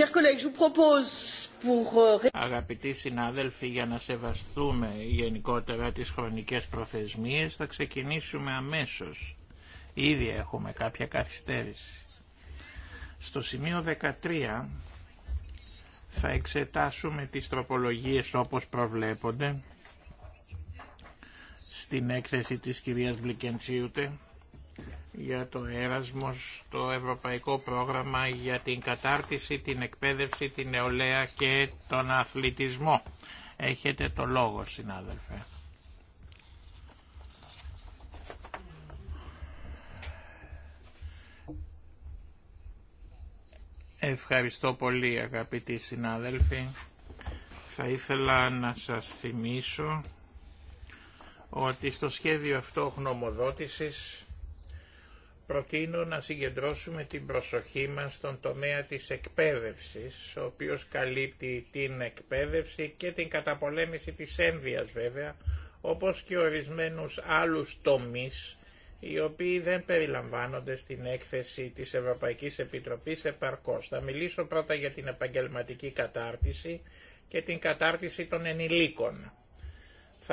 Euh, Αγαπητοί συνάδελφοι, για να σεβαστούμε γενικότερα τις χρονικές προθεσμίες, θα ξεκινήσουμε αμέσως. Ήδη έχουμε κάποια καθυστέρηση. Στο σημείο 13 θα εξετάσουμε τις τροπολογίες όπως προβλέπονται στην έκθεση της κυρίας Βλικεντσίουτε για το Έρασμος, το Ευρωπαϊκό Πρόγραμμα για την Κατάρτιση, την Εκπαίδευση, την Νεολαία και τον Αθλητισμό. Έχετε το λόγο, συνάδελφε. Ευχαριστώ πολύ αγαπητοί συνάδελφοι. Θα ήθελα να σας θυμίσω ότι στο σχέδιο αυτό γνωμοδότησης προτείνω να συγκεντρώσουμε την προσοχή μας στον τομέα της εκπαίδευσης, ο οποίος καλύπτει την εκπαίδευση και την καταπολέμηση της ένδυας βέβαια, όπως και ορισμένους άλλους τομείς, οι οποίοι δεν περιλαμβάνονται στην έκθεση της Ευρωπαϊκής Επιτροπής επαρκώς. Θα μιλήσω πρώτα για την επαγγελματική κατάρτιση και την κατάρτιση των ενηλίκων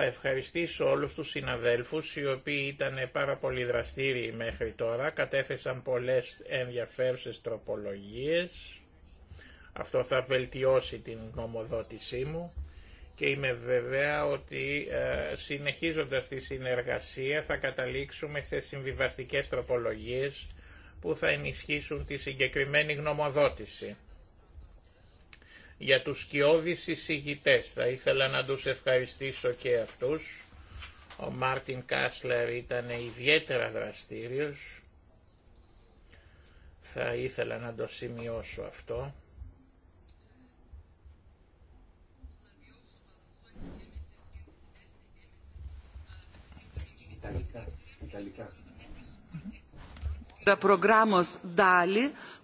θα ευχαριστήσω όλους τους συναδέλφους οι οποίοι ήταν πάρα πολύ δραστήριοι μέχρι τώρα, κατέθεσαν πολλές ενδιαφέρουσες τροπολογίες. Αυτό θα βελτιώσει την νομοδότησή μου και είμαι βέβαια ότι ε, συνεχίζοντας τη συνεργασία θα καταλήξουμε σε συμβιβαστικές τροπολογίες που θα ενισχύσουν τη συγκεκριμένη γνωμοδότηση. Για τους σκιώδεις εισηγητές θα ήθελα να τους ευχαριστήσω και αυτούς. Ο Μάρτιν Κάσλερ ήταν ιδιαίτερα δραστήριος. Θα ήθελα να το σημειώσω αυτό. Ιταλικά. Ιταλικά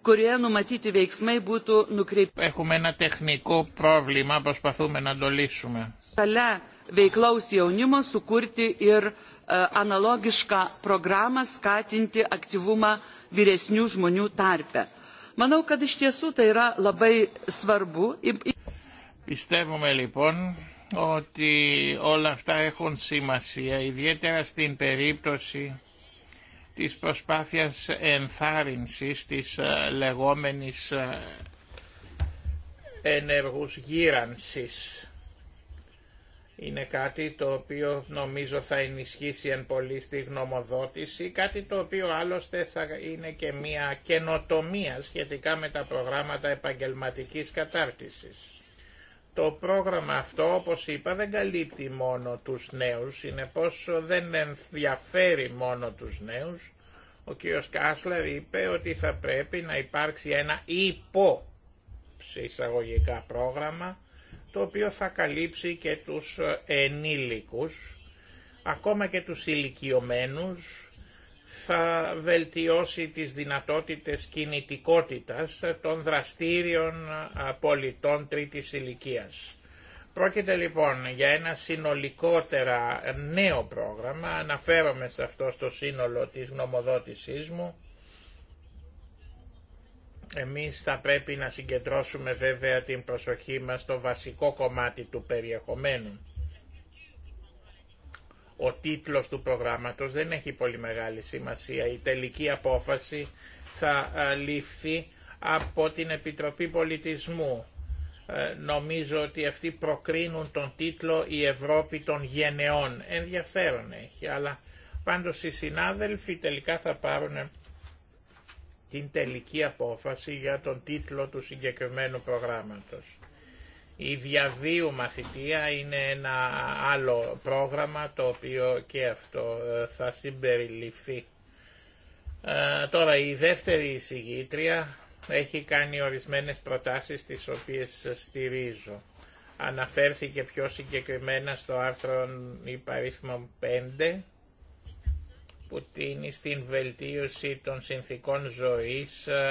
kurioje numatyti veiksmai būtų nukreipti. Έχουμε ένα τεχνικό πρόβλημα, προσπαθούμε να το λύσουμε. Šalia veiklaus jaunimo sukurti ir analogišką programą skatinti aktyvumą vyresnių žmonių tarpe. Manau, kad iš tiesų tai yra labai svarbu. Πιστεύουμε lipon, ότι όλα αυτά έχουν σημασία, ιδιαίτερα στην periptosi της προσπάθειας ενθάρρυνσης της ε, λεγόμενης ε, ενεργούς γύρανσης. Είναι κάτι το οποίο νομίζω θα ενισχύσει εν πολύ στη γνωμοδότηση, κάτι το οποίο άλλωστε θα είναι και μια καινοτομία σχετικά με τα προγράμματα επαγγελματικής κατάρτισης. Το πρόγραμμα αυτό, όπως είπα, δεν καλύπτει μόνο τους νέους, συνεπώς δεν ενδιαφέρει μόνο τους νέους. Ο κύριος Κάσλερ είπε ότι θα πρέπει να υπάρξει ένα υπό εισαγωγικά πρόγραμμα, το οποίο θα καλύψει και τους ενήλικους, ακόμα και τους ηλικιωμένους, θα βελτιώσει τις δυνατότητες κινητικότητας των δραστήριων πολιτών τρίτης ηλικίας. Πρόκειται λοιπόν για ένα συνολικότερα νέο πρόγραμμα, αναφέρομαι σε αυτό στο σύνολο της γνωμοδότησής μου. Εμείς θα πρέπει να συγκεντρώσουμε βέβαια την προσοχή μας στο βασικό κομμάτι του περιεχομένου ο τίτλος του προγράμματος δεν έχει πολύ μεγάλη σημασία. Η τελική απόφαση θα ε, ληφθεί από την Επιτροπή Πολιτισμού. Ε, νομίζω ότι αυτοί προκρίνουν τον τίτλο «Η Ευρώπη των Γενεών». Ενδιαφέρον έχει, αλλά πάντως οι συνάδελφοι τελικά θα πάρουν την τελική απόφαση για τον τίτλο του συγκεκριμένου προγράμματος. Η διαβίου μαθητεία είναι ένα άλλο πρόγραμμα το οποίο και αυτό ε, θα συμπεριληφθεί. Ε, τώρα η δεύτερη εισηγήτρια έχει κάνει ορισμένες προτάσεις τις οποίες στηρίζω. Αναφέρθηκε πιο συγκεκριμένα στο άρθρο υπαρίθμων 5 που τίνει στην βελτίωση των συνθήκων ζωής ε,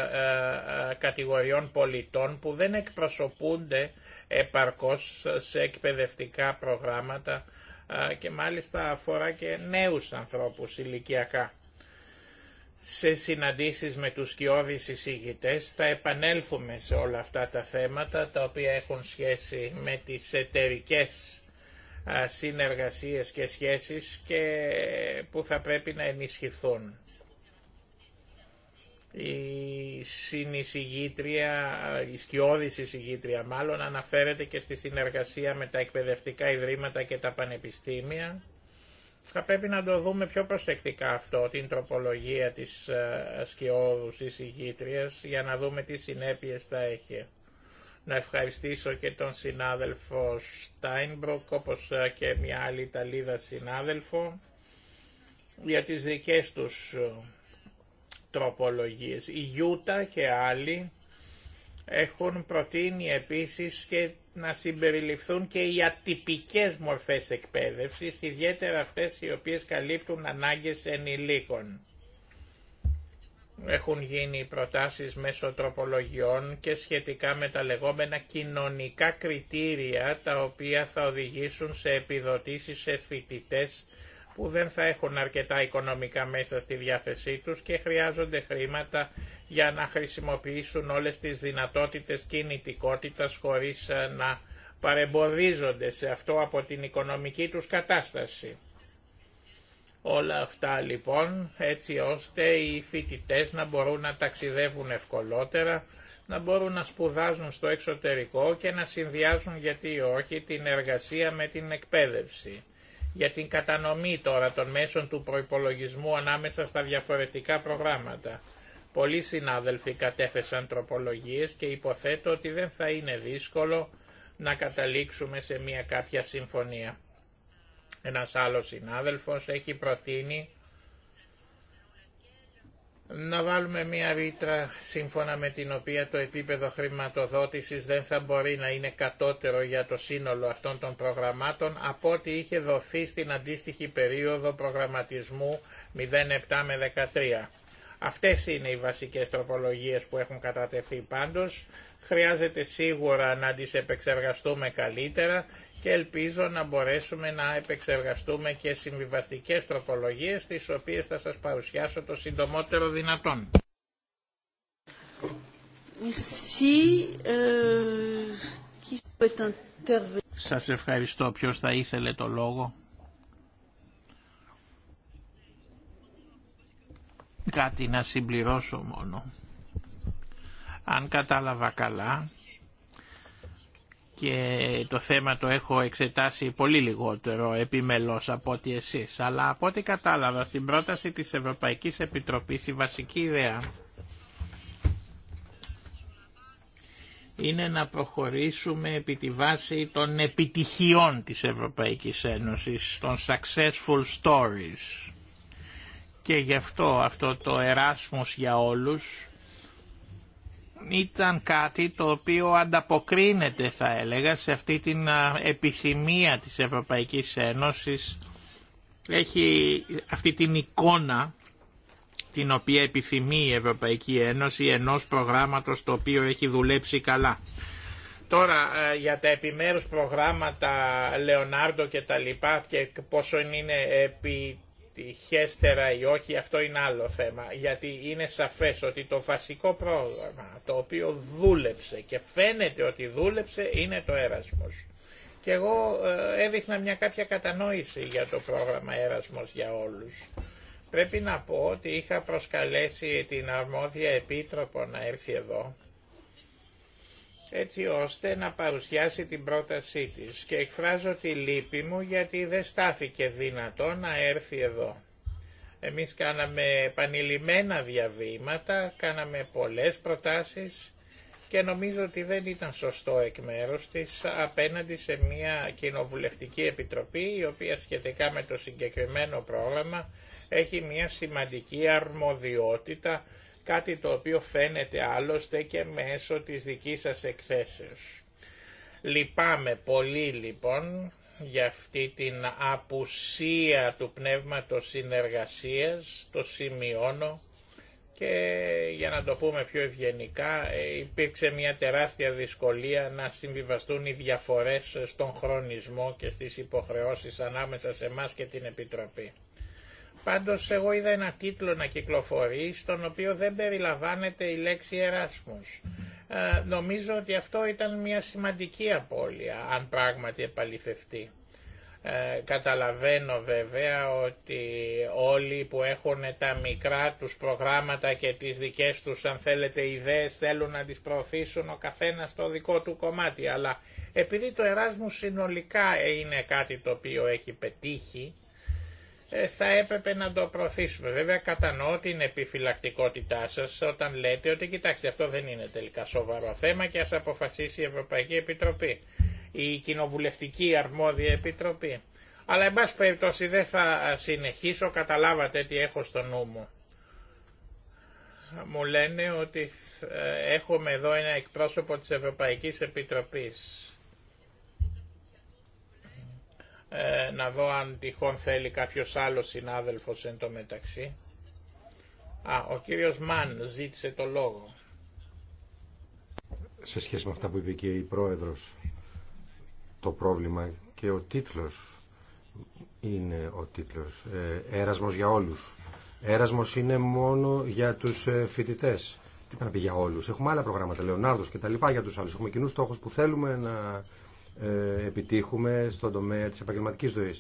κατηγοριών πολιτών που δεν εκπροσωπούνται επαρκώς σε εκπαιδευτικά προγράμματα και μάλιστα αφορά και νέους ανθρώπους ηλικιακά. Σε συναντήσεις με τους σκιώδεις εισηγητές θα επανέλθουμε σε όλα αυτά τα θέματα τα οποία έχουν σχέση με τις εταιρικές συνεργασίες και σχέσεις και που θα πρέπει να ενισχυθούν. Η συνεισηγήτρια, η σκιώδης εισηγήτρια μάλλον, αναφέρεται και στη συνεργασία με τα εκπαιδευτικά ιδρύματα και τα πανεπιστήμια. Θα πρέπει να το δούμε πιο προσεκτικά αυτό, την τροπολογία της ε, σκιώδους εισηγήτριας, για να δούμε τι συνέπειες θα έχει. Να ευχαριστήσω και τον συνάδελφο Στάινμπροκ, όπως ε, και μια άλλη Ιταλίδα συνάδελφο, για τις δικές τους τροπολογίες. Η Ιούτα και άλλοι έχουν προτείνει επίσης και να συμπεριληφθούν και οι ατυπικές μορφές εκπαίδευσης, ιδιαίτερα αυτές οι οποίες καλύπτουν ανάγκες ενηλίκων. Έχουν γίνει προτάσεις μέσω τροπολογιών και σχετικά με τα λεγόμενα κοινωνικά κριτήρια τα οποία θα οδηγήσουν σε επιδοτήσεις σε φοιτητές που δεν θα έχουν αρκετά οικονομικά μέσα στη διάθεσή τους και χρειάζονται χρήματα για να χρησιμοποιήσουν όλες τις δυνατότητες κινητικότητας χωρίς ε, να παρεμποδίζονται σε αυτό από την οικονομική τους κατάσταση. Όλα αυτά λοιπόν έτσι ώστε οι φοιτητέ να μπορούν να ταξιδεύουν ευκολότερα, να μπορούν να σπουδάζουν στο εξωτερικό και να συνδυάζουν γιατί όχι την εργασία με την εκπαίδευση για την κατανομή τώρα των μέσων του προϋπολογισμού ανάμεσα στα διαφορετικά προγράμματα. Πολλοί συνάδελφοι κατέθεσαν τροπολογίες και υποθέτω ότι δεν θα είναι δύσκολο να καταλήξουμε σε μια κάποια συμφωνία. Ένας άλλος συνάδελφος έχει προτείνει να βάλουμε μια ρήτρα σύμφωνα με την οποία το επίπεδο χρηματοδότησης δεν θα μπορεί να είναι κατώτερο για το σύνολο αυτών των προγραμμάτων από ό,τι είχε δοθεί στην αντίστοιχη περίοδο προγραμματισμού 07 με 13. Αυτές είναι οι βασικές τροπολογίες που έχουν κατατεθεί πάντως. Χρειάζεται σίγουρα να τις επεξεργαστούμε καλύτερα και ελπίζω να μπορέσουμε να επεξεργαστούμε και συμβιβαστικές τροπολογίες τις οποίες θα σας παρουσιάσω το συντομότερο δυνατόν. Euh, σας ευχαριστώ. Ποιος θα ήθελε το λόγο. Κάτι να συμπληρώσω μόνο. Αν κατάλαβα καλά, και το θέμα το έχω εξετάσει πολύ λιγότερο επιμελώς από ότι εσείς, αλλά από ό,τι κατάλαβα στην πρόταση της Ευρωπαϊκής Επιτροπής η βασική ιδέα είναι να προχωρήσουμε επί τη βάση των επιτυχιών της Ευρωπαϊκής Ένωσης, των successful stories. Και γι' αυτό αυτό το Εράσμος για όλους ήταν κάτι το οποίο ανταποκρίνεται θα έλεγα σε αυτή την επιθυμία της Ευρωπαϊκής Ένωσης έχει αυτή την εικόνα την οποία επιθυμεί η Ευρωπαϊκή Ένωση ενός προγράμματος το οποίο έχει δουλέψει καλά. Τώρα για τα επιμέρους προγράμματα Λεωνάρντο και τα λοιπά και πόσο είναι επί τη χέστερα ή όχι αυτό είναι άλλο θέμα, γιατί είναι σαφές ότι το βασικό πρόγραμμα το οποίο δούλεψε και φαίνεται ότι δούλεψε είναι το έρασμος. Και εγώ ε, έδειχνα μια κάποια κατανόηση για το πρόγραμμα έρασμος για όλους. Πρέπει να πω ότι είχα προσκαλέσει την αρμόδια επίτροπο να έρθει εδώ έτσι ώστε να παρουσιάσει την πρότασή της και εκφράζω τη λύπη μου γιατί δεν στάθηκε δυνατό να έρθει εδώ. Εμείς κάναμε επανειλημμένα διαβήματα, κάναμε πολλές προτάσεις και νομίζω ότι δεν ήταν σωστό εκ μέρους της απέναντι σε μια κοινοβουλευτική επιτροπή η οποία σχετικά με το συγκεκριμένο πρόγραμμα έχει μια σημαντική αρμοδιότητα κάτι το οποίο φαίνεται άλλωστε και μέσω της δικής σας εκθέσεως. Λυπάμαι πολύ λοιπόν για αυτή την απουσία του πνεύματος συνεργασίας, το σημειώνω και για να το πούμε πιο ευγενικά ε, υπήρξε μια τεράστια δυσκολία να συμβιβαστούν οι διαφορές στον χρονισμό και στις υποχρεώσεις ανάμεσα σε εμά και την Επιτροπή. Πάντως εγώ είδα ένα τίτλο να κυκλοφορεί στον οποίο δεν περιλαμβάνεται η λέξη Εράσμους. νομίζω ότι αυτό ήταν μια σημαντική απώλεια αν πράγματι επαληθευτεί. Ε, καταλαβαίνω βέβαια ότι όλοι που έχουν τα μικρά τους προγράμματα και τις δικές τους αν θέλετε ιδέες θέλουν να τις προωθήσουν ο καθένας στο δικό του κομμάτι αλλά επειδή το Εράσμου συνολικά είναι κάτι το οποίο έχει πετύχει ε, θα έπρεπε να το προωθήσουμε. Βέβαια κατανοώ την επιφυλακτικότητά σας όταν λέτε ότι κοιτάξτε αυτό δεν είναι τελικά σοβαρό θέμα και ας αποφασίσει η Ευρωπαϊκή Επιτροπή, η Κοινοβουλευτική Αρμόδια Επιτροπή. Αλλά εν πάση περιπτώσει δεν θα συνεχίσω, καταλάβατε τι έχω στο νου μου. Μου λένε ότι ε, έχουμε εδώ ένα εκπρόσωπο της Ευρωπαϊκής Επιτροπής. Ε, να δω αν τυχόν θέλει κάποιος άλλος συνάδελφος εν τω μεταξύ. Α, ο κύριος Μαν ζήτησε το λόγο. Σε σχέση με αυτά που είπε και η πρόεδρος, το πρόβλημα και ο τίτλος είναι ο τίτλος ε, «Έρασμος για όλους». Έρασμος είναι μόνο για τους ε, φοιτητές. Τι πρέπει να πει για όλους. Έχουμε άλλα προγράμματα, Λεωνάρδος και τα λοιπά για τους άλλους. Έχουμε κοινούς στόχους που θέλουμε να ε, επιτύχουμε στον τομέα της επαγγελματικής ζωή.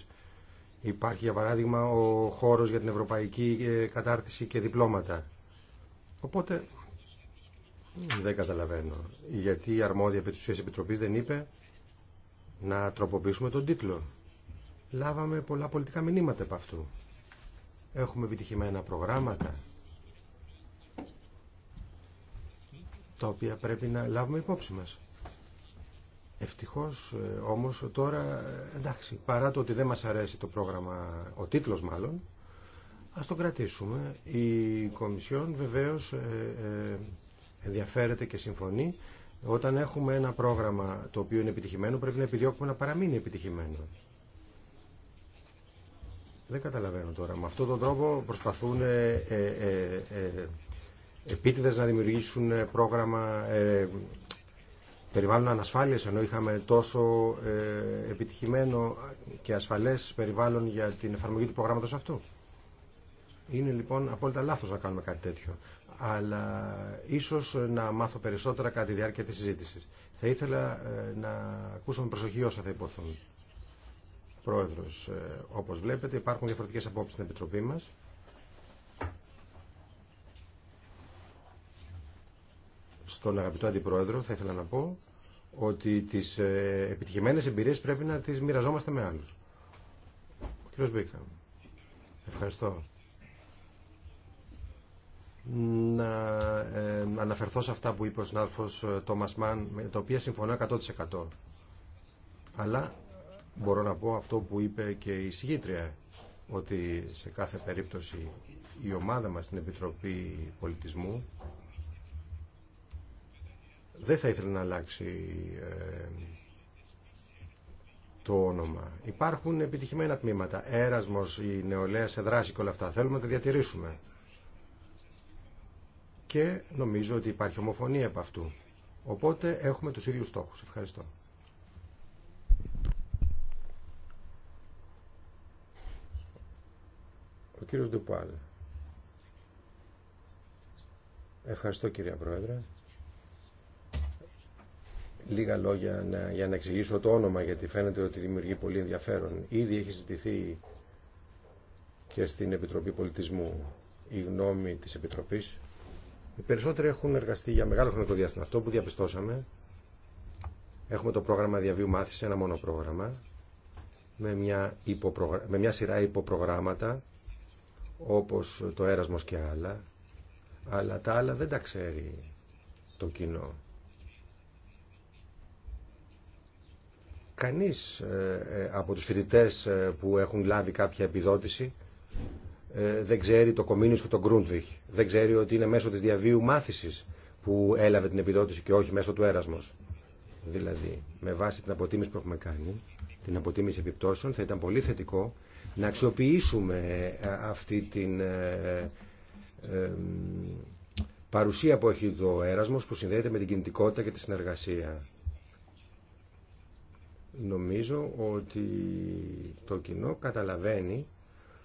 Υπάρχει, για παράδειγμα, ο χώρος για την ευρωπαϊκή ε, κατάρτιση και διπλώματα. Οπότε, δεν καταλαβαίνω γιατί η αρμόδια επί της Επιτροπής δεν είπε να τροποποιήσουμε τον τίτλο. Λάβαμε πολλά πολιτικά μηνύματα από αυτού. Έχουμε επιτυχημένα προγράμματα τα οποία πρέπει να λάβουμε υπόψη μας. Ευτυχώς ε, όμως τώρα, ε, εντάξει, παρά το ότι δεν μας αρέσει το πρόγραμμα, ο τίτλος μάλλον, ας το κρατήσουμε. Η Κομισιόν βεβαίως ε, ενδιαφέρεται και συμφωνεί. Όταν έχουμε ένα πρόγραμμα το οποίο είναι επιτυχημένο, πρέπει να επιδιώκουμε να παραμείνει επιτυχημένο. Δεν καταλαβαίνω τώρα. Με αυτόν τον τρόπο προσπαθούν ε, να δημιουργήσουν πρόγραμμα περιβάλλον ανασφάλειες ενώ είχαμε τόσο ε, επιτυχημένο και ασφαλές περιβάλλον για την εφαρμογή του προγράμματος αυτού. Είναι λοιπόν απόλυτα λάθος να κάνουμε κάτι τέτοιο. Αλλά ίσως να μάθω περισσότερα κατά τη διάρκεια της συζήτησης. Θα ήθελα ε, να ακούσω με προσοχή όσα θα υποθούν. Πρόεδρος, ε, όπως βλέπετε υπάρχουν διαφορετικές απόψεις στην Επιτροπή μας. Στον αγαπητό Αντιπρόεδρο θα ήθελα να πω ότι τις ε, επιτυχημένε εμπειρίε πρέπει να τι μοιραζόμαστε με άλλους. Ο κύριος Μπίκα. Ευχαριστώ. Να ε, αναφερθώ σε αυτά που είπε ο συνάδελφος ε, Τόμας Μαν, με τα οποία συμφωνώ 100%. Αλλά μπορώ να πω αυτό που είπε και η συγγήτρια, ότι σε κάθε περίπτωση η ομάδα μας στην Επιτροπή Πολιτισμού δεν θα ήθελε να αλλάξει ε, το όνομα. Υπάρχουν επιτυχημένα τμήματα. Έρασμος, η νεολαία σε δράση και όλα αυτά. Θέλουμε να τα διατηρήσουμε. Και νομίζω ότι υπάρχει ομοφωνία από αυτού. Οπότε έχουμε τους ίδιους στόχους. Ευχαριστώ. Ο κύριος Ντουπάλ. Ευχαριστώ κυρία Πρόεδρε λίγα λόγια να, για να εξηγήσω το όνομα γιατί φαίνεται ότι δημιουργεί πολύ ενδιαφέρον. Ήδη έχει ζητηθεί και στην Επιτροπή Πολιτισμού η γνώμη της Επιτροπής. Οι περισσότεροι έχουν εργαστεί για μεγάλο χρονικό διάστημα. Αυτό που διαπιστώσαμε, έχουμε το πρόγραμμα διαβίου Μάθηση, ένα μόνο πρόγραμμα, με μια, με μια σειρά υποπρογράμματα, όπως το έρασμος και άλλα, αλλά τα άλλα δεν τα ξέρει το κοινό. κανείς ε, ε, από τους φοιτητές ε, που έχουν λάβει κάποια επιδότηση δεν ξέρει το κομίνιος και το Γκρούντβιχ. Δεν ξέρει ότι είναι μέσω της διαβίου μάθησης που έλαβε την επιδότηση και όχι μέσω του έρασμος. Δηλαδή, με βάση την αποτίμηση που έχουμε κάνει, την αποτίμηση επιπτώσεων, θα ήταν πολύ θετικό να αξιοποιήσουμε αυτή την παρουσία που έχει το έρασμος που συνδέεται με την κινητικότητα και τη συνεργασία. Νομίζω ότι το κοινό καταλαβαίνει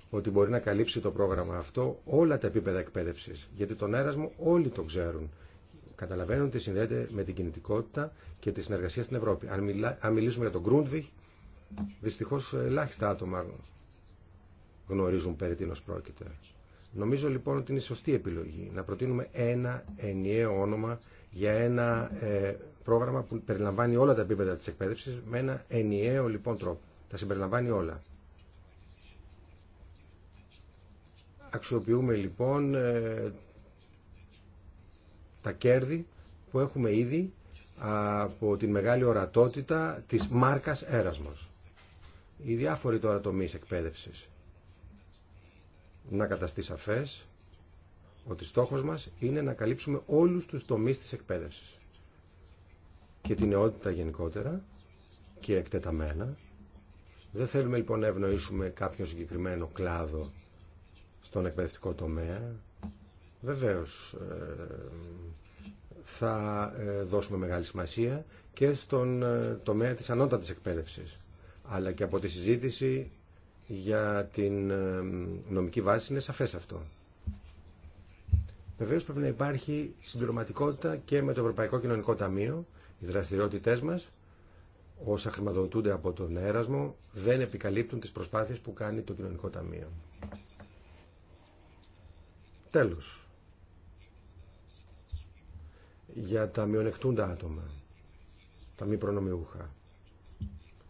ότι μπορεί να καλύψει το πρόγραμμα αυτό όλα τα επίπεδα εκπαίδευση. Γιατί τον έρασμο όλοι το ξέρουν. Καταλαβαίνουν ότι συνδέεται με την κινητικότητα και τη συνεργασία στην Ευρώπη. Αν, μιλήσουμε για τον Γκρούντβιχ, δυστυχώ ελάχιστα άτομα γνωρίζουν περί τίνο πρόκειται. Νομίζω λοιπόν ότι είναι η σωστή επιλογή να προτείνουμε ένα ενιαίο όνομα για ένα ε, πρόγραμμα που περιλαμβάνει όλα τα επίπεδα της εκπαίδευσης με ένα ενιαίο λοιπόν τρόπο. Τα συμπεριλαμβάνει όλα. Αξιοποιούμε λοιπόν ε, τα κέρδη που έχουμε ήδη από την μεγάλη ορατότητα της μάρκας Έρασμος. Οι διάφοροι τώρα τομείς εκπαίδευσης. Να καταστεί σαφές ότι στόχος μας είναι να καλύψουμε όλους τους τομείς της εκπαίδευσης και την νεότητα γενικότερα και εκτεταμένα. Δεν θέλουμε λοιπόν να ευνοήσουμε κάποιον συγκεκριμένο κλάδο στον εκπαιδευτικό τομέα. Βεβαίως ε, θα ε, δώσουμε μεγάλη σημασία και στον ε, τομέα της ανώτατης εκπαίδευσης. Αλλά και από τη συζήτηση για την νομική βάση είναι σαφές αυτό. Βεβαίως πρέπει να υπάρχει συμπληρωματικότητα και με το Ευρωπαϊκό Κοινωνικό Ταμείο οι δραστηριότητέ μας, όσα χρηματοδοτούνται από τον έρασμο, δεν επικαλύπτουν τις προσπάθειες που κάνει το Κοινωνικό Ταμείο. Τέλος. Για τα μειονεκτούντα άτομα, τα μη προνομιούχα.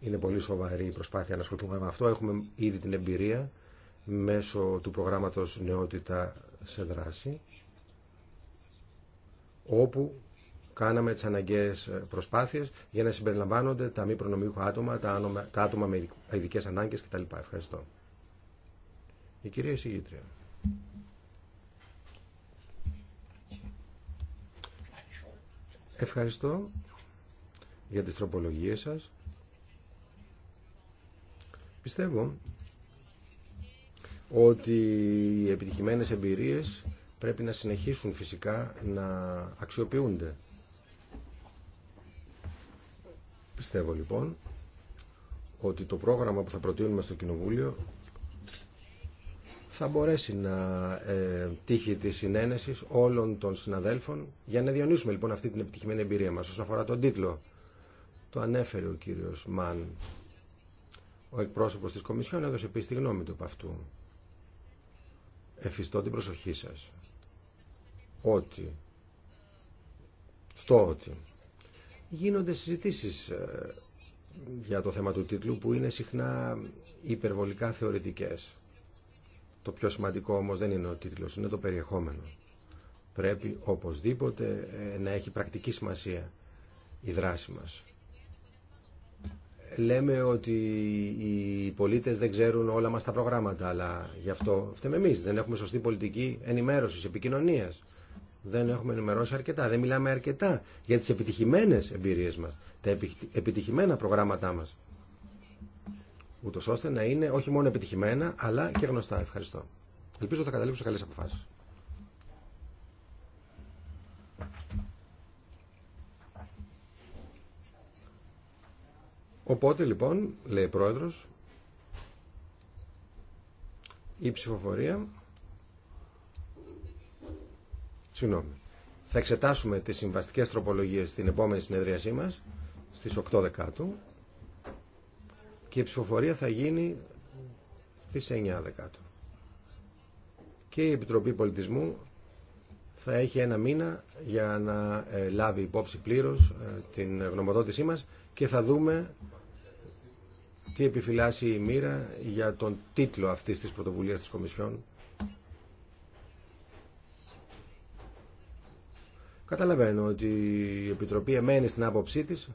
Είναι πολύ σοβαρή η προσπάθεια να ασχοληθούμε με αυτό. Έχουμε ήδη την εμπειρία μέσω του προγράμματος Νεότητα σε δράση, όπου κάναμε τι αναγκαίε προσπάθειε για να συμπεριλαμβάνονται τα μη προνομιούχα άτομα, τα, άτομα με ειδικέ ανάγκε κτλ. Ευχαριστώ. Η κυρία εισηγήτρια. Ευχαριστώ για τις τροπολογίες σας. Πιστεύω ότι οι επιτυχημένες εμπειρίες πρέπει να συνεχίσουν φυσικά να αξιοποιούνται Πιστεύω λοιπόν ότι το πρόγραμμα που θα προτείνουμε στο Κοινοβούλιο θα μπορέσει να ε, τύχει τη συνένεση όλων των συναδέλφων για να διονύσουμε λοιπόν αυτή την επιτυχημένη εμπειρία μας. Όσον αφορά τον τίτλο, το ανέφερε ο κύριος Μαν, ο εκπρόσωπος της Κομισιόν έδωσε επίση τη γνώμη του από αυτού. Εφιστώ την προσοχή σας ότι στο ότι γίνονται συζητήσεις ε, για το θέμα του τίτλου που είναι συχνά υπερβολικά θεωρητικές. Το πιο σημαντικό όμως δεν είναι ο τίτλος, είναι το περιεχόμενο. Πρέπει οπωσδήποτε ε, να έχει πρακτική σημασία η δράση μας. Λέμε ότι οι πολίτες δεν ξέρουν όλα μας τα προγράμματα, αλλά γι' αυτό φταίμε εμείς. Δεν έχουμε σωστή πολιτική ενημέρωσης, επικοινωνίας δεν έχουμε ενημερώσει αρκετά, δεν μιλάμε αρκετά για τις επιτυχημένες εμπειρίες μας, τα επιτυχημένα προγράμματά μας. Ούτως ώστε να είναι όχι μόνο επιτυχημένα, αλλά και γνωστά. Ευχαριστώ. Ελπίζω θα καταλήξω καλές αποφάσεις. Οπότε λοιπόν, λέει ο Πρόεδρος, η ψηφοφορία Συγγνώμη. Θα εξετάσουμε τις συμβαστικές τροπολογίες στην επόμενη συνεδρίασή μας, στις 8 Δεκάτου, και η ψηφοφορία θα γίνει στις 9 Δεκάτου. Και η Επιτροπή Πολιτισμού θα έχει ένα μήνα για να ε, λάβει υπόψη πλήρως ε, την γνωμοδότησή μα και θα δούμε τι επιφυλάσσει η μοίρα για τον τίτλο αυτής της πρωτοβουλίας της Κομισιόν Καταλαβαίνω ότι η Επιτροπή εμένει στην άποψή της.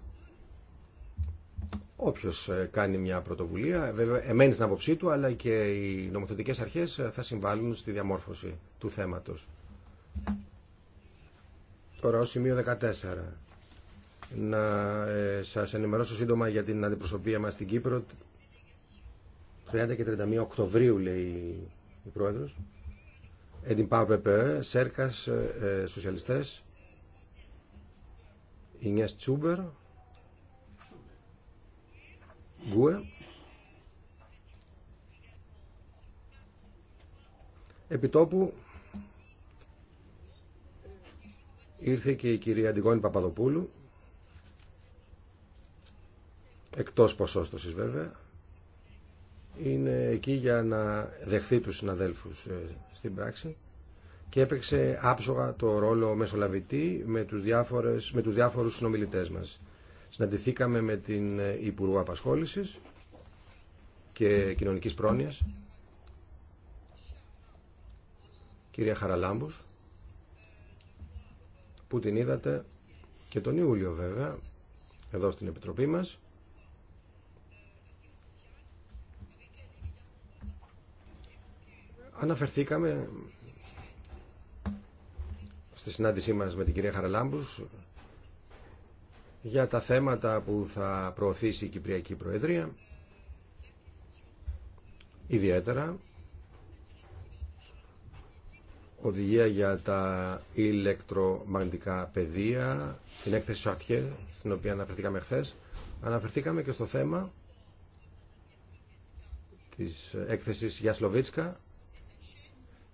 Όποιος ε, κάνει μια πρωτοβουλία, βέβαια εμένει στην άποψή του, αλλά και οι νομοθετικές αρχές ε, θα συμβάλλουν στη διαμόρφωση του θέματος. Τώρα ως σημείο 14. Να ε, σας ενημερώσω σύντομα για την αντιπροσωπεία μας στην Κύπρο. 30 και 31 Οκτωβρίου λέει η Πρόεδρος. Εντυπάπεπε, Σέρκας, ε, Σοσιαλιστές, Ινιές Τσούμπερ Γκουε Επιτόπου ήρθε και η κυρία Αντιγόνη Παπαδοπούλου εκτός ποσόστοσης βέβαια είναι εκεί για να δεχθεί τους συναδέλφους ε, στην πράξη και έπαιξε άψογα το ρόλο μεσολαβητή με τους, διάφορες, με τους διάφορους συνομιλητές μας. Συναντηθήκαμε με την Υπουργό Απασχόλησης και Κοινωνικής Πρόνοιας, κυρία Χαραλάμπους, που την είδατε και τον Ιούλιο βέβαια, εδώ στην Επιτροπή μας, αναφερθήκαμε στη συνάντησή μας με την κυρία Χαραλάμπους για τα θέματα που θα προωθήσει η Κυπριακή Προεδρία ιδιαίτερα οδηγία για τα ηλεκτρομαγνητικά πεδία, την έκθεση Σαρτιέ, στην οποία αναφερθήκαμε χθε. Αναφερθήκαμε και στο θέμα της έκθεσης Γιασλοβίτσκα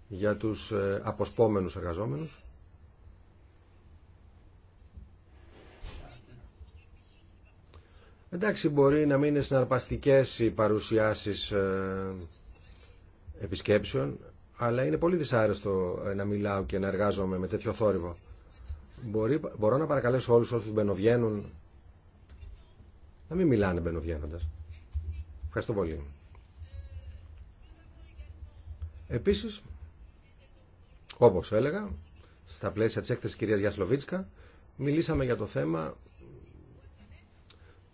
για τους ε, αποσπόμενους εργαζόμενους. Εντάξει, μπορεί να μην είναι συναρπαστικές οι παρουσιάσεις ε, επισκέψεων, αλλά είναι πολύ δυσάρεστο ε, να μιλάω και να εργάζομαι με τέτοιο θόρυβο. Μπορεί, μπορώ να παρακαλέσω όλους όσους μπαινοβγαίνουν να μην μιλάνε μπαινοβγαίνοντας. Ευχαριστώ πολύ. Επίσης, όπως έλεγα, στα πλαίσια της έκθεσης κυρίας Γιασλοβίτσκα, μιλήσαμε για το θέμα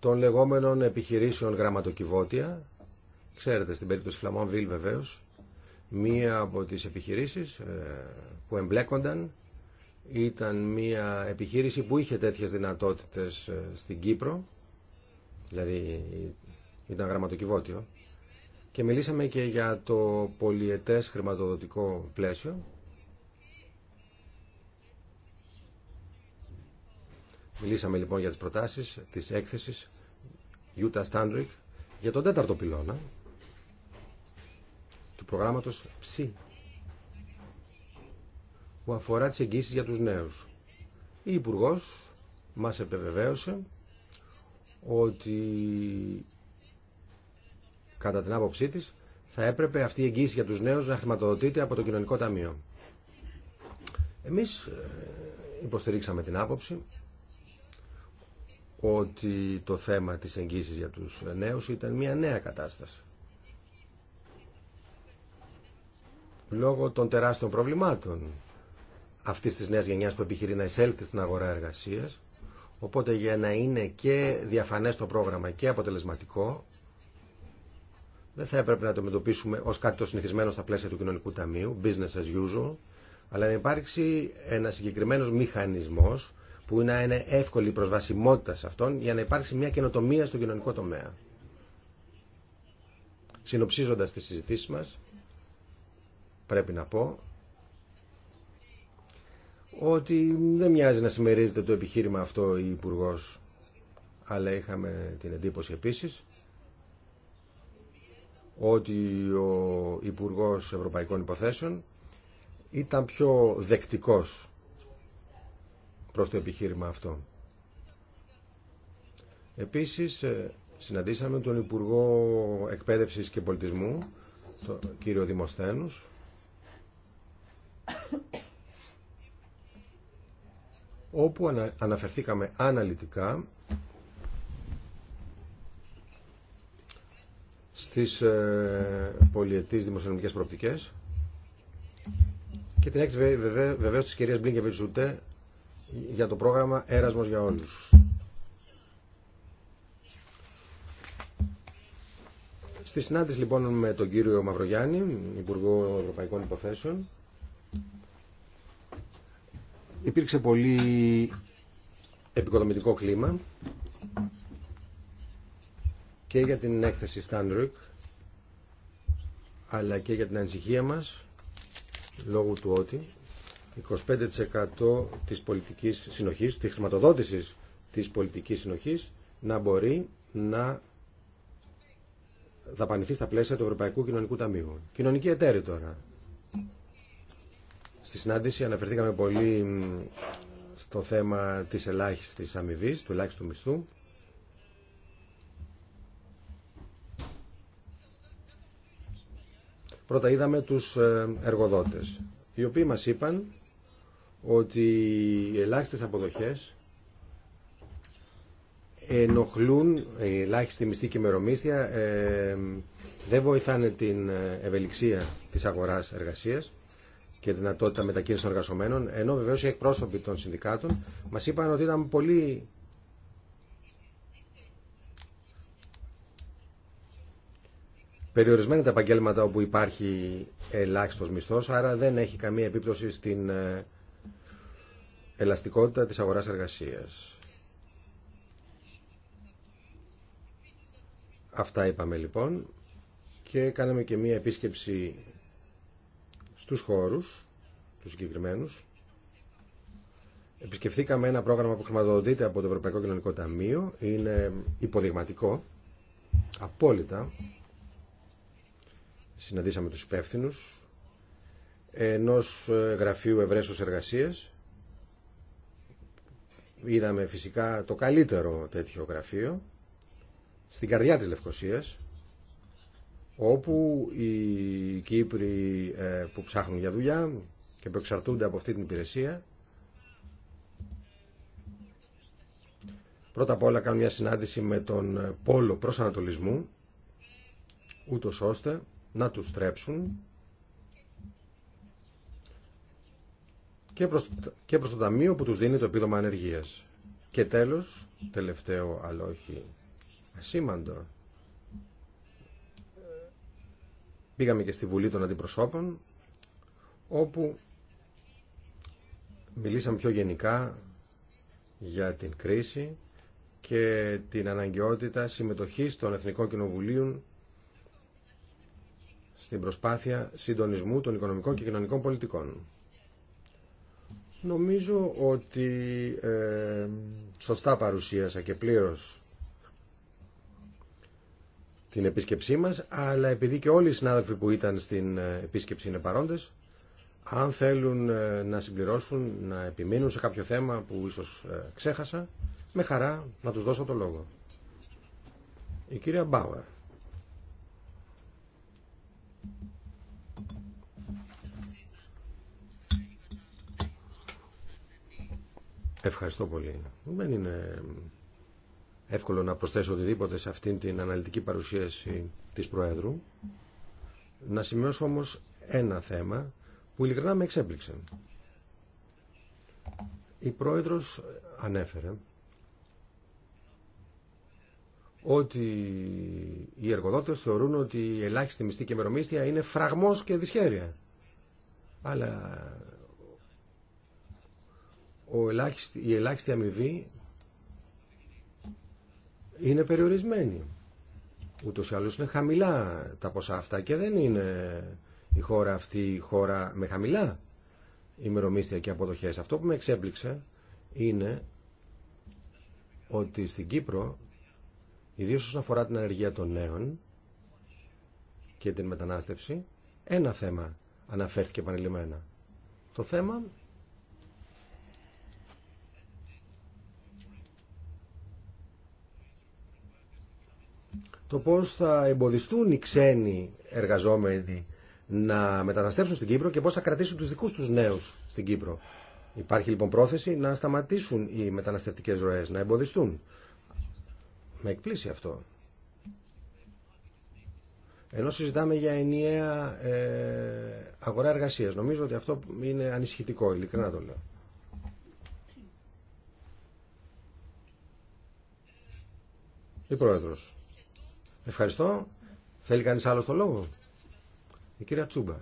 των λεγόμενων επιχειρήσεων γραμματοκιβώτια. Ξέρετε, στην περίπτωση Φλαμόνβιλ βεβαίω, μία από τις επιχειρήσεις ε, που εμπλέκονταν ήταν μία επιχείρηση που είχε τέτοιες δυνατότητες ε, στην Κύπρο, δηλαδή ήταν γραμματοκιβώτιο, και μιλήσαμε και για το πολιετές χρηματοδοτικό πλαίσιο. Μιλήσαμε λοιπόν για τις προτάσεις της έκθεσης Γιούτα Στάντρικ για τον τέταρτο πυλώνα του προγράμματος ΨΥ που αφορά τις εγγύσεις για τους νέους. Η υπουργό μας επιβεβαίωσε ότι κατά την άποψή της θα έπρεπε αυτή η εγγύηση για τους νέους να χρηματοδοτείται από το Κοινωνικό Ταμείο. Εμείς ε, υποστηρίξαμε την άποψη ότι το θέμα της εγγύησης για τους νέους ήταν μια νέα κατάσταση. Λόγω των τεράστιων προβλημάτων αυτής της νέας γενιάς που επιχειρεί να εισέλθει στην αγορά εργασίας, οπότε για να είναι και διαφανές το πρόγραμμα και αποτελεσματικό, δεν θα έπρεπε να το μετωπίσουμε ως κάτι το συνηθισμένο στα πλαίσια του κοινωνικού ταμείου, business as usual, αλλά να υπάρξει ένα συγκεκριμένος μηχανισμός που να είναι εύκολη η προσβασιμότητα σε αυτόν για να υπάρξει μια καινοτομία στο κοινωνικό τομέα. Συνοψίζοντας τις συζητήσεις μας, πρέπει να πω ότι δεν μοιάζει να συμμερίζεται το επιχείρημα αυτό η υπουργό, αλλά είχαμε την εντύπωση επίσης ότι ο Υπουργός Ευρωπαϊκών Υποθέσεων ήταν πιο δεκτικός προς το επιχείρημα αυτό. Επίσης, ε, συναντήσαμε τον Υπουργό Εκπαίδευσης και Πολιτισμού, τον κύριο Δημοσθένους, όπου αναφερθήκαμε αναλυτικά στις ε, πολιετής δημοσιονομικές προοπτικές και την έκθεση βεβαίως της κυρίας Μπλίνκεβιτζούτε για το πρόγραμμα Έρασμος για όλους. Στη συνάντηση λοιπόν με τον κύριο Μαυρογιάννη, Υπουργό Ευρωπαϊκών Υποθέσεων, υπήρξε πολύ επικοδομητικό κλίμα και για την έκθεση Στάνρουκ αλλά και για την ανησυχία μας λόγω του ότι 25% της πολιτικής συνοχής, της χρηματοδότησης της πολιτικής συνοχής να μπορεί να δαπανηθεί στα πλαίσια του Ευρωπαϊκού Κοινωνικού Ταμείου. Κοινωνική εταίρη τώρα. Στη συνάντηση αναφερθήκαμε πολύ στο θέμα της ελάχιστης αμοιβή, του ελάχιστου μισθού. Πρώτα είδαμε τους ε, εργοδότες, οι οποίοι μας είπαν ότι οι ελάχιστες αποδοχές ενοχλούν, οι ε, ελάχιστη μισθή και μερομίσθια ε, δεν βοηθάνε την ευελιξία της αγοράς εργασίας και δυνατότητα μετακίνηση των εργασομένων ενώ βεβαίως οι εκπρόσωποι των συνδικάτων μας είπαν ότι ήταν πολύ περιορισμένα τα επαγγέλματα όπου υπάρχει ελάχιστος μισθός, άρα δεν έχει καμία επίπτωση στην ε, ελαστικότητα της αγοράς εργασίας. Αυτά είπαμε λοιπόν και κάναμε και μία επίσκεψη στους χώρους, τους συγκεκριμένους. Επισκεφθήκαμε ένα πρόγραμμα που χρηματοδοτείται από το Ευρωπαϊκό Κοινωνικό Ταμείο. Είναι υποδειγματικό, απόλυτα. Συναντήσαμε τους υπεύθυνου ενός ε, γραφείου ευρέσεως εργασίας Είδαμε φυσικά το καλύτερο τέτοιο γραφείο στην καρδιά της Λευκοσίας όπου οι Κύπροι ε, που ψάχνουν για δουλειά και που εξαρτούνται από αυτή την υπηρεσία πρώτα απ' όλα κάνουν μια συνάντηση με τον πόλο Ανατολισμού, ούτως ώστε να τους στρέψουν και προς, και προς το ταμείο που τους δίνει το επίδομα ανεργίας. Και τέλος, τελευταίο αλλά όχι ασήμαντο, πήγαμε και στη Βουλή των Αντιπροσώπων, όπου μιλήσαμε πιο γενικά για την κρίση και την αναγκαιότητα συμμετοχής των Εθνικών Κοινοβουλίων στην προσπάθεια συντονισμού των οικονομικών και κοινωνικών πολιτικών. Νομίζω ότι ε, σωστά παρουσίασα και πλήρως την επίσκεψή μας, αλλά επειδή και όλοι οι συνάδελφοι που ήταν στην ε, επίσκεψη είναι παρόντες, αν θέλουν ε, να συμπληρώσουν, να επιμείνουν σε κάποιο θέμα που ίσως ξέχασα, με χαρά να τους δώσω το λόγο. Η κυρία Μπάουερ. Ευχαριστώ πολύ. Δεν είναι εύκολο να προσθέσω οτιδήποτε σε αυτήν την αναλυτική παρουσίαση της Προέδρου. Να σημειώσω όμως ένα θέμα που ειλικρινά με εξέπληξε. Η Πρόεδρος ανέφερε ότι οι εργοδότες θεωρούν ότι η ελάχιστη μισθή και μερομίσθια είναι φραγμός και δυσχέρεια. Αλλά ο ελάχιστη, η ελάχιστη αμοιβή είναι περιορισμένη. Ούτω ή άλλως είναι χαμηλά τα ποσά αυτά και δεν είναι η χώρα αυτή η χώρα με χαμηλά ημερομίσθια και αποδοχές. Αυτό που με εξέπληξε είναι ότι στην Κύπρο, ιδίως όσον αφορά την ανεργία των νέων και την μετανάστευση, ένα θέμα αναφέρθηκε επανειλημμένα. Το θέμα το πώς θα εμποδιστούν οι ξένοι εργαζόμενοι να μεταναστεύσουν στην Κύπρο και πώς θα κρατήσουν τους δικούς τους νέους στην Κύπρο. Υπάρχει λοιπόν πρόθεση να σταματήσουν οι μεταναστευτικές ροές, να εμποδιστούν. Με εκπλήσει αυτό. Ενώ συζητάμε για ενιαία ε, αγορά εργασίας. Νομίζω ότι αυτό είναι ανησυχητικό, ειλικρινά το λέω. Η Πρόεδρος. Ευχαριστώ. Θέλει κανείς άλλο το λόγο. Η κυρία Τσούμπα.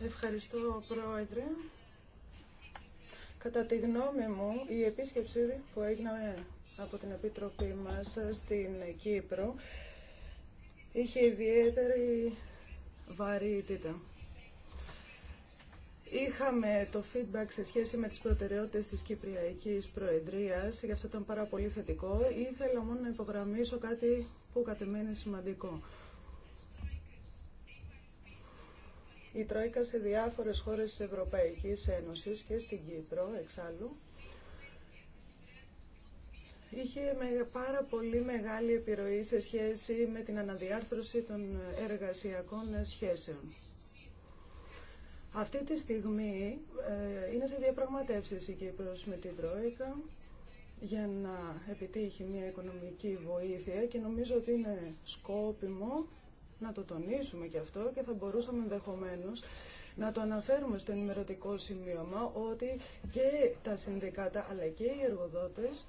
Ευχαριστώ, Πρόεδρε. Κατά τη γνώμη μου, η επίσκεψη που έγινε από την Επιτροπή μας στην Κύπρο είχε ιδιαίτερη βαρύτητα. Είχαμε το feedback σε σχέση με τις προτεραιότητες της Κυπριακής Προεδρίας, γι' αυτό ήταν πάρα πολύ θετικό. Ήθελα μόνο να υπογραμμίσω κάτι που κατεμένει σημαντικό. Η Τρόικα σε διάφορες χώρες της Ευρωπαϊκής Ένωσης και στην Κύπρο εξάλλου είχε πάρα πολύ μεγάλη επιρροή σε σχέση με την αναδιάρθρωση των εργασιακών σχέσεων. Αυτή τη στιγμή ε, είναι σε διαπραγματεύσεις η Κύπρος με την Τρόικα για να επιτύχει μια οικονομική βοήθεια και νομίζω ότι είναι σκόπιμο να το τονίσουμε και αυτό και θα μπορούσαμε ενδεχομένω να το αναφέρουμε στο ενημερωτικό σημείωμα ότι και τα συνδικάτα αλλά και οι εργοδότες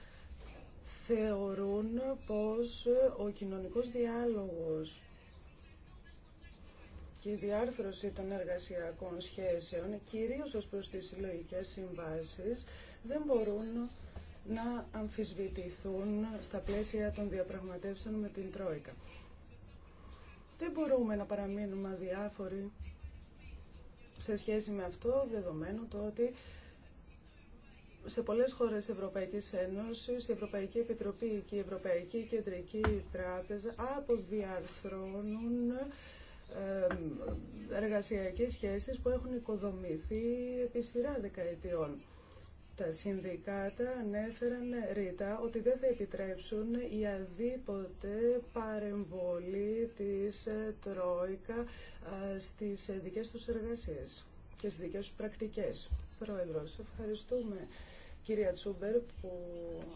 θεωρούν πως ο κοινωνικός διάλογος και η διάρθρωση των εργασιακών σχέσεων, κυρίως ως προς τις συλλογικέ συμβάσεις, δεν μπορούν να αμφισβητηθούν στα πλαίσια των διαπραγματεύσεων με την Τρόικα. Δεν μπορούμε να παραμείνουμε αδιάφοροι σε σχέση με αυτό, δεδομένου το ότι σε πολλές χώρες Ευρωπαϊκής Ένωσης, η Ευρωπαϊκή Επιτροπή και η Ευρωπαϊκή Κεντρική Τράπεζα αποδιαρθρώνουν εργασιακές σχέσεις που έχουν οικοδομηθεί επί σειρά δεκαετιών. Τα συνδικάτα ανέφεραν ρήτα ότι δεν θα επιτρέψουν η αδίποτε παρεμβολή της ε, Τρόικα ε, στις ε, δικές τους εργασίες και στις δικές τους πρακτικές. Πρόεδρος, ευχαριστούμε κυρία Τσούμπερ που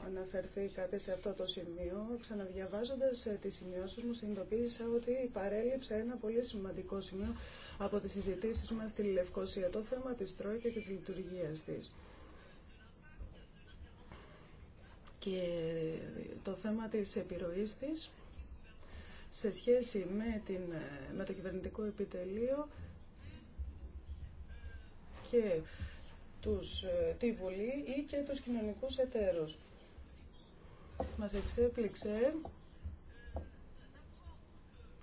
αναφερθήκατε σε αυτό το σημείο. Ξαναδιαβάζοντας ε, τις σημειώσεις μου συνειδητοποίησα ότι παρέλειψα ένα πολύ σημαντικό σημείο από τις συζητήσεις μας στη Λευκοσία, το θέμα της Τρόικα και της λειτουργίας της. Και το θέμα της επιρροής της σε σχέση με, την, ε, με το κυβερνητικό επιτελείο και τους, ε, τη Βουλή ή και τους κοινωνικούς εταίρους. Μας εξέπληξε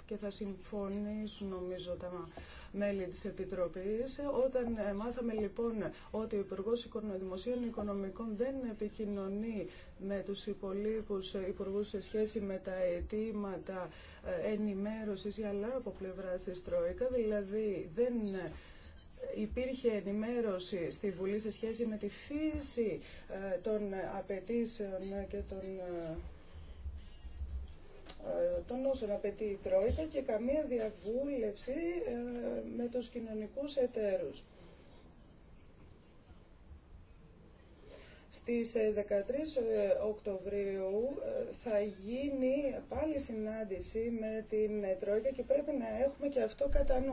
και θα συμφωνήσουν νομίζω τα μέλη της Επιτροπής. Όταν ε, μάθαμε λοιπόν ότι ο Υπουργό Δημοσίων Οικονομικών δεν επικοινωνεί με τους υπολείπους ε, υπουργού σε σχέση με τα αιτήματα ενημέρωσης ή αλλά από πλευρά της Τρόικα, δηλαδή δεν υπήρχε ενημέρωση στη Βουλή σε σχέση με τη φύση ε, των απαιτήσεων και των ε, των όσων απαιτεί η Τρόικα και καμία διαβούλευση ε, με τους κοινωνικούς εταίρους. Στις 13 Οκτωβρίου θα γίνει πάλι συνάντηση με την Τρόικα και πρέπει να έχουμε και αυτό κατά νου.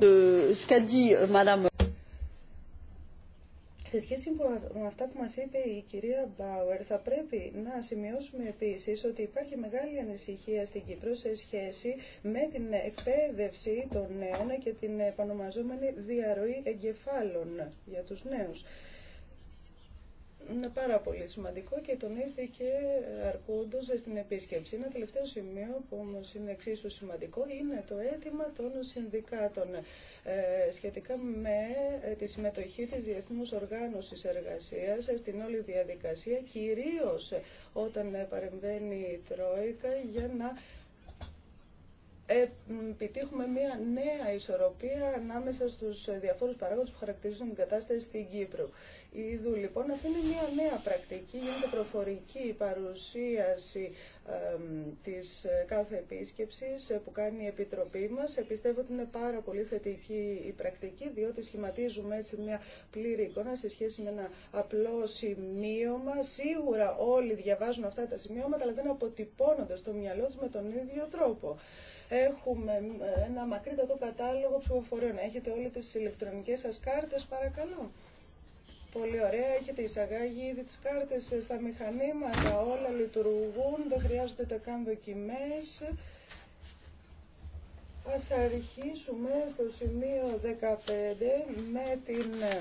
Σε σχέση με αυτά που μας είπε η κυρία Μπάουερ, θα πρέπει να σημειώσουμε επίσης ότι υπάρχει μεγάλη ανησυχία στην Κύπρο σε σχέση με την εκπαίδευση των νέων και την επανομαζόμενη διαρροή εγκεφάλων για τους νέους είναι πάρα πολύ σημαντικό και τονίστηκε αρκούντω στην επίσκεψη. Ένα τελευταίο σημείο που όμω είναι εξίσου σημαντικό είναι το αίτημα των συνδικάτων ε, σχετικά με ε, τη συμμετοχή της Διεθνούς Οργάνωσης Εργασίας στην όλη διαδικασία, κυρίως όταν παρεμβαίνει η Τρόικα για να επιτύχουμε μια νέα ισορροπία ανάμεσα στους διαφόρους παράγοντες που χαρακτηρίζουν την κατάσταση στην Κύπρο. Ιδού λοιπόν αυτή είναι μια νέα πρακτική, γίνεται προφορική παρουσίαση ε, της κάθε επίσκεψης ε, που κάνει η Επιτροπή μας. Επιστεύω ότι είναι πάρα πολύ θετική η πρακτική, διότι σχηματίζουμε έτσι μια πλήρη εικόνα σε σχέση με ένα απλό σημείωμα. Σίγουρα όλοι διαβάζουν αυτά τα σημειώματα, αλλά δεν αποτυπώνονται στο μυαλό του με τον ίδιο τρόπο. Έχουμε ένα μακρύτατο κατάλογο ψηφοφορίων. Έχετε όλες τις ηλεκτρονικές σα κάρτε. παρακαλώ. Πολύ ωραία, έχετε εισαγάγει ήδη τις κάρτες στα μηχανήματα, όλα λειτουργούν, δεν χρειάζονται τα καν δοκιμές. Ας αρχίσουμε στο σημείο 15 με την ε,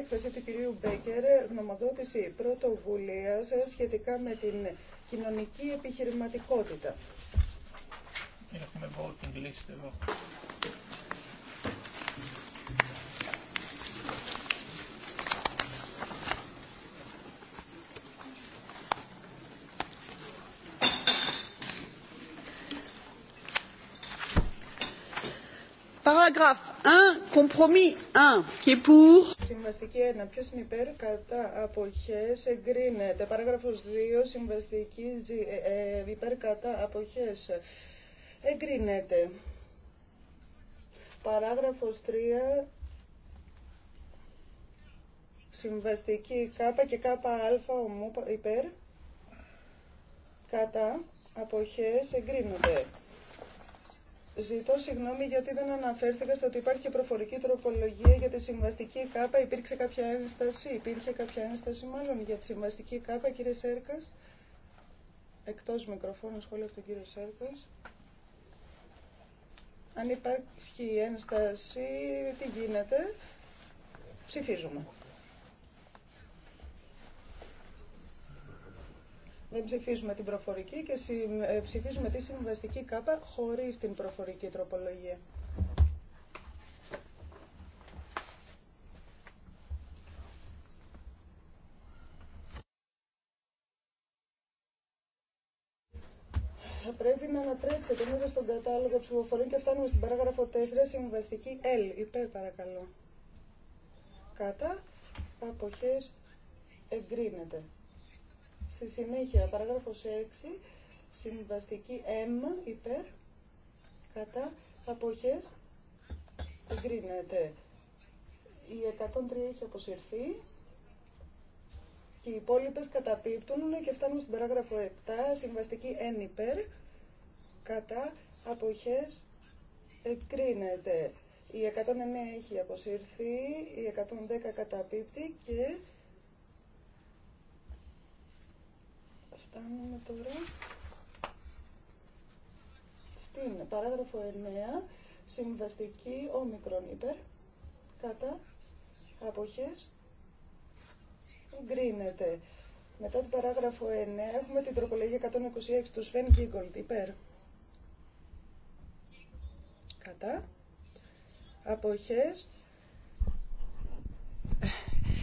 έκθεση του κυρίου Μπέκερ, γνωμοδότηση πρωτοβουλίας σχετικά με την κοινωνική επιχειρηματικότητα. Έχουμε voting list εδώ. Παράγραφ 1, compromis 1, qui est pour. Συμβαστική 1. Ποιο είναι υπέρ, κατά, αποχέ, εγκρίνεται. Παράγραφο 2, συμβαστική ε, ε, ε, υπέρ, κατά, αποχέ, εγκρίνεται. Παράγραφος 3 συμβαστική κάπα και κάπα Α ομού υπέρ κατά αποχές εγκρίνονται. Ζητώ συγγνώμη γιατί δεν αναφέρθηκα στο ότι υπάρχει και προφορική τροπολογία για τη συμβαστική κάπα. Υπήρξε κάποια ένσταση, υπήρχε κάποια ένσταση μάλλον για τη συμβαστική κάπα, κύριε Σέρκας. Εκτός μικροφώνου Σχόλια από τον κύριο Σέρκας. Αν υπάρχει ένσταση, τι γίνεται, ψηφίζουμε. Δεν ψηφίζουμε την προφορική και ε, ψηφίζουμε τη συμβαστική κάπα χωρίς την προφορική τροπολογία. πρέπει να ανατρέψετε μέσα στον κατάλογο ψηφοφορίων και φτάνουμε στην παράγραφο 4, συμβαστική L. Υπέρ παρακαλώ. Κατά αποχές εγκρίνεται. Στη συνέχεια, παράγραφος 6, συμβαστική M. Υπέρ. Κατά αποχές εγκρίνεται. Η 103 έχει αποσυρθεί. Και οι υπόλοιπε καταπίπτουν και φτάνουμε στην παράγραφο 7, συμβαστική εν υπέρ, κατά αποχές εγκρίνεται. Η 109 έχει αποσυρθεί, η 110 καταπίπτει και φτάνουμε τώρα στην παράγραφο 9, συμβαστική όμικρον υπέρ, κατά αποχές εγκρίνεται. Μετά την παράγραφο 9 έχουμε την τροπολογία 126 του Σφεν Γκίγκολτ υπέρ κατά αποχές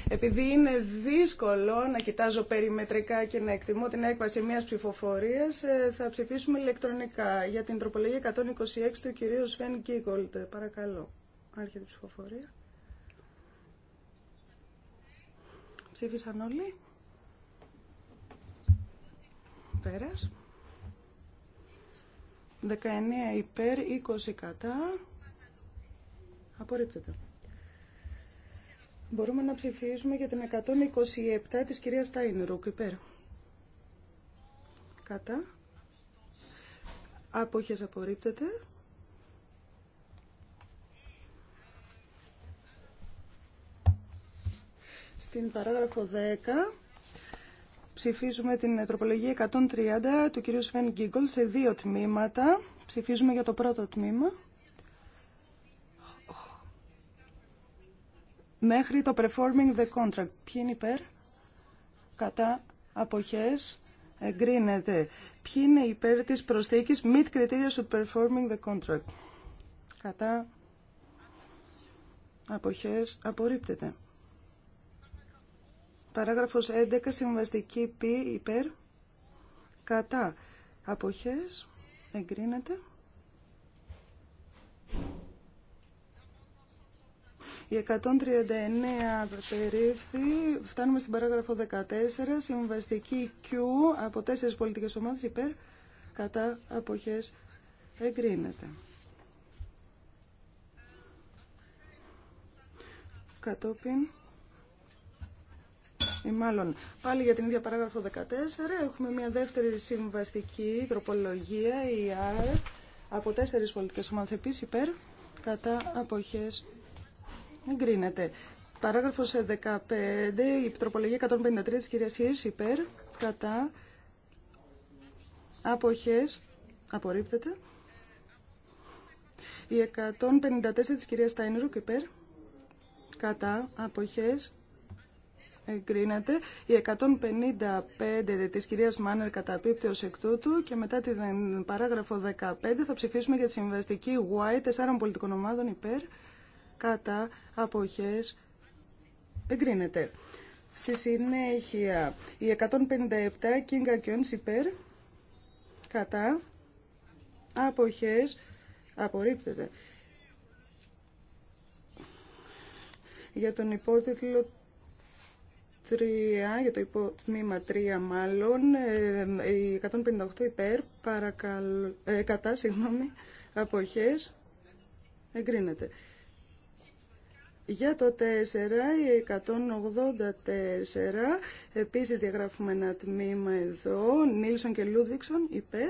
επειδή είναι δύσκολο να κοιτάζω περιμετρικά και να εκτιμώ την έκβαση μιας ψηφοφορίας, ε, θα ψηφίσουμε ηλεκτρονικά για την τροπολογία 126 του κυρίου Σφέν Κίγκολτ. Παρακαλώ, άρχεται η ψηφοφορία. Ψήφισαν όλοι. Πέρας. 19 υπέρ, 20 κατά. Απορρίπτεται. Μπορούμε να ψηφίσουμε για την 127 της κυρίας Τάινρουκ υπέρ. Κατά. Απόχες απορρίπτεται. Στην παράγραφο 10 Ψηφίζουμε την τροπολογία 130 του κυρίου Σφεν Γκίγκολ σε δύο τμήματα. Ψηφίζουμε για το πρώτο τμήμα. Μέχρι το performing the contract. Ποιοι είναι υπέρ? Κατά αποχές εγκρίνεται. Ποιοι είναι υπέρ της προσθήκης meet criteria of performing the contract. Κατά αποχές απορρίπτεται. Παράγραφος 11, συμβαστική π, υπέρ, κατά, αποχές, εγκρίνεται. Η 139 περίφθη, φτάνουμε στην παράγραφο 14, συμβαστική Q από τέσσερις πολιτικές ομάδες υπέρ, κατά, αποχές, εγκρίνεται. Κατόπιν μάλλον πάλι για την ίδια παράγραφο 14 έχουμε μια δεύτερη συμβαστική τροπολογία η ΑΡ από τέσσερις πολιτικές ομαθεπείς υπέρ κατά αποχές εγκρίνεται. Παράγραφος 15 η τροπολογία 153 της κυρίας υπέρ κατά αποχές απορρίπτεται. Η 154 της κυρίας Τάινρουκ υπέρ κατά αποχές εγκρίνεται. Η 155 της κυρίας Μάνερ καταπίπτει ως εκ τούτου και μετά την παράγραφο 15 θα ψηφίσουμε για τη συμβαστική Y τεσσάρων πολιτικών ομάδων υπέρ κατά αποχές εγκρίνεται. Στη συνέχεια η 157 Κίνγκα Κιόνς υπέρ κατά αποχές απορρίπτεται. Για τον υπότιτλο 3, για το υποτμήμα 3 μάλλον, η ε, 158 υπέρ, παρακαλώ, ε, κατά, συγγνώμη, αποχές, εγκρίνεται. Για το 4, η 184, επίσης διαγράφουμε ένα τμήμα εδώ, Νίλσον και Λούδβιξον, υπέρ,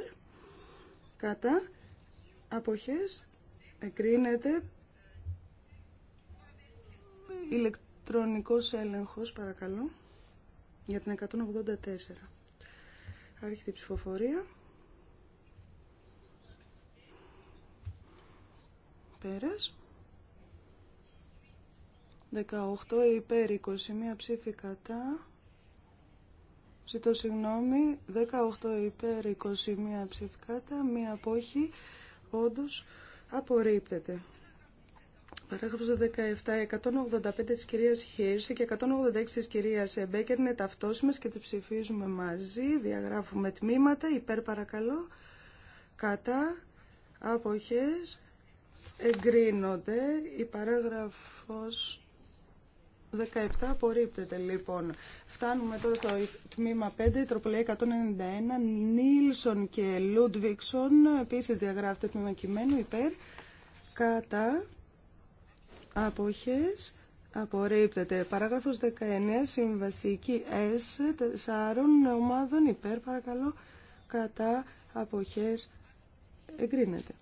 κατά, αποχές, εγκρίνεται, ηλεκτρονικός έλεγχος, παρακαλώ, για την 184. Άρχεται η ψηφοφορία. Πέρας. 18 υπέρ, 21 ψήφι κατά. Ζητώ συγγνώμη, 18 υπέρ, 21 ψήφι κατά, μία απόχη, όντως απορρίπτεται. Παράγραφος 17, 185 της κυρίας Χίρση και 186 της κυρίας Μπέκερ είναι ταυτόσιμες και τη ψηφίζουμε μαζί. Διαγράφουμε τμήματα. Υπέρ παρακαλώ. Κατά. Αποχές. Εγκρίνονται. Η παράγραφος 17 απορρίπτεται λοιπόν. Φτάνουμε τώρα στο τμήμα 5, η 191, Νίλσον και Λούντβικσον, επίσης διαγράφεται τμήμα κειμένου υπέρ, κατά, αποχές απορρίπτεται. Παράγραφος 19, συμβαστική S, τεσσάρων ομάδων υπέρ, παρακαλώ, κατά αποχές εγκρίνεται.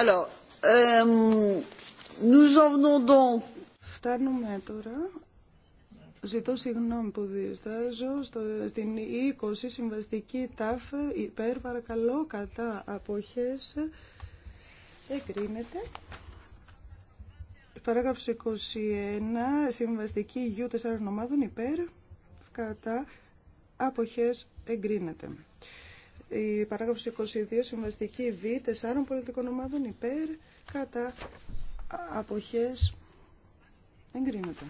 Euh, Φτάνουμε τώρα. Ζητώ συγγνώμη που διστάζω στο, στην 20 συμβαστική ΤΑΦ υπέρ παρακαλώ κατά αποχές εγκρίνεται. Παράγραφος 21 συμβαστική γιου 4 ομάδων υπέρ κατά αποχές εγκρίνεται η παράγραφος 22 συμβαστική Β τεσσάρων πολιτικών ομάδων υπέρ κατά αποχές εγκρίνεται.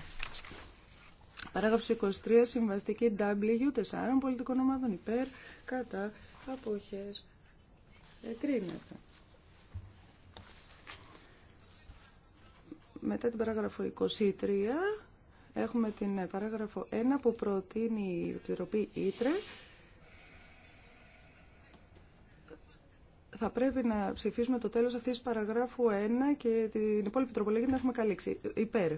Παράγραφος 23 συμβαστική W τεσσάρων πολιτικών ομάδων υπέρ κατά αποχές εγκρίνεται. Μετά την παράγραφο 23 έχουμε την παράγραφο 1 που προτείνει η Επιτροπή Ήτρε θα πρέπει να ψηφίσουμε το τέλος αυτής της παραγράφου 1 και την υπόλοιπη τροπολογία να έχουμε καλύψει. Υπέρ.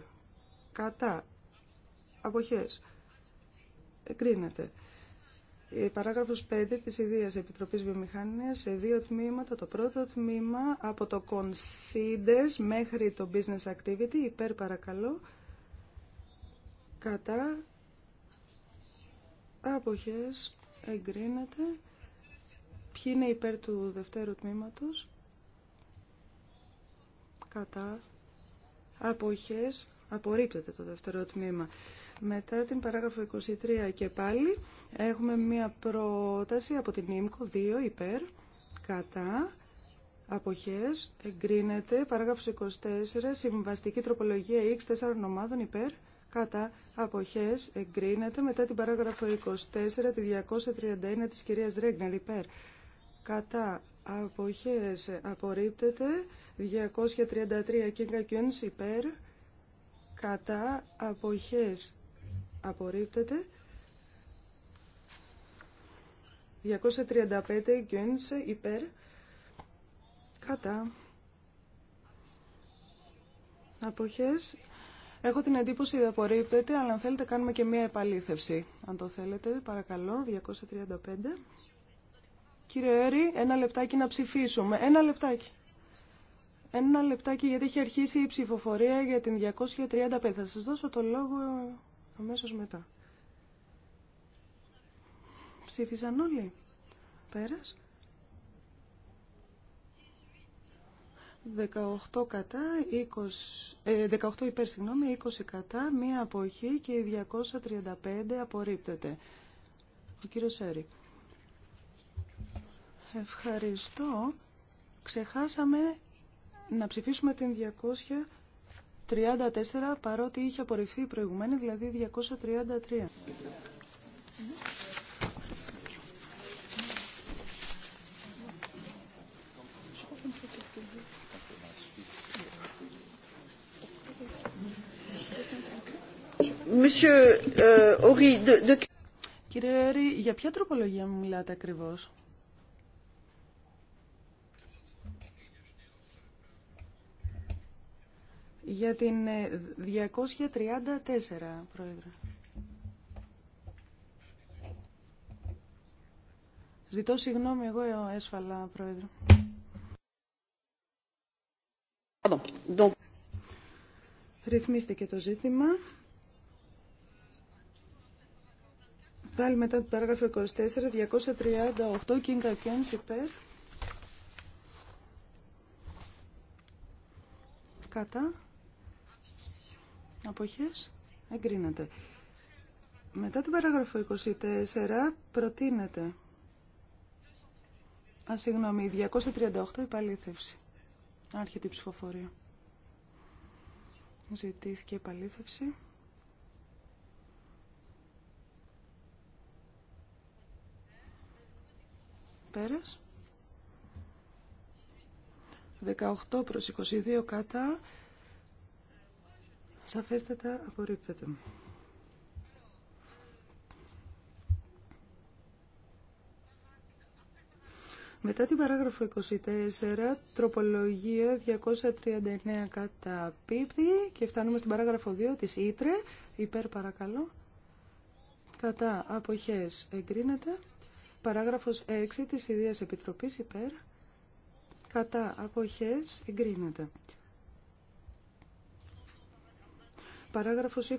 Κατά. Αποχές. Εγκρίνεται. Η παράγραφος 5 της Ιδίας Επιτροπής Βιομηχανίας σε δύο τμήματα. Το πρώτο τμήμα από το Considers μέχρι το Business Activity. Υπέρ παρακαλώ. Κατά. Αποχές. Εγκρίνεται. Ποιοι είναι υπέρ του δευτέρου τμήματος. Κατά. Αποχές. Απορρίπτεται το δεύτερο τμήμα. Μετά την παράγραφο 23 και πάλι έχουμε μία πρόταση από την ΙΜΚΟ 2 υπέρ. Κατά. Αποχές. Εγκρίνεται. Παράγραφος 24. Συμβαστική τροπολογία X 4 ομάδων υπέρ κατά αποχές εγκρίνεται μετά την παράγραφο 24 τη 231 της κυρίας Ρέγνερ υπέρ κατά αποχές απορρίπτεται 233 και υπέρ κατά αποχές απορρίπτεται 235 Κιόνς υπέρ κατά αποχές Έχω την εντύπωση ότι απορρίπτεται, αλλά αν θέλετε κάνουμε και μία επαλήθευση. Αν το θέλετε, παρακαλώ, 235. Κύριε Έρη, ένα λεπτάκι να ψηφίσουμε. Ένα λεπτάκι. Ένα λεπτάκι γιατί έχει αρχίσει η ψηφοφορία για την 235. Θα σας δώσω το λόγο αμέσως μετά. Ψήφισαν όλοι. Πέρας. 18, κατά, 20, 18 ε, υπέρ, συγγνώμη, 20 κατά, μία αποχή και η 235 απορρίπτεται. Ο κύριος Έρη. Ευχαριστώ. Ξεχάσαμε να ψηφίσουμε την 234 παρότι είχε απορριφθεί η προηγουμένη, δηλαδή 233. Monsieur, euh, Κύριε Ωρή, για ποια τροπολογία μου μιλάτε ακριβώς. Για την 234, ε, Πρόεδρε. Ζητώ συγγνώμη, εγώ έσφαλα, Πρόεδρε. και το ζήτημα. Πάλι μετά την παράγραφο 24, 238, Κίνκα Κένς, υπέρ. Κατά. Αποχές. Εγκρίνεται. Μετά την παράγραφο 24 προτείνεται. Α, συγγνώμη, 238 επαλήθευση. Άρχεται η ψηφοφορία. Ζητήθηκε επαλήθευση. Πέρας. 18 προς 22 κατά Σαφέστατα απορρίπτεται. Μετά την παράγραφο 24, τροπολογία 239 κατά πίπτη και φτάνουμε στην παράγραφο 2 της Ήτρε. Υπέρ παρακαλώ. Κατά αποχές εγκρίνεται. Παράγραφος 6 της Ιδίας Επιτροπής υπέρ. Κατά αποχές εγκρίνεται. Παράγραφος 26.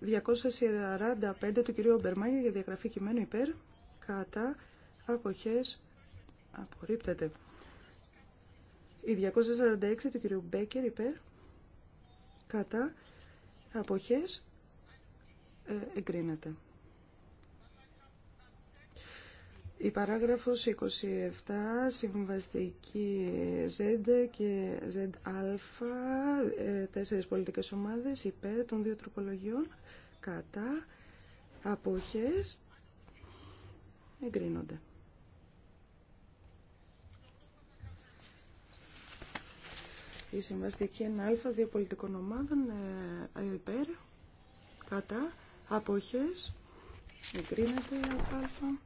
245 ε, του κυρίου Μπερμάγια για διαγραφή κειμένου υπέρ κατά αποχές απορρίπτεται. Η 246 του κυρίου Μπέκερ υπέρ κατά αποχές ε, εγκρίνεται. Η παράγραφος 27, συμβαστική Z και Zα, ε, τέσσερις πολιτικές ομάδες υπέρ των δύο τροπολογιών, κατά, αποχές, εγκρίνονται. Η συμβαστική 1α, δύο πολιτικών ΑΑ, α δυο πολιτικων ομαδων ε, ε, υπερ κατα αποχες εγκρινεται αλφα.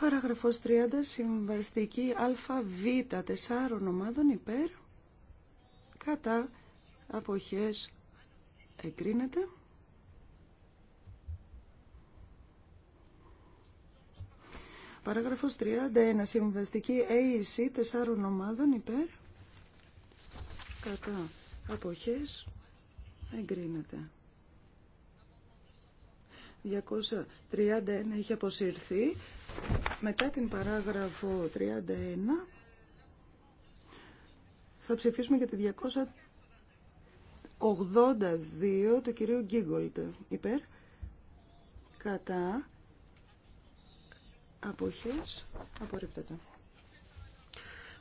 Παραγραφός 30, συμβαστική ΑΒ τεσσάρων ομάδων υπέρ, κατά αποχές εγκρίνεται. Παράγραφος 31, συμβαστική AEC τεσσάρων ομάδων υπέρ, κατά αποχές εγκρίνεται. 231 έχει αποσυρθεί. Μετά την παράγραφο 31 θα ψηφίσουμε για τη 282 του κυρίου Γκίγκολτ. Υπέρ. Κατά. Αποχές. Απορρίπτεται.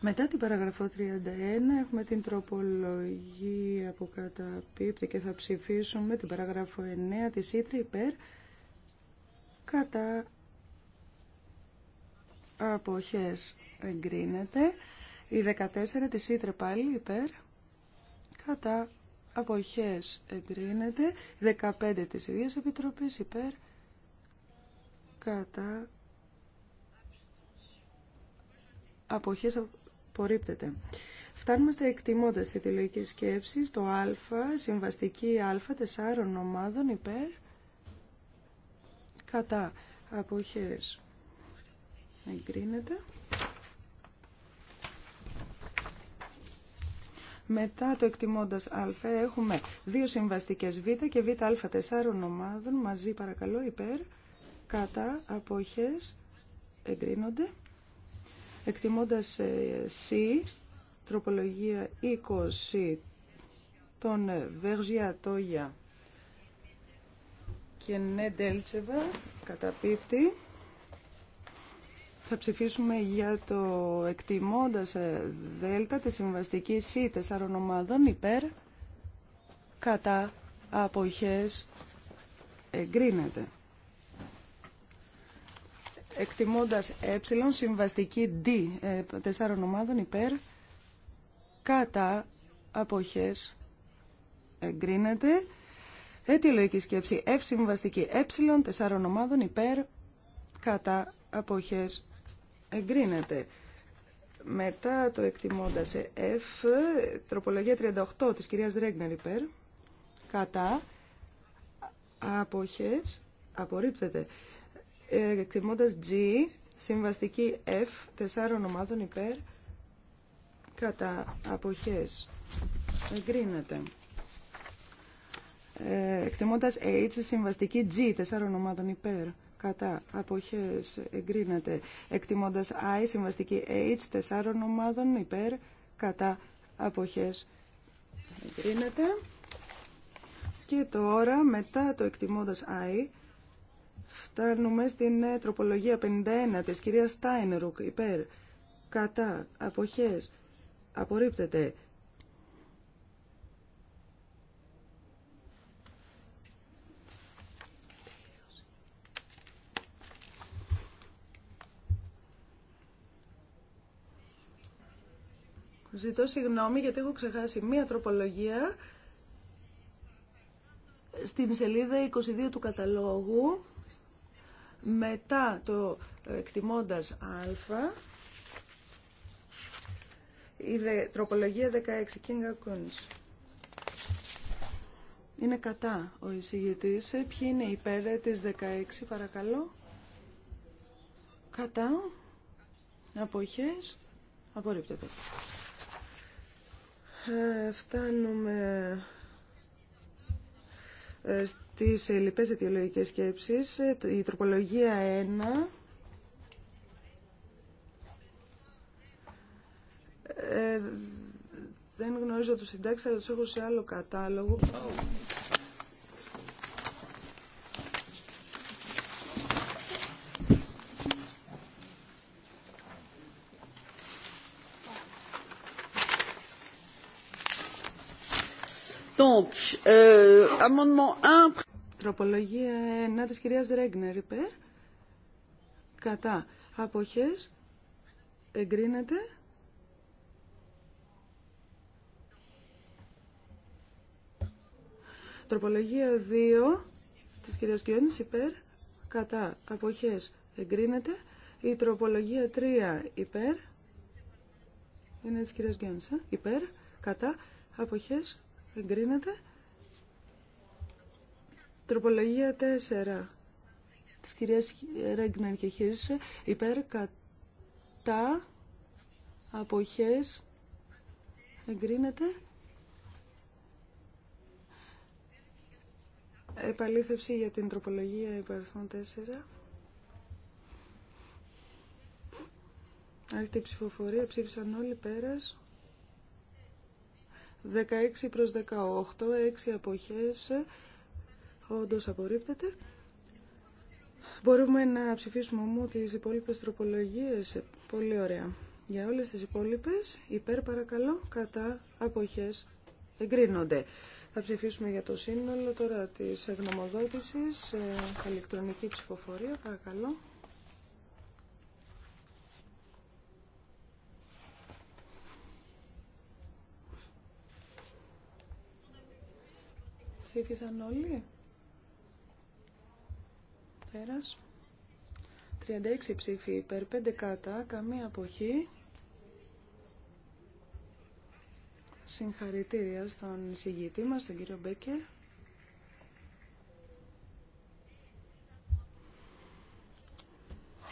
Μετά την παραγραφό 31 έχουμε την τροπολογία που καταπίπτει και θα ψηφίσουμε την παραγραφό 9 της Ήτρη υπέρ κατά αποχές εγκρίνεται. Η 14 της Ήτρε πάλι υπέρ. Κατά αποχές εγκρίνεται. Η 15 της ίδιας επιτροπής υπέρ. Κατά αποχές απορρίπτεται. Φτάνουμε στα εκτιμώντα στη τηλεογική σκέψη, Το α, συμβαστική α, τεσσάρων ομάδων υπέρ, κατά αποχές εγκρίνεται. Μετά το εκτιμώντας α έχουμε δύο συμβαστικές β και β α τεσσάρων ομάδων μαζί παρακαλώ υπέρ κατά αποχές εγκρίνονται. Εκτιμώντας ε, σ τροπολογία 20 των ε, Βεργιά Τόγια και Νεντέλτσεβα καταπίπτει. Θα ψηφίσουμε για το εκτιμώντας ε, δέλτα τη συμβαστική ΣΥ τεσσάρων ομάδων υπέρ κατά αποχές εγκρίνεται. Εκτιμώντας ε συμβαστική D ε, τεσσάρων ομάδων υπέρ κατά αποχές εγκρίνεται. Αιτιολογική σκέψη F συμβαστική ε τεσσάρων ομάδων υπέρ κατά αποχές εγκρίνεται. Μετά το εκτιμώντα F, τροπολογία 38 της κυρίας Ρέγνερ υπέρ, κατά, αποχές, απορρίπτεται. Ε, εκτιμώντας G, συμβαστική F, τεσσάρων ομάδων υπέρ, κατά, αποχές, εγκρίνεται. Ε, εκτιμώντας H, συμβαστική G, τεσσάρων ομάδων υπέρ, κατά αποχές εγκρίνεται εκτιμώντας I συμβαστική H τεσσάρων ομάδων υπέρ κατά αποχές εγκρίνεται και τώρα μετά το εκτιμώντας I φτάνουμε στην ε, τροπολογία 51 της κυρίας Στάινρουκ υπέρ κατά αποχές απορρίπτεται Ζητώ συγγνώμη γιατί έχω ξεχάσει μία τροπολογία στην σελίδα 22 του καταλόγου μετά το ε, εκτιμώντας α η τροπολογία 16 King Είναι κατά ο εισηγητής. Ε, ποιοι είναι υπέρ ε, της 16 παρακαλώ. Κατά. Αποχές. Απορρίπτεται. Ε, φτάνουμε ε, στις λοιπές αιτιολογικές σκέψεις. Ε, η τροπολογία 1 δεν γνωρίζω τους συντάξεις, αλλά τους έχω σε άλλο κατάλογο. Oh. Τροπολογία 1 της κυρίας Ρέγνερ υπέρ. Κατά. Αποχές. Εγκρίνεται. Τροπολογία 2 της κυρίας Γκιόνης υπέρ. Κατά. Αποχές. Εγκρίνεται. Η τροπολογία 3 υπέρ. Είναι της κυρίας Γκιόνης. Ε, υπέρ. Κατά. Αποχές. Εγκρίνεται. Τροπολογία 4 της κυρίας Ρέγκνερ και Χίρσε υπέρ κατά αποχές εγκρίνεται επαλήθευση για την τροπολογία υπέρ 4 Άρχεται η ψηφοφορία, ψήφισαν όλοι πέρας. 16 προς 18, 6 αποχές, Όντω απορρίπτεται. Μπορούμε να ψηφίσουμε όμως τις υπόλοιπες τροπολογίες. Πολύ ωραία. Για όλες τις υπόλοιπες, υπέρ παρακαλώ, κατά αποχές εγκρίνονται. Θα ψηφίσουμε για το σύνολο τώρα της γνωμοδότησης, ε, ηλεκτρονική ψηφοφορία, παρακαλώ. Ψήφισαν όλοι. 36 ψήφοι υπέρ, 5 κατά, καμία αποχή. Συγχαρητήρια στον συγγητή μας, τον κύριο Μπέκερ.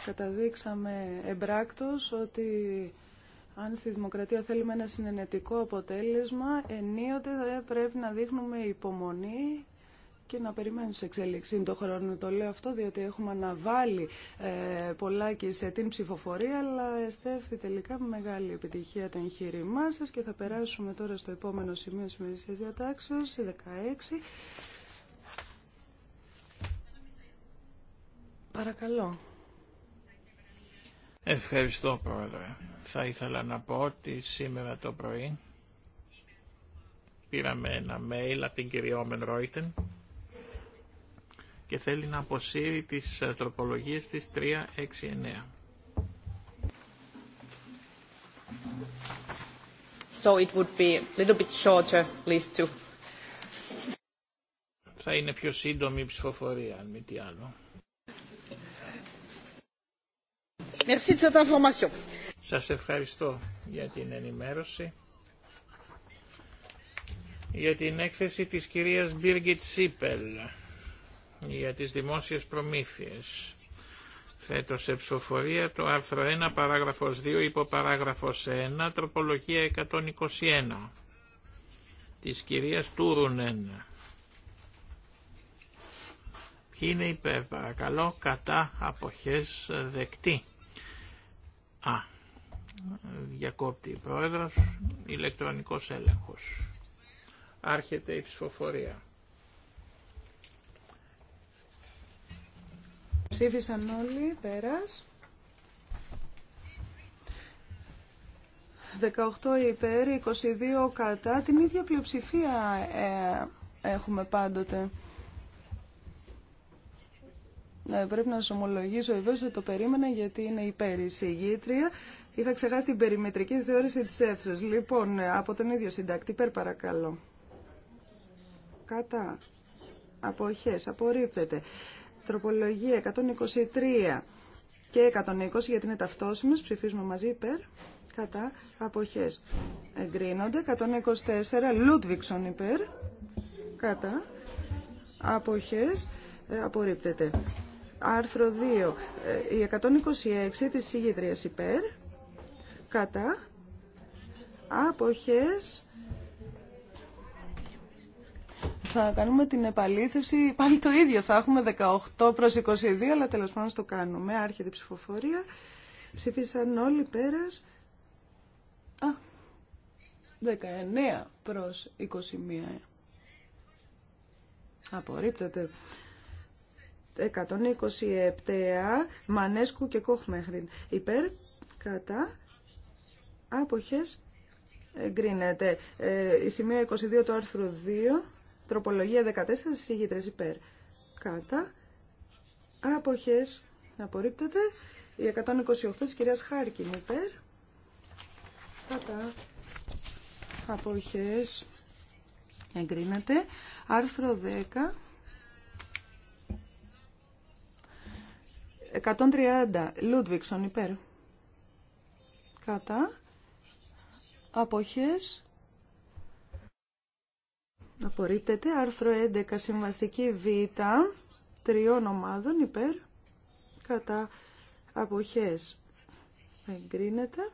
Καταδείξαμε εμπράκτος ότι αν στη δημοκρατία θέλουμε ένα συνενετικό αποτέλεσμα, ενίοτε πρέπει να δείχνουμε υπομονή και να περιμένουν σε εξέλιξη το χρόνο. Το λέω αυτό διότι έχουμε αναβάλει ε, πολλά και σε την ψηφοφορία, αλλά εστέφθη τελικά με μεγάλη επιτυχία το εγχείρημά σα και θα περάσουμε τώρα στο επόμενο σημείο σημερινή διατάξεω, 16. Παρακαλώ. Ευχαριστώ Πρόεδρε. Θα ήθελα να πω ότι σήμερα το πρωί πήραμε ένα mail από την κυρία Όμεν Ρόιτεν και θέλει να αποσύρει τις ε, τροπολογίες της 369. So it Θα είναι πιο σύντομη η ψηφοφορία, αν μη τι άλλο. Merci Σας ευχαριστώ για την ενημέρωση. Για την έκθεση της κυρίας Birgit Σίπελ για τις δημόσιες προμήθειες. Θέτω σε ψηφοφορία το άρθρο 1, παράγραφος 2, υποπαράγραφος 1, τροπολογία 121 της κυρίας Τούρουνεν. Ποιοι είναι υπέρ, παρακαλώ, κατά αποχές δεκτή. Α, διακόπτη η πρόεδρος, ηλεκτρονικός έλεγχος. Άρχεται η ψηφοφορία. Ψήφισαν όλοι, πέρας. 18 υπέρ, 22 κατά, την ίδια πλειοψηφία ε, έχουμε πάντοτε. Ε, πρέπει να σα ομολογήσω εδώ το περίμενα γιατί είναι υπέρ η συγγήτρια. Είχα ξεχάσει την περιμετρική θεώρηση της αίθουσα. Λοιπόν, ε, από τον ίδιο συντάκτη, υπέρ παρακαλώ. Κατά. Αποχές, απορρίπτεται. Τροπολογία 123 και 120 γιατί είναι ταυτόσιμες. Ψηφίζουμε μαζί υπέρ. Κατά αποχές. Εγκρίνονται. 124 Λούτβιξον υπέρ. Κατά αποχές. Ε, απορρίπτεται. Άρθρο 2. Ε, η 126 της συγήτρία υπέρ. Κατά αποχές θα κάνουμε την επαλήθευση, πάλι το ίδιο θα έχουμε 18 προς 22, αλλά τέλο πάντων το κάνουμε. Άρχεται η ψηφοφορία, ψηφίσαν όλοι πέρας. Α, 19 προς 21. Απορρίπτεται. 127 Μανέσκου και Κόχμεχριν. Υπέρ, κατά, αποχές, εγκρίνεται. Ε, η σημεία 22 του άρθρου 2 Τροπολογία 14 στις ηγήτρες υπέρ. Κατά. Αποχές. Απορρίπτεται. Η 128 της κυρίας Χάρκιν υπέρ. Κατά. Αποχές. Εγκρίνεται. Άρθρο 10. 130. Λούντβικσον υπέρ. Κατά. Αποχές. Απορρίπτεται. Άρθρο 11. Συμβαστική Β. Τριών ομάδων υπέρ. Κατά αποχές. Εγκρίνεται.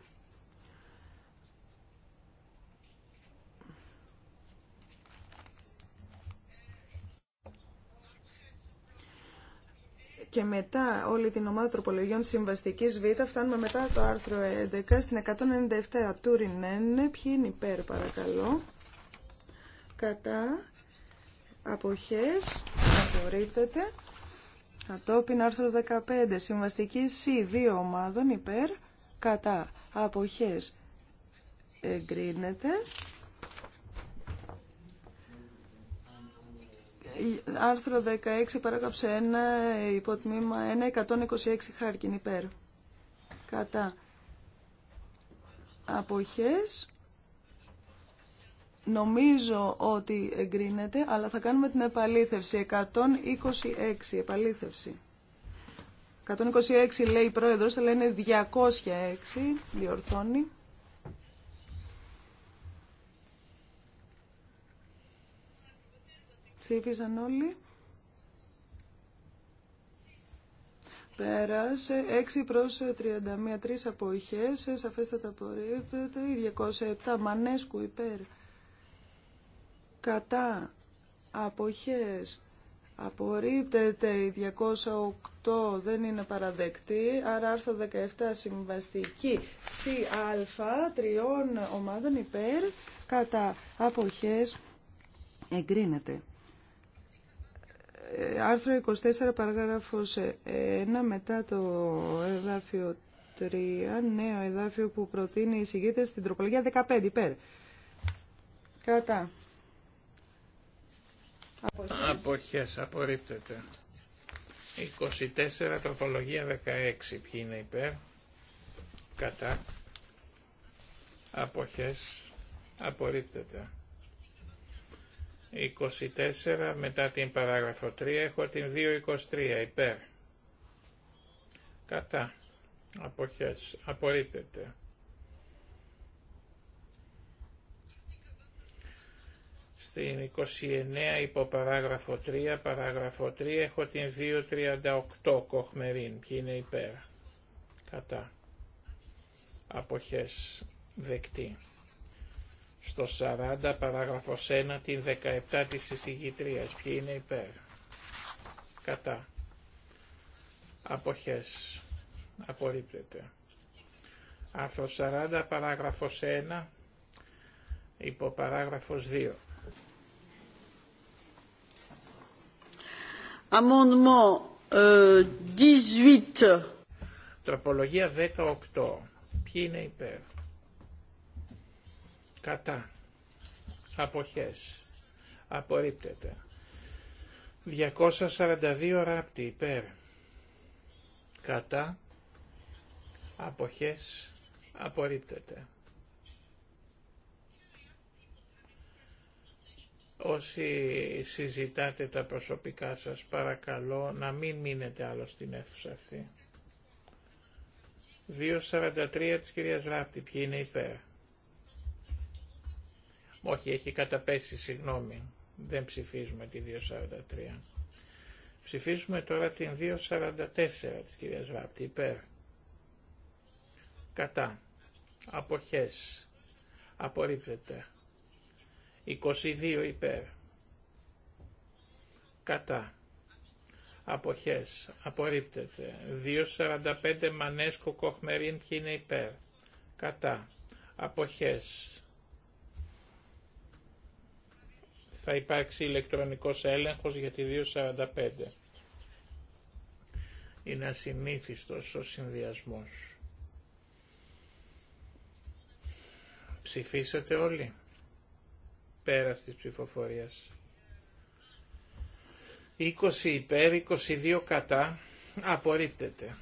και μετά όλη την ομάδα τροπολογιών συμβαστική Β. Φτάνουμε μετά το άρθρο 11 στην 197 του Ρινένε. Ποιοι είναι υπέρ, παρακαλώ κατά αποχές απορρίπτεται κατόπιν άρθρο 15 συμβαστική C δύο ομάδων υπέρ κατά αποχές εγκρίνεται άρθρο 16 παράγραψε 1 υποτμήμα 1 126 χάρκιν υπέρ κατά αποχές Νομίζω ότι εγκρίνεται, αλλά θα κάνουμε την επαλήθευση. 126 επαλήθευση. 126 λέει η πρόεδρος, αλλά είναι 206, διορθώνει. Ψήφισαν όλοι. Πέρασε 6 προς 31, 3 αποϊχές. σαφέστατα απορρίπτεται, 207 μανέσκου υπέρ κατά αποχές απορρίπτεται η 208 δεν είναι παραδεκτή άρα άρθρο 17 συμβαστική ΣΑ τριών ομάδων υπέρ κατά αποχές εγκρίνεται ε, άρθρο 24 παράγραφος 1 μετά το εδάφιο 3 νέο εδάφιο που προτείνει η συγγήτρια στην τροπολογία 15 υπέρ κατά Αποχές απορρίπτεται. 24 τροπολογία 16. Ποιοι είναι υπέρ. Κατά. Αποχές απορρίπτεται. 24 μετά την παράγραφο 3 έχω την 223 υπέρ. Κατά. Αποχές απορρίπτεται. στην 29 υπό παράγραφο 3, παράγραφο 3 έχω την 238 κοχμερίν, ποιοι είναι υπέρ, κατά, αποχές δεκτή. Στο 40 παράγραφό 1 την 17 της εισηγητρίας, ποιοι είναι υπέρ, κατά, αποχές, απορρίπτεται. Άρθρο 40 παράγραφος 1 υπό παράγραφος 2. Amendement 18. Euh, Τροπολογία 18. Ποιοι είναι υπέρ. Κατά. Αποχές. Απορρίπτεται. 242 ράπτη υπέρ. Κατά. Αποχές. Απορρίπτεται. Όσοι συζητάτε τα προσωπικά σας, παρακαλώ να μην μείνετε άλλο στην αίθουσα αυτή. 2.43 της κυρίας Ράπτη, ποιοι είναι υπέρ. Όχι, έχει καταπέσει, συγγνώμη. Δεν ψηφίζουμε τη 2.43. Ψηφίζουμε τώρα την 2.44 της κυρίας Ράπτη, υπέρ. Κατά. Αποχές. Απορρίπτεται. 22 υπέρ. Κατά. Αποχές. Απορρίπτεται. 2.45 Μανέσκο Κοχμερίν και είναι υπέρ. Κατά. Αποχές. Θα υπάρξει ηλεκτρονικός έλεγχος για τη 2.45. Είναι ασυνήθιστος ο συνδυασμός. Ψηφίσατε όλοι. Πέρας της ψηφοφορίας. 20 υπέρ, 22 κατά, απορρίπτεται.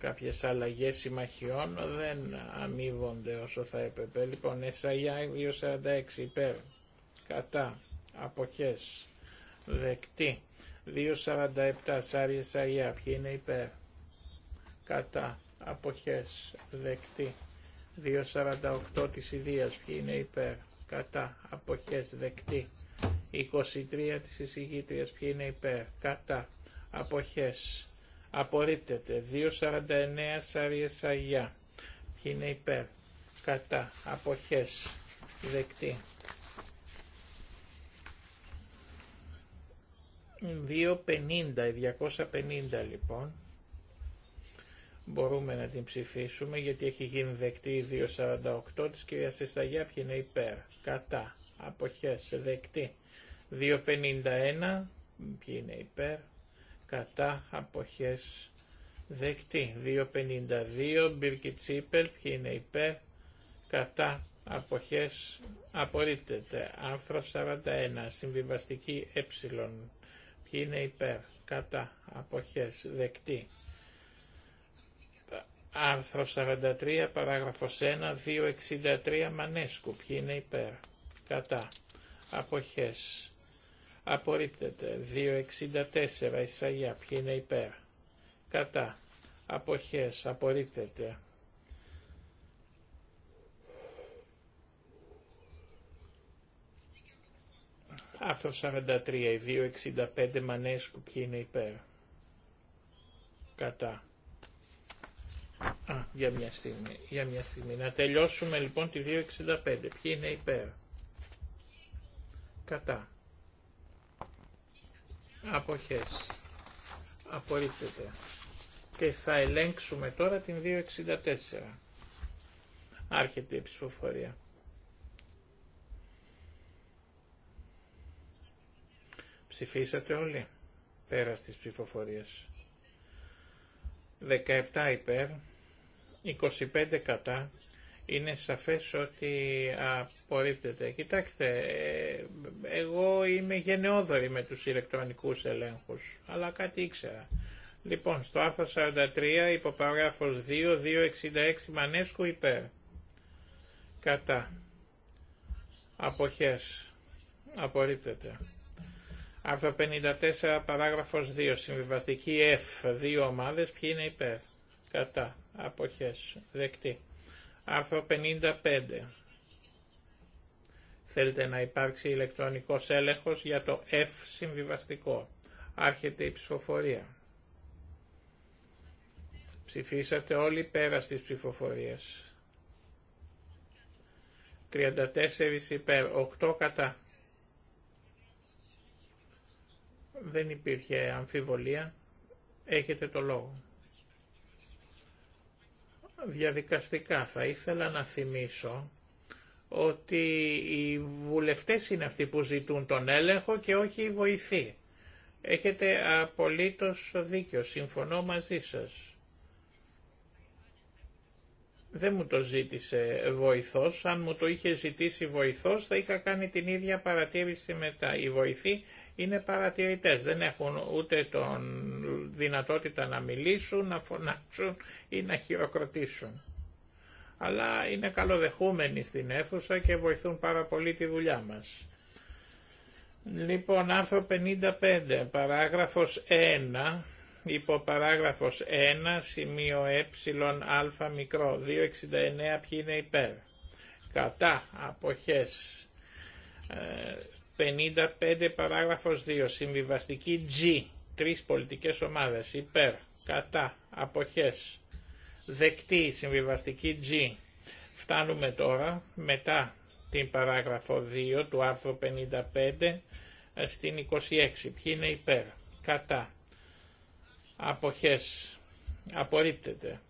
Κάποιες αλλαγές συμμαχιών δεν αμείβονται όσο θα έπρεπε. Λοιπόν, ΕΣΑΙΑ 246 υπέρ, κατά, αποχές, δεκτή. 247 Σάρι ποιοι είναι υπέρ, κατά, αποχές, δεκτή. 2.48 της Ιδίας ποιοι είναι υπέρ κατά αποχές δεκτή 23 της εισηγήτριας ποιοι είναι υπέρ κατά αποχές απορρίπτεται 2.49 Σαρίες Αγιά ποιοι είναι υπέρ κατά αποχές δεκτή 2.50 250 λοιπόν Μπορούμε να την ψηφίσουμε γιατί έχει γίνει δεκτή η 248 της κυρία Εσταγιά είναι υπέρ, κατά, αποχές, δεκτή. 251 ποιοι είναι υπέρ, κατά, αποχές, δεκτή. 252 Μπίρκι Τσίπελ ποιοι είναι υπέρ, κατά, αποχές, απορρίπτεται. Άρθρο 41 συμβιβαστική ε ποιοι είναι υπέρ, κατά, αποχές, δεκτή. Άρθρο 43, παράγραφος 1, 263, Μανέσκου. Ποιοι είναι υπέρ. Κατά. Αποχές. Απορρίπτεται. 264, Ισαγιά. Ποιοι είναι υπέρ. Κατά. Αποχές. Απορρίπτεται. 43, 265 Μανέσκου. Ποιοι είναι υπέρ. Κατά για μια στιγμή, για μια στιγμή. Να τελειώσουμε λοιπόν τη 2.65. Ποιοι είναι υπέρ. Κατά. Αποχές. Απορρίπτεται. Και θα ελέγξουμε τώρα την 2.64. Άρχεται η ψηφοφορία. Ψηφίσατε όλοι πέρα στις ψηφοφορίες. 17 υπέρ, 25 κατά, είναι σαφές ότι απορρίπτεται. Κοιτάξτε, εγώ είμαι γενναιόδορη με τους ηλεκτρονικούς ελέγχους, αλλά κάτι ήξερα. Λοιπόν, στο άρθρο 43, υποπαράγραφος 2, 266, Μανέσκου υπέρ. Κατά. Αποχές. Απορρίπτεται. Άρθρο 54 παράγραφος 2. Συμβιβαστική F. Δύο ομάδες. Ποιοι είναι υπέρ. Κατά. Αποχές. Δεκτή. Άρθρο 55. Θέλετε να υπάρξει ηλεκτρονικός έλεγχος για το F συμβιβαστικό. Άρχεται η ψηφοφορία. Ψηφίσατε όλοι πέρα στις ψηφοφορίες. 34 υπέρ, 8 κατά. Δεν υπήρχε αμφιβολία. Έχετε το λόγο. Διαδικαστικά θα ήθελα να θυμίσω ότι οι βουλευτές είναι αυτοί που ζητούν τον έλεγχο και όχι οι βοηθοί. Έχετε απολύτως δίκιο, συμφωνώ μαζί σας. Δεν μου το ζήτησε βοηθός, αν μου το είχε ζητήσει βοηθός θα είχα κάνει την ίδια παρατήρηση μετά. η βοηθή είναι παρατηρητές, δεν έχουν ούτε τον δυνατότητα να μιλήσουν, να φωνάξουν ή να χειροκροτήσουν. Αλλά είναι καλοδεχούμενοι στην αίθουσα και βοηθούν πάρα πολύ τη δουλειά μας. Λοιπόν, άρθρο 55, παράγραφος 1, υπό παράγραφος 1, σημείο ε, α μικρό, 269, ποιοι είναι υπέρ. Κατά, αποχές, ε, 55 παράγραφος 2 συμβιβαστική G τρεις πολιτικές ομάδες υπέρ, κατά, αποχές δεκτή συμβιβαστική G φτάνουμε τώρα μετά την παράγραφο 2 του άρθρου 55 στην 26 ποιοι είναι υπέρ, κατά αποχές απορρίπτεται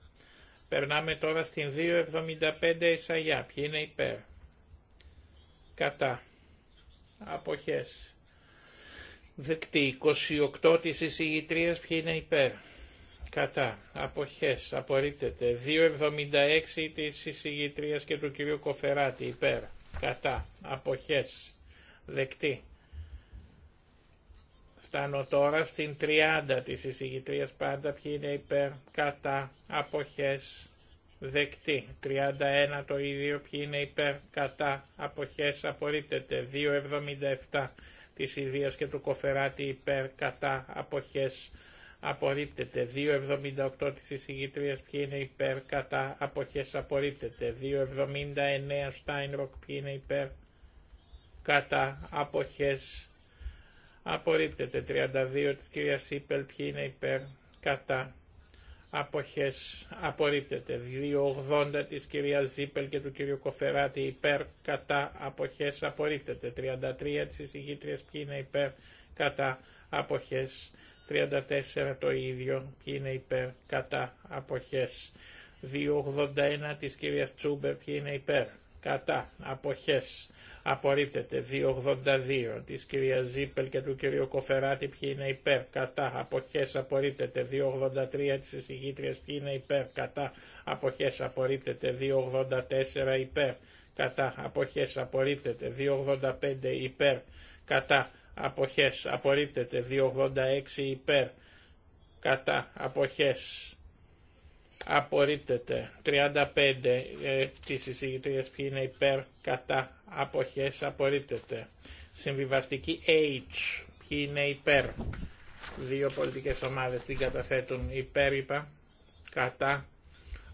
περνάμε τώρα στην 275 εισαγιά ποιοι είναι υπέρ κατά αποχές. Δεκτή 28 της εισηγητρίας ποιοι είναι υπέρ. Κατά. Αποχές. Απορρίπτεται. 2.76 της εισηγητρίας και του κυρίου Κοφεράτη. Υπέρ. Κατά. Αποχές. Δεκτή. Φτάνω τώρα στην 30 της εισηγητρίας πάντα. Ποιοι είναι υπέρ. Κατά. Αποχές δεκτή. 31 το ίδιο ποιοι είναι υπέρ κατά αποχές απορρίπτεται. 2.77 της Ιδίας και του Κοφεράτη υπέρ κατά αποχές απορρίπτεται. 2.78 της εισηγητρίας ποιοι είναι υπέρ κατά αποχές απορρίπτεται. 2.79 Στάινροκ ποιοι είναι υπέρ κατά αποχές απορρίπτεται. 32 της κυρίας Σίπελ ποιοι είναι υπέρ κατά αποχές απορρίπτεται. 2.80 της κυρία Ζίπελ και του κυρίου Κοφεράτη υπέρ κατά αποχές απορρίπτεται. 33 της εισηγήτριας ποιοι είναι υπέρ κατά αποχές. 34 το ίδιο ποιοι είναι υπέρ κατά αποχές. 2.81 της κυρίας Τσούμπερ ποιοι είναι υπέρ κατά αποχές απορρίπτεται 282 της κυρία Ζίπελ και του κυρίου Κοφεράτη ποιοι είναι υπέρ κατά αποχές απορρίπτεται 283 της εισηγήτριας ποιοι είναι υπέρ κατά αποχές απορρίπτεται 284 υπέρ κατά αποχές απορρίπτεται 285 υπέρ κατά αποχές απορρίπτεται 286 υπέρ κατά αποχές απορρίπτεται. 35 ε, της εισηγητρίας ποιοι είναι υπέρ, κατά, αποχές, απορρίπτεται. Συμβιβαστική H, ποιοι είναι υπέρ. Δύο πολιτικές ομάδες την καταθέτουν υπέρ, είπα, κατά,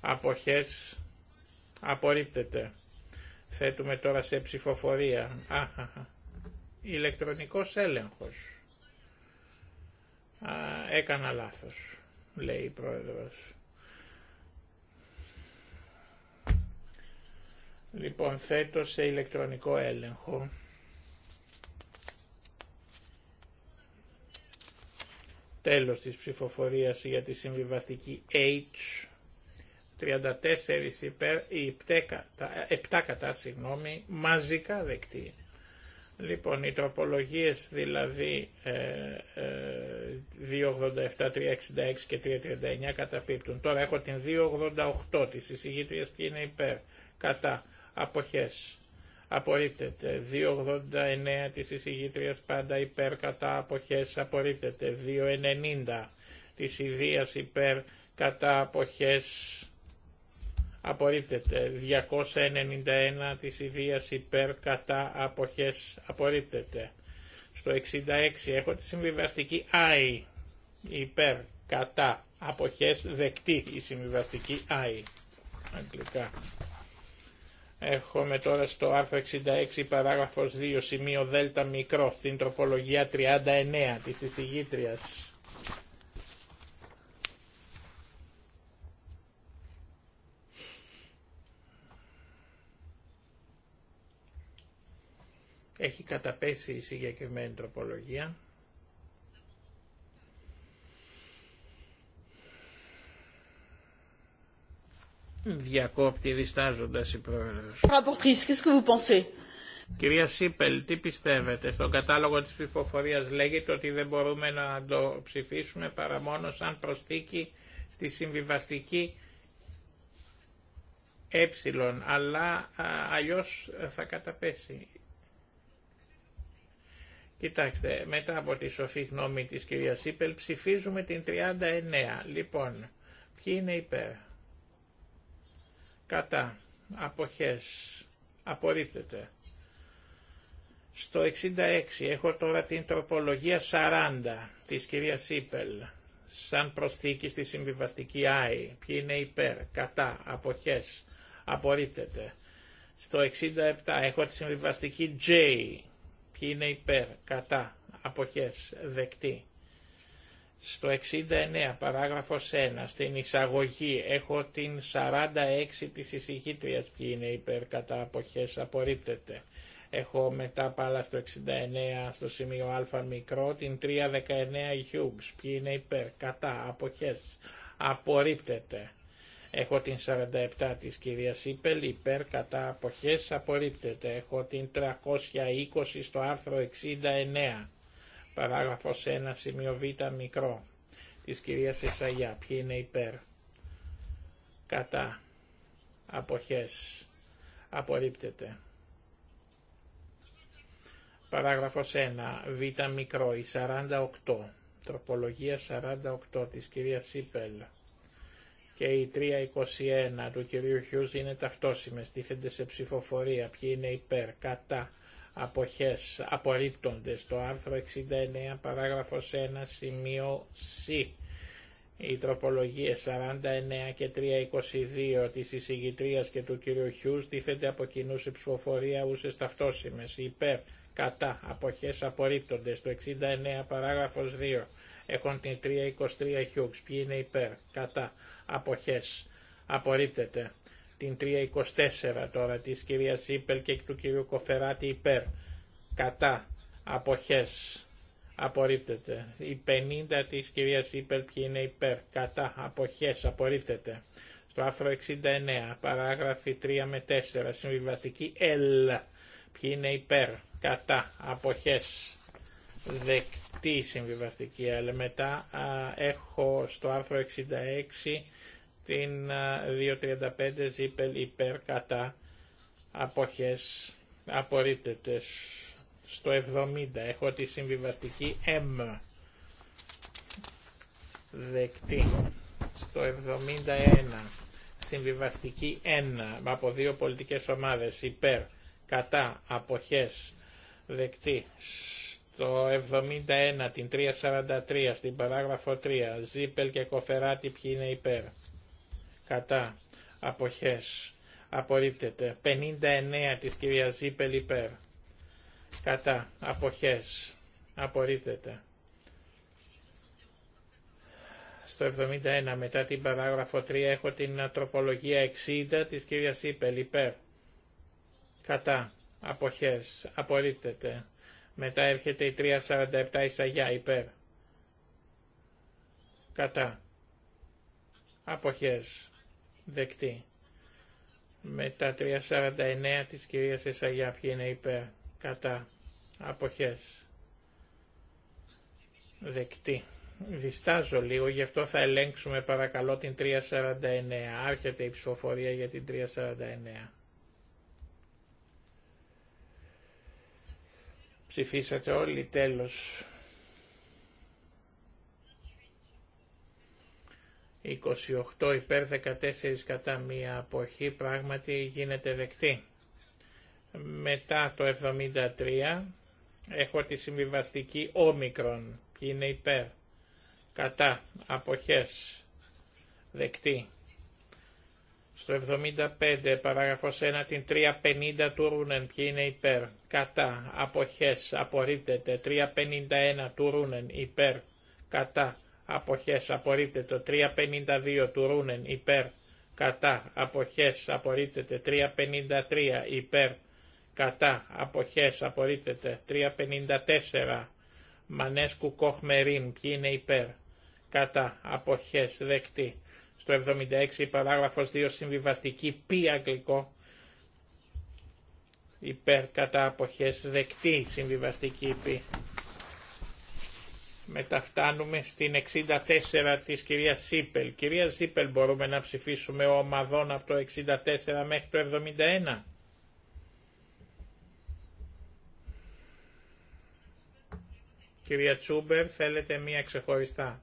αποχές, απορρίπτεται. Θέτουμε τώρα σε ψηφοφορία. Α, α, Ηλεκτρονικός έλεγχος. έκανα λάθος, λέει η πρόεδρος. Λοιπόν, θέτω σε ηλεκτρονικό έλεγχο. Τέλος της ψηφοφορίας για τη συμβιβαστική H. 34 υπέρ, ή 7 κατά, συγγνώμη, μαζικά δεκτή. Λοιπόν, οι τροπολογίες δηλαδή 287, ε, 366 ε, και 339 καταπίπτουν. Τώρα έχω την 288 της εισηγήτριας που είναι υπέρ, κατά, αποχές. Απορρίπτεται. 2.89 της εισηγήτριας πάντα υπέρ κατά αποχές. Απορρίπτεται. 2.90 της ιδίας υπέρ κατά αποχές. Απορρίπτεται. 291 της ιδίας υπέρ κατά αποχές. Απορρίπτεται. Στο 66 έχω τη συμβιβαστική I υπέρ κατά αποχές δεκτή η συμβιβαστική I αγγλικά. Έχουμε τώρα στο άρθρο 66 παράγραφος 2 σημείο δέλτα μικρό στην τροπολογία 39 της εισηγήτριας. Έχει καταπέσει η συγκεκριμένη τροπολογία. Διακόπτη διστάζοντας η πρόεδρος. Κυρία Σίπελ, τι πιστεύετε, στον κατάλογο της ψηφοφορίας λέγεται ότι δεν μπορούμε να το ψηφίσουμε παρά μόνο σαν προσθήκη στη συμβιβαστική ε, αλλά αλλιώς θα καταπέσει. Κοιτάξτε, μετά από τη σοφή γνώμη της κυρία Σίπελ ψηφίζουμε την 39. Λοιπόν, ποιοι είναι υπέρ κατά αποχές απορρίπτεται. Στο 66 έχω τώρα την τροπολογία 40 της κυρίας Σίπελ σαν προσθήκη στη συμβιβαστική I. Ποιοι είναι υπέρ, κατά, αποχές, απορρίπτεται. Στο 67 έχω τη συμβιβαστική J. Ποιοι είναι υπέρ, κατά, αποχές, δεκτή. Στο 69 παράγραφος 1 στην εισαγωγή έχω την 46 της εισηγήτριας που είναι υπέρ κατά αποχές απορρίπτεται. Έχω μετά πάλα στο 69 στο σημείο α μικρό την 319 Hughes ποιοι είναι υπέρ κατά αποχές απορρίπτεται. Έχω την 47 της κυρία Ήπελη υπέρ κατά αποχές απορρίπτεται. Έχω την 320 στο άρθρο 69 Παράγραφος 1 σημείο β μικρό της κυρίας Ισαγιά, Ποιοι είναι υπέρ. Κατά. Αποχές. Απορρίπτεται. Παράγραφος 1 β μικρό η 48. Τροπολογία 48 της κυρίας Σίπελ και η 321 του κυρίου Χιούζ είναι ταυτόσιμες, τίθενται σε ψηφοφορία, ποιοι είναι υπέρ, κατά, αποχές απορρίπτονται στο άρθρο 69 παράγραφος 1 σημείο C. Οι τροπολογίες 49 και 322 της εισηγητρίας και του κυρίου Χιούς τίθενται από κοινού σε ψηφοφορία ούσες ταυτόσημες. Υπέρ, κατά, αποχές απορρίπτονται στο 69 παράγραφος 2. Έχουν την 323 Χιούς. Ποιοι είναι υπέρ, κατά, αποχές. Απορρίπτεται την 324 τώρα της κυρία Σίπελ και του κυρίου Κοφεράτη υπέρ. Κατά. Αποχές. Απορρίπτεται. Η 50 της κυρία Σίπελ ποιοι είναι υπέρ. Κατά. Αποχές. Απορρίπτεται. Στο άρθρο 69 παράγραφοι 3 με 4 συμβιβαστική L. Ποιοι είναι υπέρ. Κατά. Αποχές. Δεκτή συμβιβαστική L. Μετά α, έχω στο άρθρο 66 την 2.35 ε, ζήπελ υπέρ κατά αποχές απορρίπτεται στο 70 έχω τη συμβιβαστική M δεκτή στο 71 συμβιβαστική 1 από δύο πολιτικές ομάδες υπέρ κατά αποχές δεκτή στο 71 την 343 στην παράγραφο 3 Ζήπελ και Κοφεράτη ποιοι είναι υπέρ κατά αποχές απορρίπτεται 59 της κυρίας Ζήπελ υπέρ κατά αποχές απορρίπτεται στο 71 μετά την παράγραφο 3 έχω την τροπολογία 60 της κυρίας Ζήπελ υπέρ κατά αποχές απορρίπτεται μετά έρχεται η 347 Ισαγιά υπέρ κατά αποχές Δεκτή. τα 349 της κυρίας Εσαγιά ποιοι είναι υπέρ. Κατά. Αποχές. Δεκτή. Διστάζω λίγο, γι' αυτό θα ελέγξουμε παρακαλώ την 349. Άρχεται η ψηφοφορία για την 349. Ψηφίσατε όλοι, τέλος. 28 υπέρ 14 κατά μία αποχή πράγματι γίνεται δεκτή. Μετά το 73 έχω τη συμβιβαστική όμικρον. Ποιοι είναι υπέρ. Κατά. Αποχές. Δεκτή. Στο 75 παράγραφος 1 την 350 του Ρούνεν. Ποιοι είναι υπέρ. Κατά. Αποχές. Απορρίπτεται. 351 του Ρούνεν. Υπέρ. Κατά αποχές απορρίπτεται 352 του Ρούνεν υπέρ κατά αποχές απορρίπτεται 353 υπέρ κατά αποχές απορρίπτεται 354 Μανέσκου Κοχμερίν ποιοι είναι υπέρ κατά αποχές δεκτή στο 76 παράγραφος 2 συμβιβαστική πι αγγλικό υπέρ κατά αποχές δεκτή συμβιβαστική πι μεταφτάνουμε στην 64 της κυρίας Σίπελ. Κυρία Σίπελ μπορούμε να ψηφίσουμε ομαδών από το 64 μέχρι το 71. Κυρία Τσούμπερ, θέλετε μία ξεχωριστά.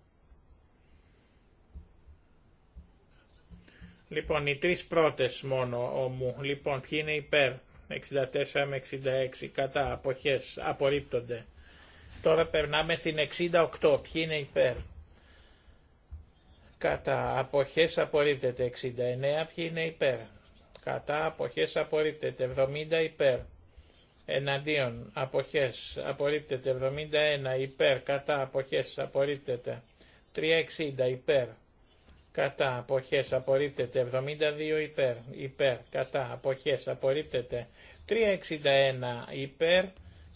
Λοιπόν, οι τρεις πρώτες μόνο μου. Λοιπόν, ποιοι είναι υπέρ. 64 με 66 κατά αποχές απορρίπτονται. Τώρα περνάμε στην 68. Ποιοι είναι υπέρ. Κατά αποχές απορρίπτεται 69. Ποιοι είναι υπέρ. Κατά αποχές απορρίπτεται 70 υπέρ. Εναντίον αποχές απορρίπτεται 71 υπέρ. Κατά αποχές απορρίπτεται 360 υπέρ. Κατά αποχές απορρίπτεται 72 υπέρ. Υπέρ. Κατά αποχές απορρίπτεται 361 υπέρ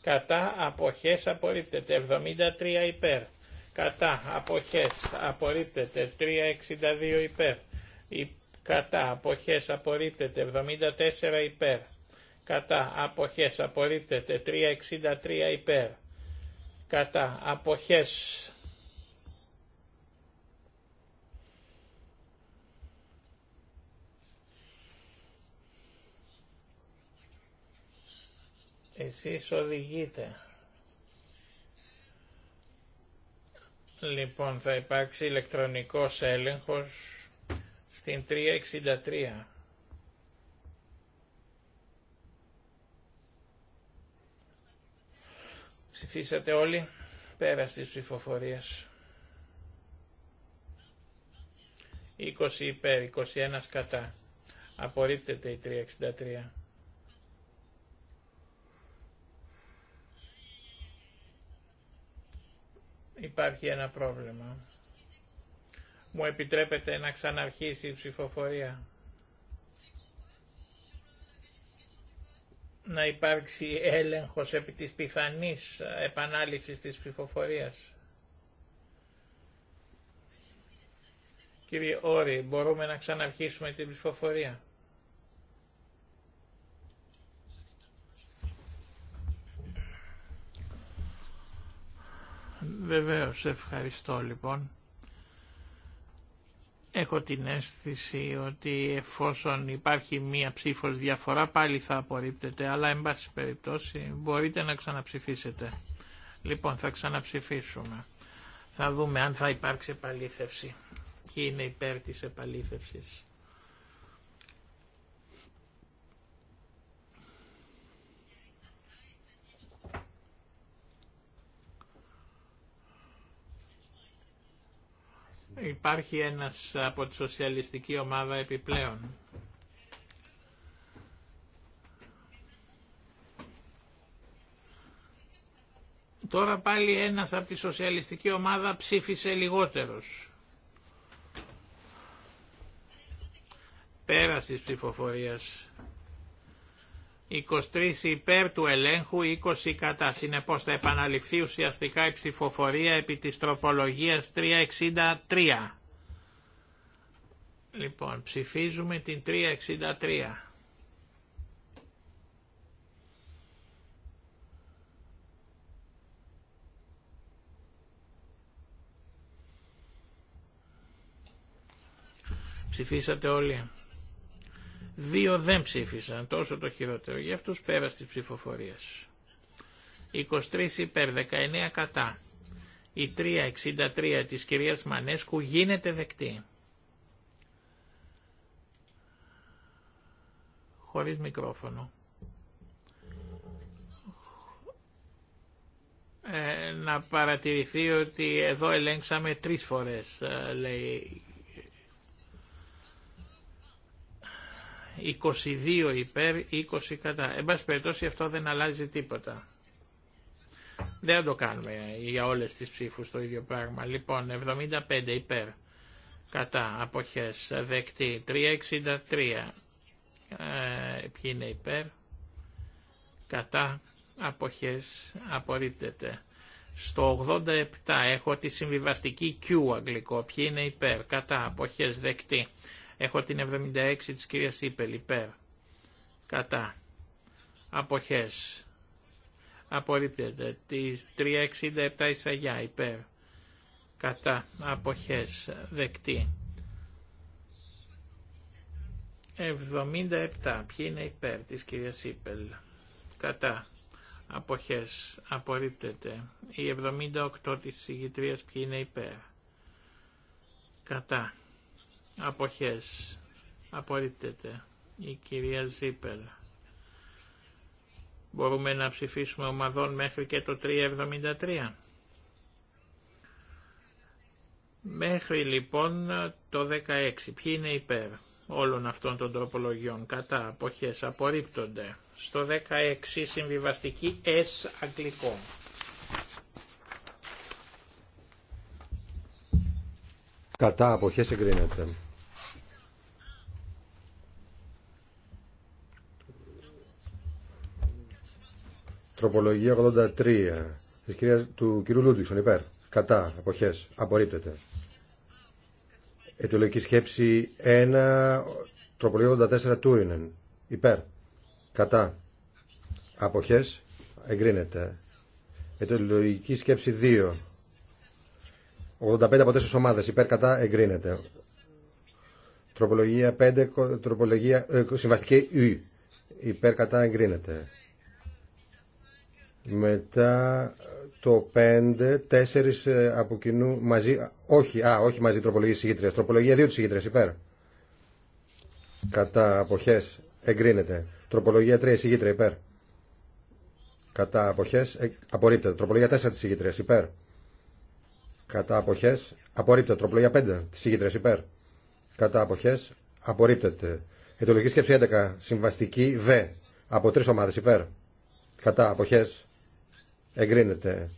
κατά αποχές απορρίπτεται 73 υπέρ, κατά αποχές απορρίπτεται 362 υπέρ, κατά αποχές απορρίπτεται 74 υπέρ, κατά αποχές απορρίπτεται 363 υπέρ, κατά αποχές Εσείς οδηγείτε. Λοιπόν, θα υπάρξει ηλεκτρονικός έλεγχος στην 363. Ψηφίσατε όλοι πέρα στις ψηφοφορίες. 20 υπέρ, 21 κατά. Απορρίπτεται η 363. Υπάρχει ένα πρόβλημα. Μου επιτρέπετε να ξαναρχίσει η ψηφοφορία. Να υπάρξει έλεγχος επί της πιθανής επανάληψης της ψηφοφορίας. Κύριε Όρη, μπορούμε να ξαναρχίσουμε την ψηφοφορία. Βεβαίω ευχαριστώ λοιπόν. Έχω την αίσθηση ότι εφόσον υπάρχει μία ψήφος διαφορά πάλι θα απορρίπτεται, αλλά εν πάση περιπτώσει μπορείτε να ξαναψηφίσετε. Λοιπόν, θα ξαναψηφίσουμε. Θα δούμε αν θα υπάρξει επαλήθευση. Ποιοι είναι υπέρ της επαλήθευσης. Υπάρχει ένας από τη σοσιαλιστική ομάδα επιπλέον. Τώρα πάλι ένας από τη σοσιαλιστική ομάδα ψήφισε λιγότερος. Πέρα τη ψηφοφορίας. 23 υπέρ του ελέγχου, 20 κατά. Συνεπώς θα επαναληφθεί ουσιαστικά η ψηφοφορία επί της τροπολογίας 363. Λοιπόν, ψηφίζουμε την 363. Ψηφίσατε όλοι. Δύο δεν ψήφισαν, τόσο το χειρότερο. Για αυτούς πέρα τη ψηφοφορια 23 υπέρ, 19 κατά. Η 363 της κυρίας Μανέσκου γίνεται δεκτή. Χωρίς μικρόφωνο. Ε, να παρατηρηθεί ότι εδώ ελέγξαμε τρεις φορές, ε, λέει 22 υπέρ, 20 κατά. Εν πάση περιπτώσει αυτό δεν αλλάζει τίποτα. Δεν το κάνουμε για όλες τις ψήφους το ίδιο πράγμα. Λοιπόν, 75 υπέρ, κατά, αποχές, δεκτή, 363. Ε, ποιοι είναι υπέρ, κατά, αποχές, απορρίπτεται. Στο 87 έχω τη συμβιβαστική Q αγγλικό. Ποιοι είναι υπέρ, κατά, αποχές, δεκτή. Έχω την 76 της κυρίας Ήπελ, υπέρ. Κατά. Αποχές. Απορρίπτεται. Τη 367 εισαγιά, υπέρ. Κατά. Αποχές. Δεκτή. 77. Ποιοι είναι υπέρ της κυρίας Ήπελ. Κατά. Αποχές. Απορρίπτεται. Η 78 της συγγητρίας ποιοι είναι υπέρ. Κατά. Αποχές. Απορρίπτεται. Η κυρία Ζίπερ. Μπορούμε να ψηφίσουμε ομαδών μέχρι και το 373. Μέχρι λοιπόν το 16. Ποιοι είναι υπέρ όλων αυτών των τροπολογιών. Κατά αποχές απορρίπτονται. Στο 16 συμβιβαστική S αγγλικό. Κατά αποχές εγκρίνεται. Τροπολογία 83 της κυρίας, του κυρίου Λούντιξον υπέρ. Κατά. Αποχές. Απορρίπτεται. Αιτιολογική σκέψη 1. Τροπολογία 84 Τούρινεν. Υπέρ. Κατά. Αποχές. Εγκρίνεται. Αιτιολογική σκέψη 2. 85 από 4 ομάδες. Υπέρ. Κατά. Εγκρίνεται. Τροπολογία 5. Τροπολογία, ε, συμβαστική Ι. Υπέρ. Κατά. Εγκρίνεται. Μετά το 5, 4 ε, από κοινού μαζί, όχι, α, όχι μαζί τροπολογία συγγήτρια. Τροπολογία 2 τη συγγήτρια υπέρ. Κατά αποχέ εγκρίνεται. Τροπολογία 3 συγγήτρια υπέρ. Κατά αποχέ ε, απορρίπτεται. Τροπολογία 4 τη συγγήτρια υπέρ. Κατά αποχέ απορρίπτεται. Τροπολογία 5 τη συγγήτρια υπέρ. Κατά αποχέ απορρίπτεται. Ετολογική σκέψη 11. Συμβαστική Β. Από τρει ομάδε υπέρ. Κατά αποχέ Εγκρίνεται.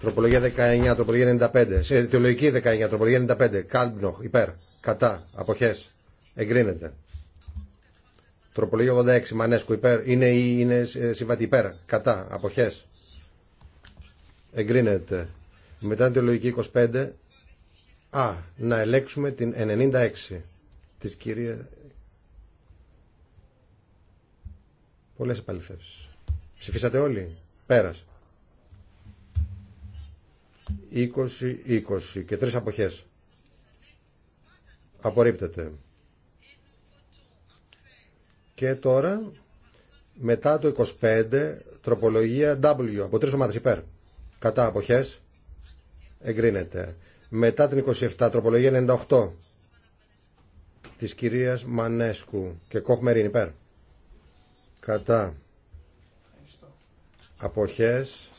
Τροπολογία 19, τροπολογία 95. Σε αιτιολογική 19, τροπολογία 95. Κάλμπνοχ, υπέρ. Κατά. Αποχέ. Εγκρίνεται. Τροπολογία 86, Μανέσκου, υπέρ. Είναι ή είναι συμβατή υπέρ. Κατά. Αποχέ. Εγκρίνεται. Μετά την αιτιολογική 25. Α, να ελέξουμε την 96 της κυρία... Πολλές επαληθεύσεις. Ψηφίσατε όλοι. Πέρασε. 20-20 και τρεις αποχές. Απορρίπτεται. Και τώρα, μετά το 25, τροπολογία W, από τρεις ομάδες υπέρ. Κατά αποχές, εγκρίνεται. Μετά την 27, τροπολογία 98, της κυρίας Μανέσκου και Μερίν υπέρ. Κατά αποχές,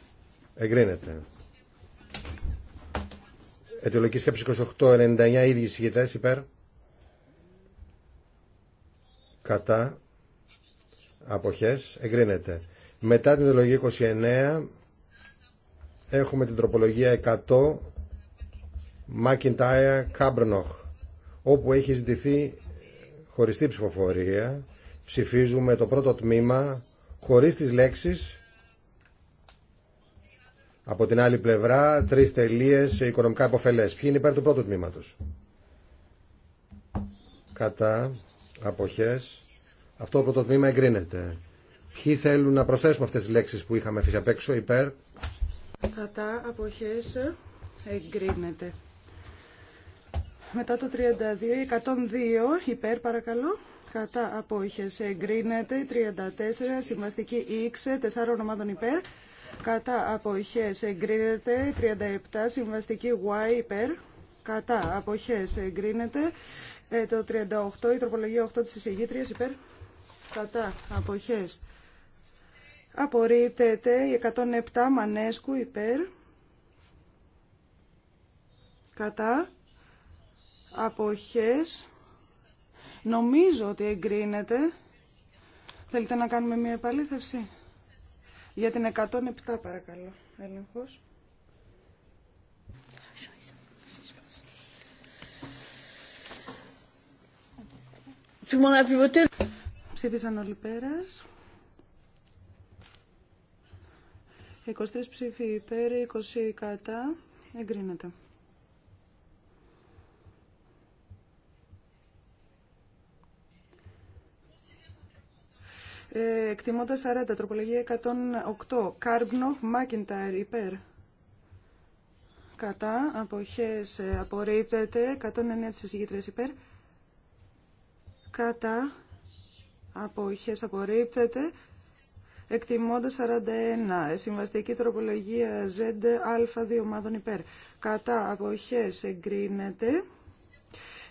εγκρίνεται. Αιτιολογική σκέψη 28-99 ίδιοι συγκεκριτές υπέρ. Κατά. Αποχές. Εγκρίνεται. Μετά την αιτιολογία 29 έχουμε την τροπολογία 100 Μακιντάια Κάμπρνοχ όπου έχει ζητηθεί χωριστή ψηφοφορία. Ψηφίζουμε το πρώτο τμήμα χωρίς τις λέξεις από την άλλη πλευρά, τρει τελείε οικονομικά υποφελέ. Ποιοι είναι υπέρ του πρώτου τμήματο. Κατά αποχέ. Αυτό το πρώτο τμήμα εγκρίνεται. Ποιοι θέλουν να προσθέσουμε αυτέ τι λέξει που είχαμε αφήσει απ' έξω. Υπέρ. Κατά αποχέ εγκρίνεται. Μετά το 32, 102 υπέρ παρακαλώ. Κατά απόχες εγκρίνεται, 34, σημαστική ήξε, 4 ομάδων υπέρ κατά αποχές εγκρίνεται 37 συμβαστική Y υπέρ κατά αποχές εγκρίνεται ε, το 38 η τροπολογία 8 της εισηγήτριας υπέρ κατά αποχές απορρίπτεται η 107 Μανέσκου υπέρ κατά αποχές νομίζω ότι εγκρίνεται θέλετε να κάνουμε μια επαλήθευση για την 107 παρακαλώ, έλεγχος. Ψήφισαν όλοι πέρας. 23 ψήφοι υπέρ, 20 κατά. Εγκρίνεται. Ε, εκτιμώντα 40, τροπολογία 108. Κάρμπνο, Μάκινταρ. υπέρ. Κατά, αποχές απορρίπτεται, 109 της εισηγήτρες υπέρ. Κατά, αποχές απορρίπτεται, εκτιμώντα 41. Ε, συμβαστική τροπολογία Z, α, δύο ομάδων υπέρ. Κατά, αποχές εγκρίνεται.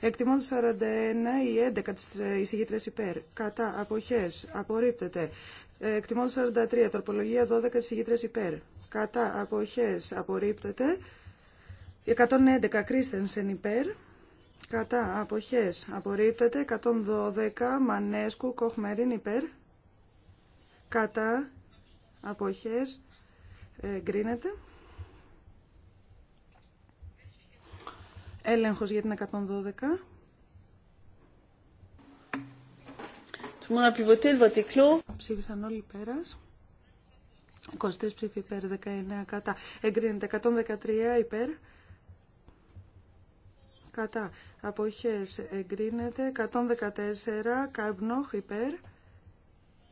Εκτιμών 41 ή 11 της εισηγήτρες υπέρ. Κατά. Αποχές. Απορρίπτεται. Εκτιμών 43. Τροπολογία 12 της εισηγήτρες υπέρ. Κατά. Αποχές. Απορρίπτεται. 111. Κρίστενσεν υπέρ. Κατά. Αποχές. Απορρίπτεται. 112. Μανέσκου. Κοχμερίν υπέρ. Κατά. Αποχές. γκρίνεται. Έλεγχος για την 112. Tout le monde a pu Ψήφισαν όλοι πέρας. 23 ψήφοι υπέρ, 19 κατά. Εγκρίνεται 113 υπέρ. Κατά. Αποχές εγκρίνεται 114 καμπνόχ υπέρ.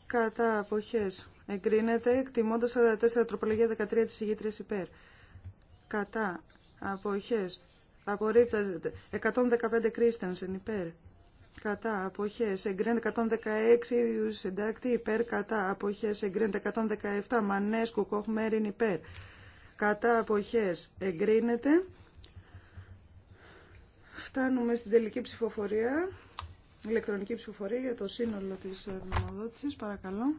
Κατά. Αποχές εγκρίνεται εκτιμώντας 44 τροπολογία 13 της ηγήτριας υπέρ. Κατά. Αποχές Απορρίπτεται. 115 Κρίστανσεν υπέρ. Κατά αποχές εγκρίνεται 116 ίδιου συντάκτη υπέρ κατά αποχές εγκρίνεται 117 Μανέσκου Κοχμέριν υπέρ κατά απόχέ. εγκρίνεται Φτάνουμε στην τελική ψηφοφορία ηλεκτρονική ψηφοφορία για το σύνολο της νομοδότησης παρακαλώ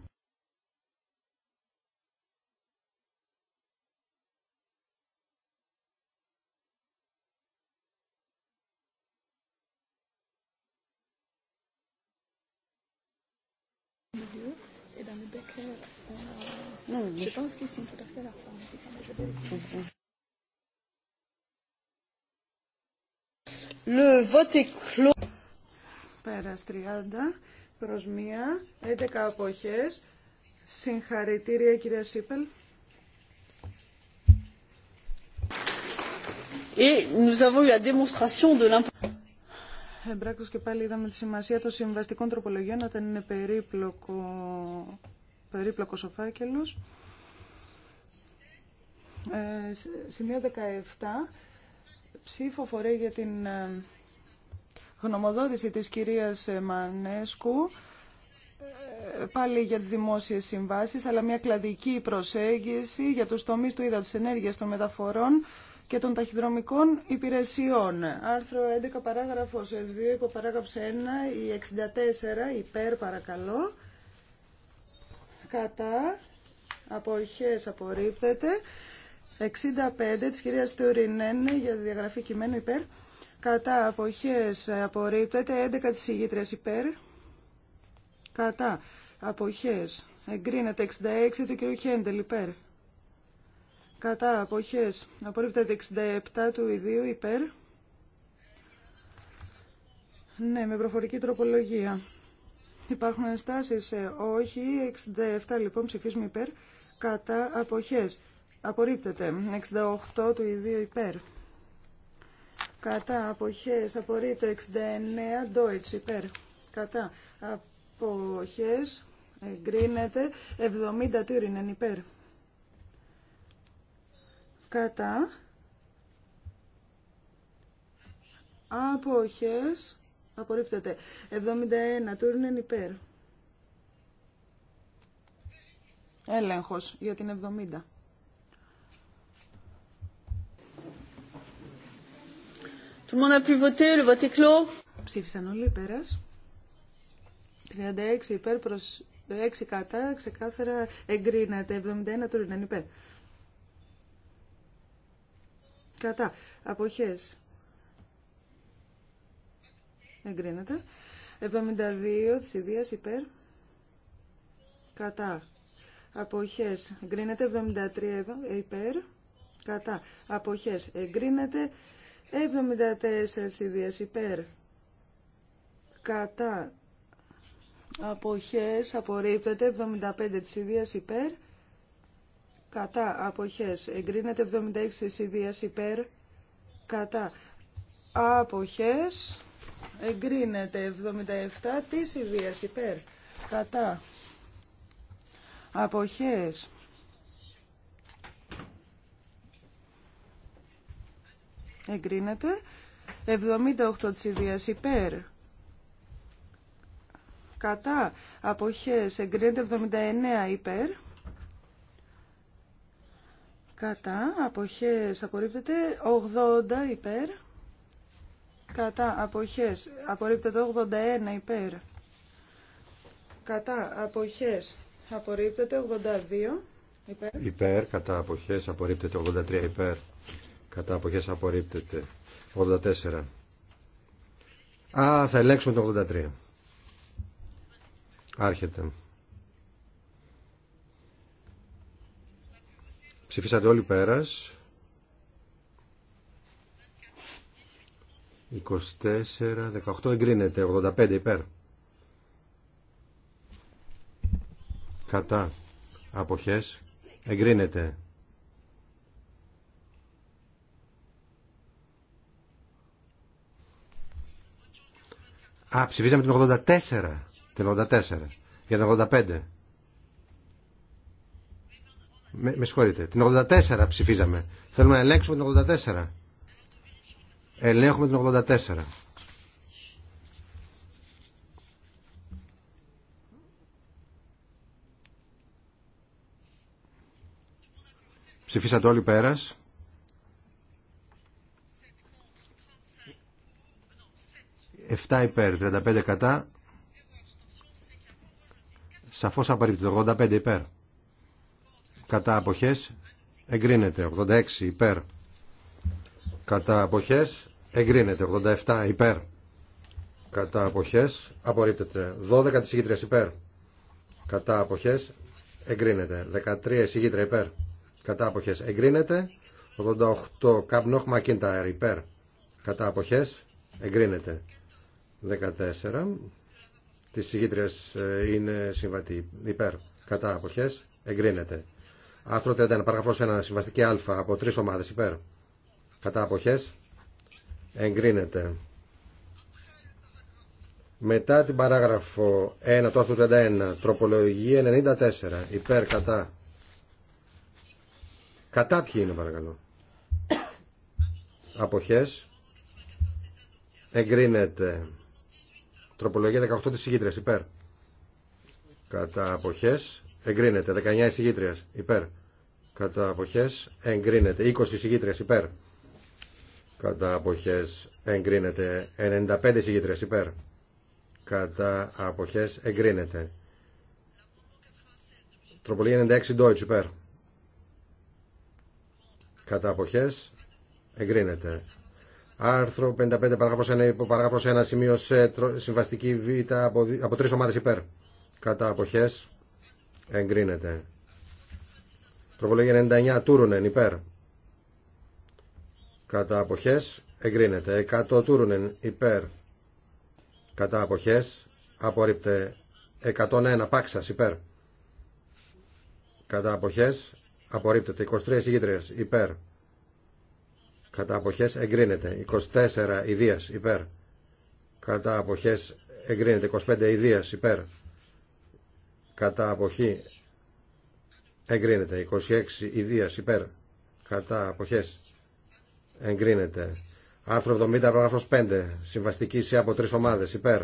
Non, je pense qu'ils sont tout à fait là. Le vote est clos. Πέρας 30 προς 1, 11 αποχές. Συγχαρητήρια κυρία Σίπελ. Et nous avons eu la démonstration de l'impact. Εμπράκτος και πάλι είδαμε τη σημασία των συμβαστικών τροπολογιών όταν είναι περίπλοκο περίπλοκος ο φάκελος. Ε, σημείο 17. φορέ για την ε, γνωμοδότηση της κυρίας ε, Μανέσκου πάλι για τις δημόσιες συμβάσεις, αλλά μια κλαδική προσέγγιση για τους τομείς του είδα της ενέργειας των μεταφορών και των ταχυδρομικών υπηρεσιών. Άρθρο 11, παράγραφος 2, υποπαράγραφος 1, η 64, υπέρ παρακαλώ κατά, αποχές απορρίπτεται. 65 της κυρίας Τουρινέν για διαγραφή κειμένου υπέρ. Κατά αποχές απορρίπτεται 11 της ηγήτριας υπέρ. Κατά αποχές εγκρίνεται 66 του κυρίου Χέντελ υπέρ. Κατά αποχές απορρίπτεται 67 του ιδίου υπέρ. Ναι, με προφορική τροπολογία. Υπάρχουν ενστάσεις. Ε, όχι. 67 λοιπόν ψηφίζουμε υπέρ. Κατά αποχές. Απορρίπτεται. 68 του ιδίου υπέρ. Κατά αποχές. Απορρίπτεται. 69 ντόιτς υπέρ. Κατά αποχές. Εγκρίνεται. 70 Τύρινεν υπέρ. Κατά αποχές Απορρίπτεται. 71. Τούρνεν υπέρ. Έλεγχος για την 70. Tout le monde a pu voter, le vote est clos. Ψήφισαν όλοι πέρας. 36 υπέρ προς 6 κατά, ξεκάθαρα εγκρίνεται. 71 τούρνεν υπέρ. Κατά. Αποχές εγκρίνεται. 72 της ιδίας υπέρ κατά αποχές εγκρίνεται 73 ε, υπέρ κατά αποχές εγκρίνεται 74 της ιδίας υπέρ κατά αποχές απορρίπτεται 75 της ιδίας υπέρ κατά αποχές εγκρίνεται 76 της ιδίας υπέρ κατά αποχές εγκρίνεται 77 της Ιδίας υπέρ κατά αποχές εγκρίνεται 78 της Ιδίας υπέρ κατά αποχές εγκρίνεται 79 υπέρ κατά αποχές απορρίπτεται 80 υπέρ κατά αποχές απορρίπτεται 81 υπέρ κατά αποχές απορρίπτεται 82 υπέρ υπέρ κατά αποχές απορρίπτεται 83 υπέρ κατά αποχές απορρίπτεται 84 Α, θα ελέγξουμε το 83 Άρχεται Ψηφίσατε όλοι πέρας 24, 18 εγκρίνεται, 85 υπέρ. Κατά αποχές εγκρίνεται. Α, ψηφίσαμε την 84. Την 84. Για την 85. Με, με συγχωρείτε. Την 84 ψηφίζαμε. Θέλουμε να ελέγξουμε την 84. Ελέγχουμε την 84. Ψηφίσατε όλοι πέρας. 7 υπέρ, 35 κατά. Σαφώς το 85 υπέρ. Κατά αποχές εγκρίνεται, 86 υπέρ. Κατά αποχές εγκρίνεται 87 υπέρ κατά αποχές απορρίπτεται 12 της υπέρ κατά αποχές εγκρίνεται 13 συγκίτρια υπέρ κατά αποχές εγκρίνεται 88 Καμπνόχ Μακίνταερ υπέρ κατά αποχές εγκρίνεται 14 της ε, είναι συμβατή υπέρ κατά αποχές εγκρίνεται άρθρο 31 παραγραφός 1 συμβαστική α από τρεις ομάδες υπέρ κατά αποχές Εγκρίνεται. Μετά την παράγραφο 1 του άρθρου 31, τροπολογία 94, υπέρ, κατά. Κατά ποιοι είναι παρακαλώ. Αποχές. Εγκρίνεται. Τροπολογία 18 της συγκήτριας, υπέρ. Κατά αποχές. Εγκρίνεται. 19 συγκήτριας, υπέρ. Κατά αποχές. Εγκρίνεται. 20 συγκήτριας, υπέρ κατά αποχές εγκρίνεται 95 εισηγήτριας υπέρ κατά αποχές εγκρίνεται τροπολογία 96 Deutsch υπέρ κατά αποχές εγκρίνεται άρθρο 55 παράγραφος 1 παράγραφος 1 σημείο σε συμβαστική β από, από τρεις ομάδες υπέρ κατά αποχές εγκρίνεται τροπολογία 99 Τούρουνεν υπέρ κατά αποχές εγκρίνεται 100 τούρουνεν υπέρ κατά αποχές απορρίπτε 101 πάξας υπέρ κατά αποχές απορρίπτεται 23 ηγήτριες υπέρ κατά αποχές εγκρίνεται 24 ιδίας υπέρ κατά αποχές εγκρίνεται 25 ιδίας υπέρ κατά αποχή εγκρίνεται 26 ιδίας υπέρ κατά αποχές εγκρίνεται. Άρθρο 70, παράγραφος 5, συμβαστική σε από τρεις ομάδες, υπέρ.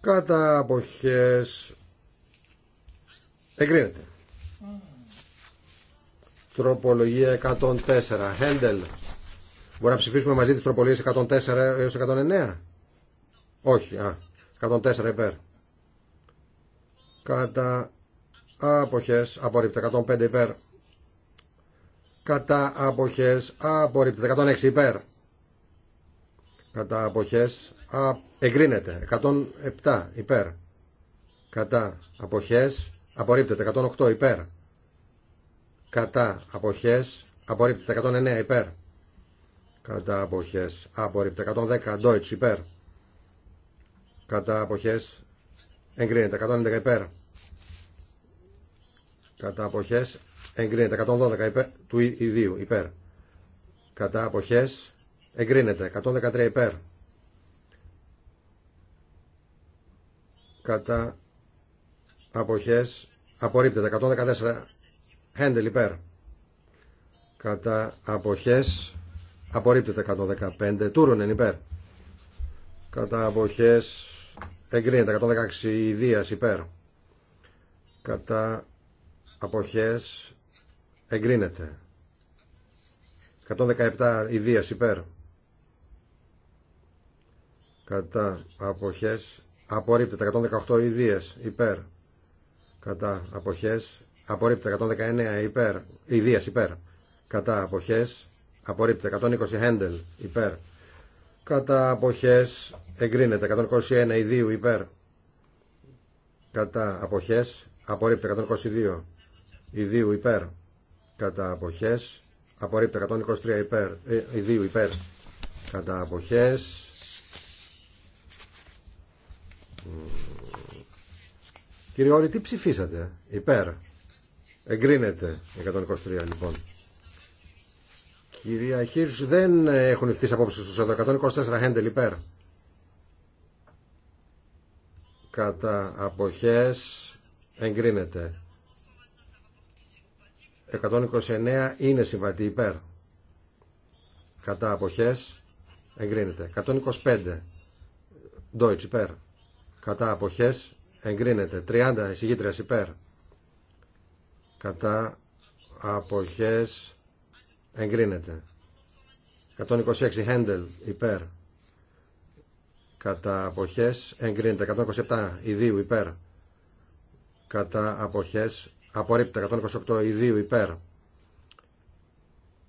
Κατά αποχές εγκρίνεται. Τροπολογία 104, Χέντελ. Μπορεί να ψηφίσουμε μαζί τις τροπολογίες 104 έως 109. Όχι, α, 104 υπέρ. Κατά αποχές Απορρίπτε. 105 υπέρ κατά αποχές απορρίπτεται 106 υπέρ κατά αποχές α, εγκρίνεται 107 υπέρ κατά αποχές απορρίπτεται 108 υπέρ κατά αποχές απορρίπτεται 109 υπέρ κατά αποχές απορρίπτεται 110 ντόιτς υπέρ κατά αποχές εγκρίνεται 111 υπέρ κατά αποχές εγκρίνεται 112 του ιδίου υπέρ κατά αποχές εγκρίνεται 113 υπέρ κατά αποχές απορρίπτεται 114 Χέντελ υπέρ κατά αποχές απορρίπτεται 115 Τούρουνεν υπέρ κατά αποχές εγκρίνεται 116 Ιδίας υπέρ κατά αποχές Εγκρίνεται. 117 ιδίας υπέρ. Κατά αποχές. Απορρίπτεται. 118 ιδίες υπέρ. Κατά αποχές. Απορρίπτεται. 119 υπέρ. Ιδίας υπέρ. Κατά αποχές. Απορρίπτεται. 120 Χέντελ υπέρ. Κατά αποχές. Εγκρίνεται. 121 ιδίου υπέρ. Κατά αποχές. Απορρίπτεται. 122 ιδίου υπέρ κατά αποχές απορρίπτω. 123 υπέρ, ε, 2 υπέρ κατά αποχές Κύριε Όρη, τι ψηφίσατε υπέρ εγκρίνεται 123 λοιπόν Κυρία Χίρς, δεν έχουν εκτίσει απόψεις στους 124 Χέντελ υπέρ κατά αποχές εγκρίνεται 129 είναι συμβατή υπέρ. Κατά αποχές εγκρίνεται. 125 Deutsch υπέρ. Κατά αποχές εγκρίνεται. 30 εισηγήτριας υπέρ. Κατά αποχές εγκρίνεται. 126 Händel υπέρ. Κατά αποχές εγκρίνεται. 127 Ιδίου υπέρ. Κατά αποχές απορρίπτεται 128 ιδίου υπέρ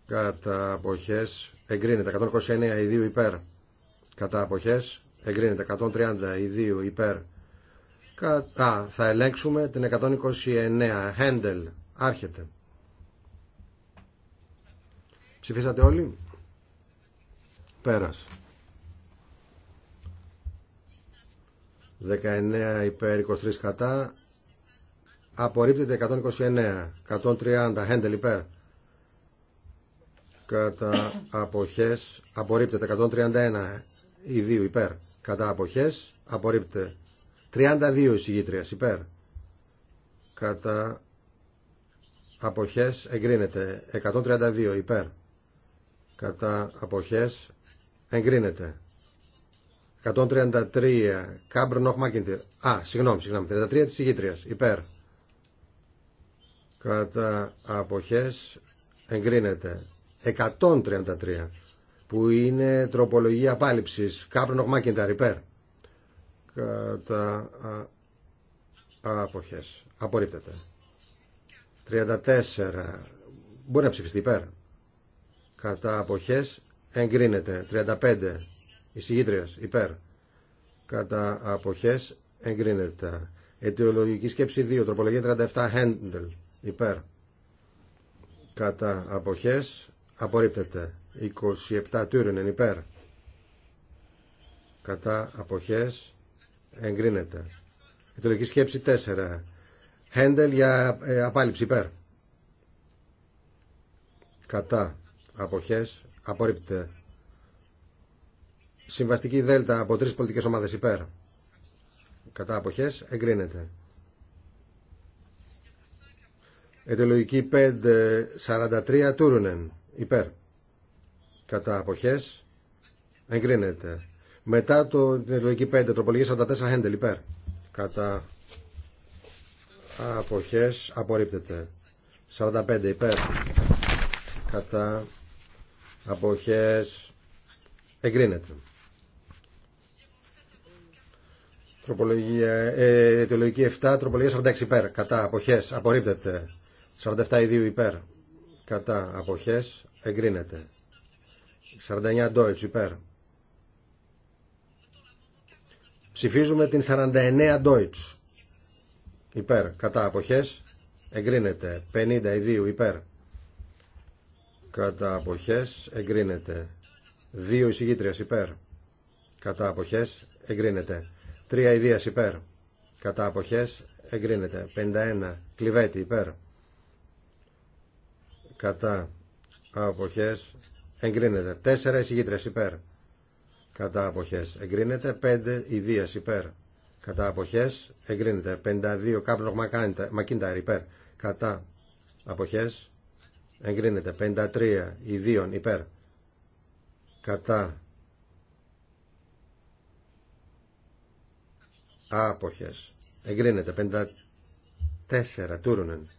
κατά αποχές εγκρίνεται 129 ιδίου υπέρ κατά αποχές εγκρίνεται 130 ιδίου υπέρ κατά θα ελέγξουμε την 129 Handel άρχεται ψηφίσατε όλοι πέρας 19 υπέρ 23 κατά Απορρίπτεται 129, 130, Händel υπέρ. Κατά αποχές απορρίπτεται 131, οι δύο υπέρ. Κατά αποχές απορρίπτεται 32 εισηγήτριας υπέρ. Κατά αποχές εγκρίνεται 132 υπέρ. Κατά αποχές εγκρίνεται 133 Κάμπρ Νοχ Α, συγγνώμη, συγγνώμη. 33 της Υπέρ κατά αποχές εγκρίνεται 133 που είναι τροπολογία πάληψης κάπνο μάκιντα υπέρ κατά αποχές απορρίπτεται 34 μπορεί να ψηφιστεί υπέρ κατά αποχές εγκρίνεται 35 εισηγήτριας υπέρ κατά αποχές εγκρίνεται αιτιολογική σκέψη 2 τροπολογία 37 Handel υπέρ κατά αποχές απορρίπτεται 27 τύρινεν υπέρ κατά αποχές εγκρίνεται η σκέψη 4 Χέντελ για ε, απάλληψη υπέρ κατά αποχές απορρίπτεται συμβαστική δέλτα από τρεις πολιτικές ομάδες υπέρ κατά αποχές εγκρίνεται Ετελογική 543 Τούρουνεν. Υπέρ. Κατά αποχές. Εγκρίνεται. Μετά το, την ετελογική 5, τροπολογία 44 Χέντελ. Υπέρ. Κατά αποχές. Απορρίπτεται. 45 υπέρ. Κατά αποχές. Εγκρίνεται. Τροπολογία, ε, 7, τροπολογία 46 υπέρ. Κατά αποχές. Απορρίπτεται. 47 ιδίου υπέρ κατά αποχές εγκρίνεται 49 Deutsch υπέρ ψηφίζουμε την 49 Deutsch υπέρ κατά αποχές εγκρίνεται 50 ιδίου υπέρ κατά αποχές εγκρίνεται 2 εισηγήτριας υπέρ κατά αποχές εγκρίνεται 3 ιδίας υπέρ κατά αποχές εγκρίνεται 51 κλειβέτη υπέρ κατά αποχές εγκρίνεται Τέσσερα εισηγήτρες υπέρ κατά αποχές εγκρίνεται Πέντε ιδίας υπέρ κατά αποχές εγκρίνεται Πενταδύο κάπνοχ μακίνταρ υπέρ κατά αποχές εγκρίνεται 53 ιδίων υπέρ κατά άποχες εγκρίνεται 54 τούρουνεν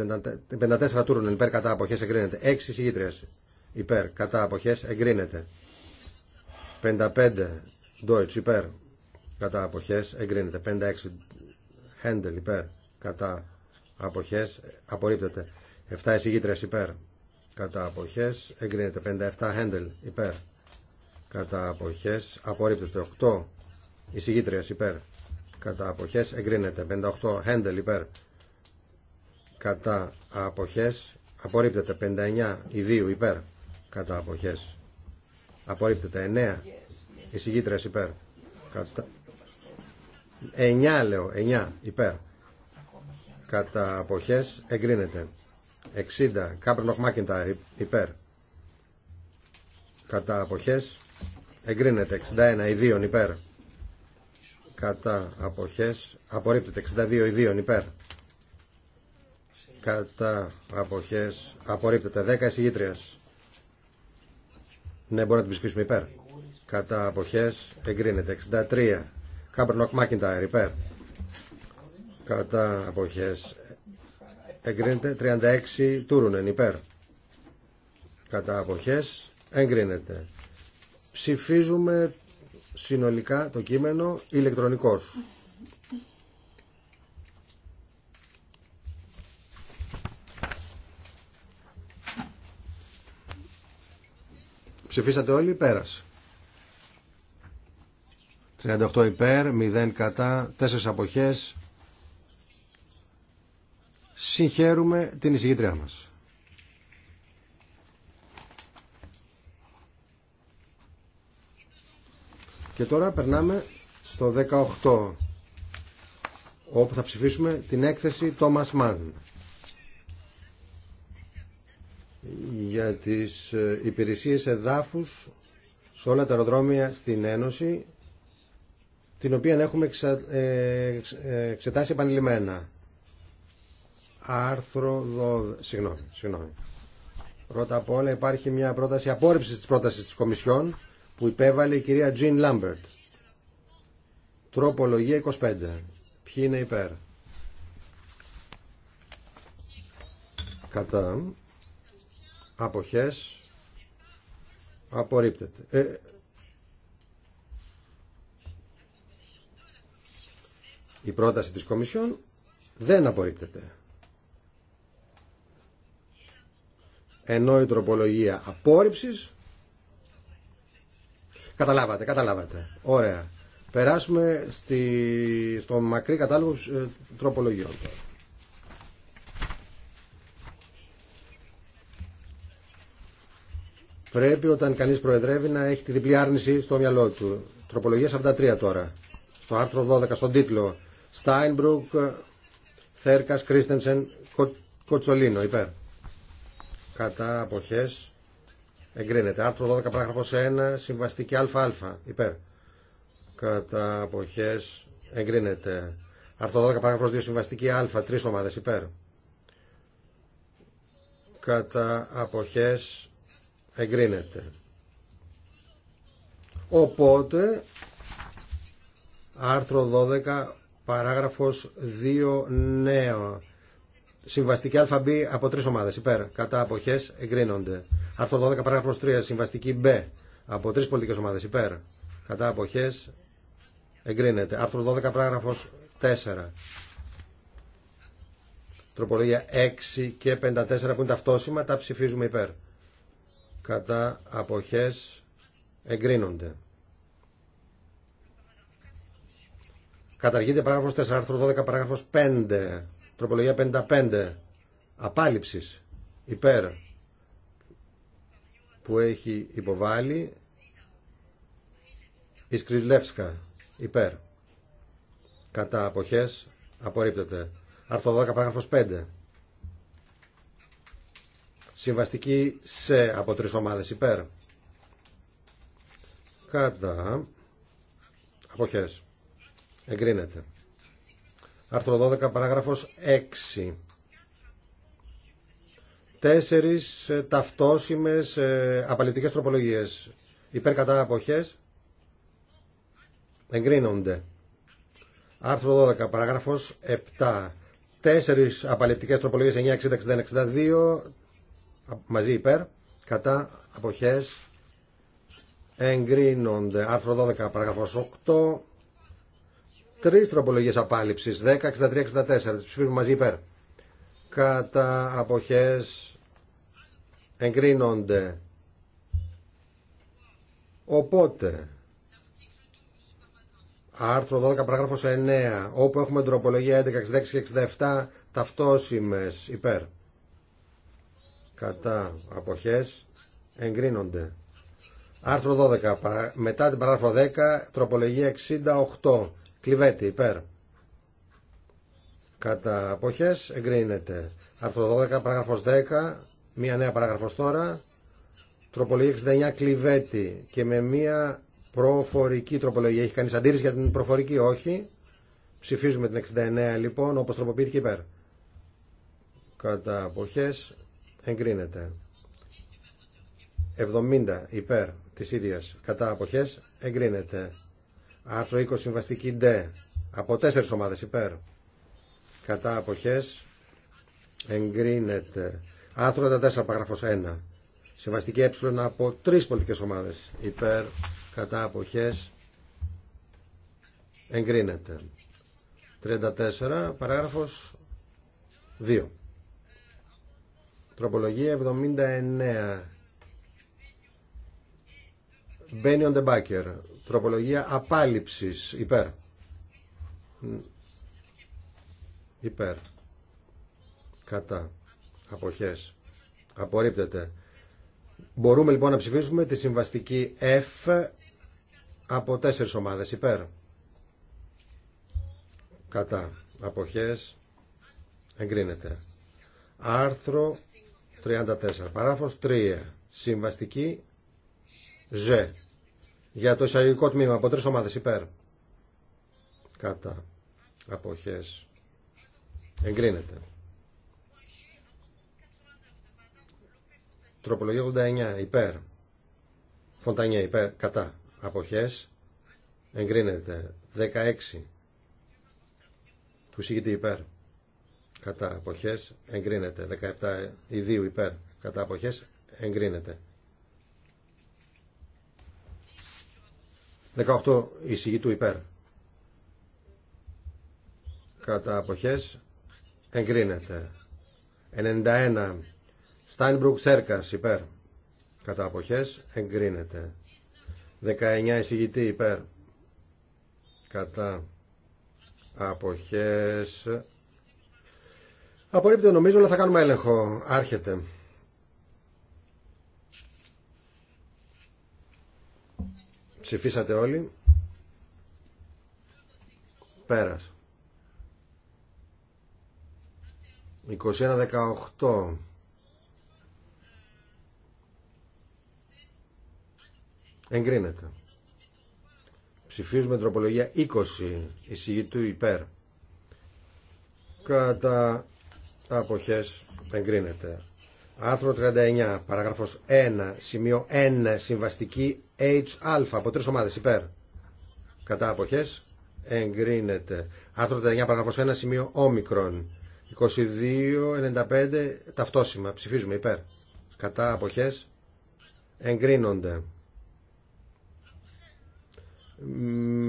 54 τούρνων υπέρ κατά αποχές εγκρίνεται. 6 συγγήτριας υπέρ κατά αποχές εγκρίνεται. 55 Deutsch υπέρ κατά αποχές εγκρίνεται. 56 Händel υπέρ κατά αποχές απορρίπτεται. 7 εισηγήτρες υπέρ κατά αποχές εγκρίνεται. 57 Händel υπέρ κατά αποχές απορρίπτεται. 8 εισηγήτριες υπέρ κατά αποχές εγκρίνεται. 58 Händel υπέρ κατά αποχές απορρίπτεται 59 ιδίου υπέρ κατά αποχές απορρίπτεται 9 εισηγήτρες υπέρ κατά 9 λέω 9 υπέρ κατά αποχές εγκρίνεται 60 Κάπρλοχ Μάκιντάρ υπέρ κατά αποχές εγκρίνεται 61 ιδίων υπέρ κατά αποχές απορρίπτεται 62 ιδίων υπέρ κατά αποχές απορρίπτεται 10 εισηγήτριας ναι μπορούμε να την ψηφίσουμε υπέρ κατά αποχές εγκρίνεται 63 Κάμπρνοκ Μάκιντάιρ υπέρ κατά αποχές εγκρίνεται 36 Τούρουνεν υπέρ κατά αποχές εγκρίνεται ψηφίζουμε συνολικά το κείμενο ηλεκτρονικός Ψηφίσατε όλοι, πέρασε. 38 υπέρ, 0 κατά, 4 αποχές. Συγχαίρουμε την εισηγητριά μας. Και τώρα περνάμε στο 18, όπου θα ψηφίσουμε την έκθεση Thomas Mann για τις ε, υπηρεσίες εδάφους σε όλα τα αεροδρόμια στην Ένωση την οποία έχουμε ε, ε, εξετάσει επανειλημμένα. Άρθρο 12... Συγγνώμη, συγγνώμη. Πρώτα απ' όλα υπάρχει μια πρόταση απόρριψης της πρότασης της Κομισιόν που υπέβαλε η κυρία Τζιν Λάμπερτ. Τροπολογία 25. Ποιοι είναι υπέρ. Κατά αποχές απορρίπτεται. Ε, η πρόταση της Κομισιόν δεν απορρίπτεται. Ενώ η τροπολογία απόρριψης Καταλάβατε, καταλάβατε. Ωραία. Περάσουμε στη, στο μακρύ κατάλογο ε, τροπολογιών. Πρέπει όταν κανείς προεδρεύει να έχει τη διπλή άρνηση στο μυαλό του. Τροπολογία 43 τώρα. Στο άρθρο 12, στον τίτλο. Στάινμπρουκ, Θέρκας, Κρίστενσεν, Κοτσολίνο. Υπέρ. Κατά αποχές. Εγκρίνεται. Άρθρο 12, παράγραφος 1, συμβαστική ΑΑ. Υπέρ. Κατά αποχές. Εγκρίνεται. Άρθρο 12, παράγραφος 2, συμβαστική Α. Τρεις ομάδες. Υπέρ. Κατά αποχές εγκρίνεται. Οπότε, άρθρο 12, παράγραφος 2 νέο. Συμβαστική ΑΒ από τρεις ομάδες, υπέρ, κατά αποχές, εγκρίνονται. Άρθρο 12, παράγραφος 3, συμβαστική Β από τρεις πολιτικές ομάδες, υπέρ, κατά αποχές, εγκρίνεται. Άρθρο 12, παράγραφος 4. Τροπολογία 6 και 54 που είναι ταυτόσημα, τα ψηφίζουμε υπέρ κατά αποχές εγκρίνονται. Καταργείται παράγραφος 4, άρθρο 12, παράγραφος 5, τροπολογία 55, απάλληψης υπέρ που έχει υποβάλει η Σκριζλεύσκα υπέρ κατά αποχές απορρίπτεται. Άρθρο 12, παράγραφος 5. Συμβαστική σε από τρεις ομάδες υπέρ. Κατά. Αποχές. Εγκρίνεται. Άρθρο 12 παράγραφος 6. Τέσσερις ε, ταυτόσιμες ε, απαλλητικές τροπολογίες. Υπέρ κατά αποχές. Εγκρίνονται. Άρθρο 12 παράγραφος 7. Τέσσερις απαλλητικές τροπολογίες 9, 60, 62 μαζί υπέρ, κατά αποχές εγκρίνονται. Άρθρο 12, παραγραφός 8, τρεις τροπολογίες απάλληψης, 10, 63, 64, τις ψηφίζουμε μαζί υπέρ. Κατά αποχές εγκρίνονται. Οπότε, άρθρο 12 παράγραφος 9 όπου έχουμε τροπολογία 11, 66 και 67 ταυτόσιμες υπέρ κατά αποχές εγκρίνονται. Άρθρο 12. Μετά την παράγραφο 10, τροπολογία 68. Κλειβέτη, υπέρ. Κατά αποχές εγκρίνεται. Άρθρο 12, παράγραφος 10, μία νέα παράγραφος τώρα. Τροπολογία 69, κλειβέτη και με μία προφορική τροπολογία. Έχει κανείς αντίρρηση για την προφορική, όχι. Ψηφίζουμε την 69 λοιπόν, όπως τροποποιήθηκε υπέρ. Κατά αποχές εγκρίνεται. 70 υπέρ της ίδιας κατά αποχές εγκρίνεται. Άρθρο 20 συμβαστική D από τέσσερις ομάδες υπέρ κατά αποχές εγκρίνεται. Άρθρο 34 παράγραφος 1. Συμβαστική ε από τρεις πολιτικές ομάδες υπέρ κατά αποχές εγκρίνεται. 34 παράγραφος 2. Τροπολογία 79. Μπένιον Ντεμπάκερ. Τροπολογία απάλληψης. Υπέρ. Υπέρ. Κατά. Αποχές. Απορρίπτεται. Μπορούμε λοιπόν να ψηφίσουμε τη συμβαστική F από τέσσερις ομάδες. Υπέρ. Κατά. Αποχές. Εγκρίνεται. Άρθρο 34. Παράγραφο 3. Συμβαστική Ζ. Για το εισαγωγικό τμήμα από τρει ομάδε υπέρ. Κατά. Αποχέ. Εγκρίνεται. Τροπολογία 89. Υπέρ. Φωντανία υπέρ. Κατά. αποχέ. Εγκρίνεται. 16. Του υπέρ κατά αποχές εγκρίνεται 17 ιδίου υπέρ κατά αποχές εγκρίνεται 18 εισηγητού υπέρ κατά αποχές εγκρίνεται 91 Στάινμπρουκ Σέρκας υπέρ κατά αποχές εγκρίνεται 19 εισηγητή υπέρ κατά αποχές Απορρίπτεται νομίζω, αλλά θα κάνουμε έλεγχο. Άρχεται. Ψηφίσατε όλοι. Πέρας. 21-18. Εγκρίνεται. Ψηφίζουμε τροπολογία 20 εισηγητού υπέρ. Κατά αποχές εγκρίνεται. Άρθρο 39, παράγραφος 1, σημείο 1, συμβαστική HA από τρεις ομάδες υπέρ. Κατά αποχές εγκρίνεται. Άρθρο 39, παράγραφος 1, σημείο όμικρον. 22-95 ταυτόσημα. Ψηφίζουμε υπέρ. Κατά αποχές εγκρίνονται.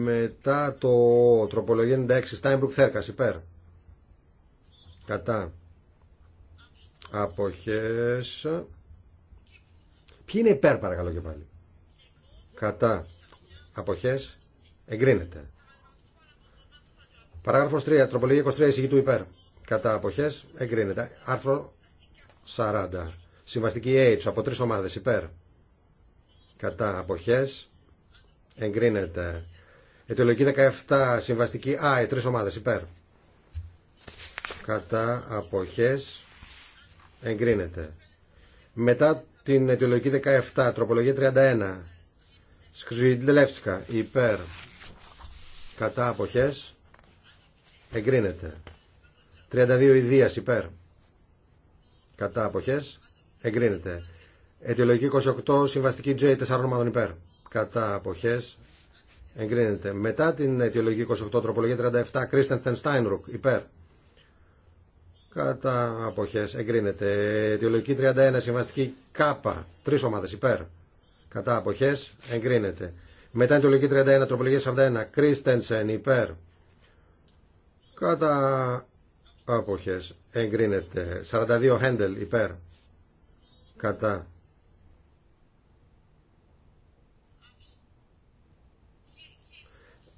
Μετά το τροπολογία 96, Στάιμπρουκ Θέρκας υπέρ. Κατά Αποχές. Ποιοι είναι υπέρ παρακαλώ και πάλι. Κατά. Αποχές. Εγκρίνεται. Παράγραφος 3. Τροπολογία 23 του υπέρ. Κατά αποχές. Εγκρίνεται. Άρθρο 40. Συμβαστική H από τρεις ομάδες υπέρ. Κατά αποχές. Εγκρίνεται. Αιτιολογική 17. Συμβαστική I. Τρεις ομάδες υπέρ. Κατά αποχές. Εγκρίνεται. Μετά την αιτιολογική 17, τροπολογία 31. Σκριντλεύσκα, υπέρ. Κατά αποχές. Εγκρίνεται. 32 ιδίας υπέρ. Κατά αποχές. Εγκρίνεται. Αιτιολογική 28, συμβαστική J, 4 ομάδων υπέρ. Κατά αποχές. Εγκρίνεται. Μετά την αιτιολογική 28, τροπολογία 37, Κρίστεν Στάινρουκ, υπέρ κατά απόχέ εγκρίνεται. Αιτιολογική 31 συμβαστική κάπα, τρει ομάδε υπέρ, κατά αποχέ εγκρίνεται. Μετά αιτιολογική 31 τροπολογία 41 Κρίστενσεν υπέρ, κατά απόχε, εγκρίνεται. 42 Χέντελ υπέρ, κατά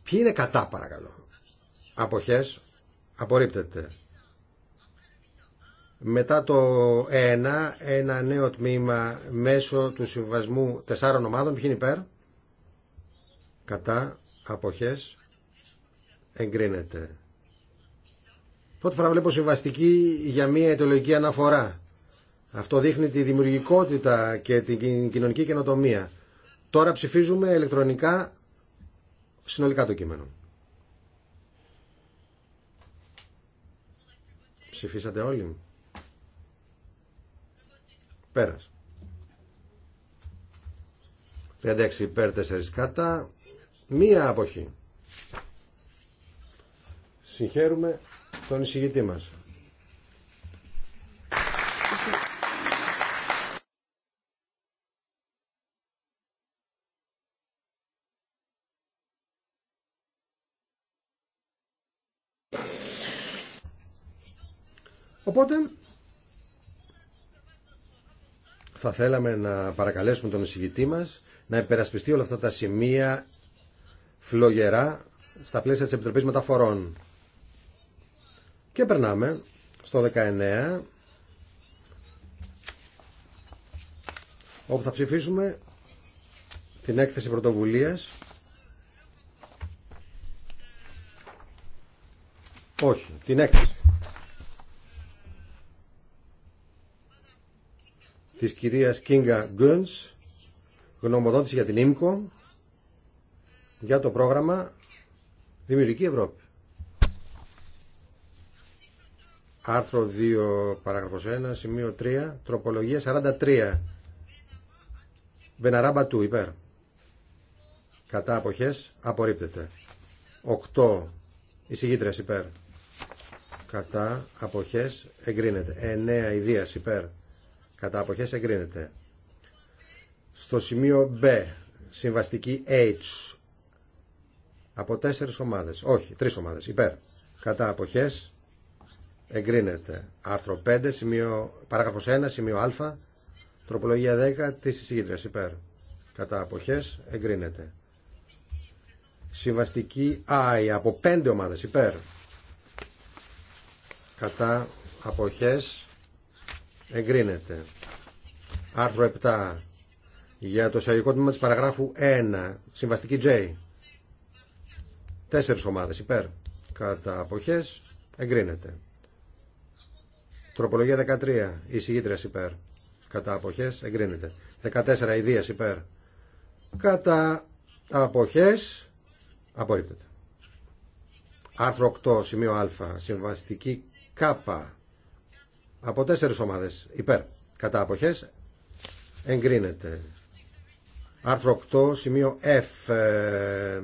Ποιοι είναι κατά παρακαλώ. Αποχές απορρίπτεται. Μετά το 1, ένα νέο τμήμα μέσω του συμβασμού τεσσάρων ομάδων. Ποιοι είναι υπέρ. Κατά. Αποχές. Εγκρίνεται. Πρώτη φορά βλέπω συμβαστική για μια αιτιολογική αναφορά. Αυτό δείχνει τη δημιουργικότητα και την κοινωνική καινοτομία. Τώρα ψηφίζουμε ηλεκτρονικά συνολικά το κείμενο. Ψηφίσατε όλοι. Πέρας. 36 υπέρ 4 κατά. Μία αποχή. Συγχαίρουμε τον εισηγητή μας. Οπότε θα θέλαμε να παρακαλέσουμε τον εισηγητή μας να υπερασπιστεί όλα αυτά τα σημεία φλογερά στα πλαίσια της Επιτροπής Μεταφορών. Και περνάμε στο 19, όπου θα ψηφίσουμε την έκθεση πρωτοβουλίας. Όχι, την έκθεση. της κυρίας Κίνγκα Γκούνς, γνωμοδότηση για την ΙΜΚΟ, για το πρόγραμμα Δημιουργική Ευρώπη. Άρθρο 2, παράγραφος 1, σημείο 3, τροπολογία 43. Μπεναράμπα του, υπέρ. Κατά αποχές, απορρίπτεται. 8, εισηγήτρες υπέρ. Κατά αποχές, εγκρίνεται. 9, ιδίας υπέρ κατά αποχές εγκρίνεται. Στο σημείο B, συμβαστική H, από τέσσερις ομάδες, όχι, τρεις ομάδες, υπέρ, κατά αποχές εγκρίνεται. Άρθρο 5, σημείο, παράγραφος 1, σημείο α, τροπολογία 10, της εισηγήτριας, υπέρ, κατά αποχές εγκρίνεται. Συμβαστική I από πέντε ομάδες υπέρ κατά αποχές εγκρίνεται. Άρθρο 7 για το εισαγωγικό τμήμα της παραγράφου 1, συμβαστική J. Τέσσερις ομάδες υπέρ. Κατά αποχές εγκρίνεται. Τροπολογία 13, Η συγκίτρια υπέρ. Κατά αποχές εγκρίνεται. 14, ιδίας υπέρ. Κατά αποχές απορρίπτεται. Άρθρο 8, σημείο α, συμβαστική K από τέσσερι ομάδες υπέρ κατά αποχές εγκρίνεται άρθρο 8 σημείο F ε,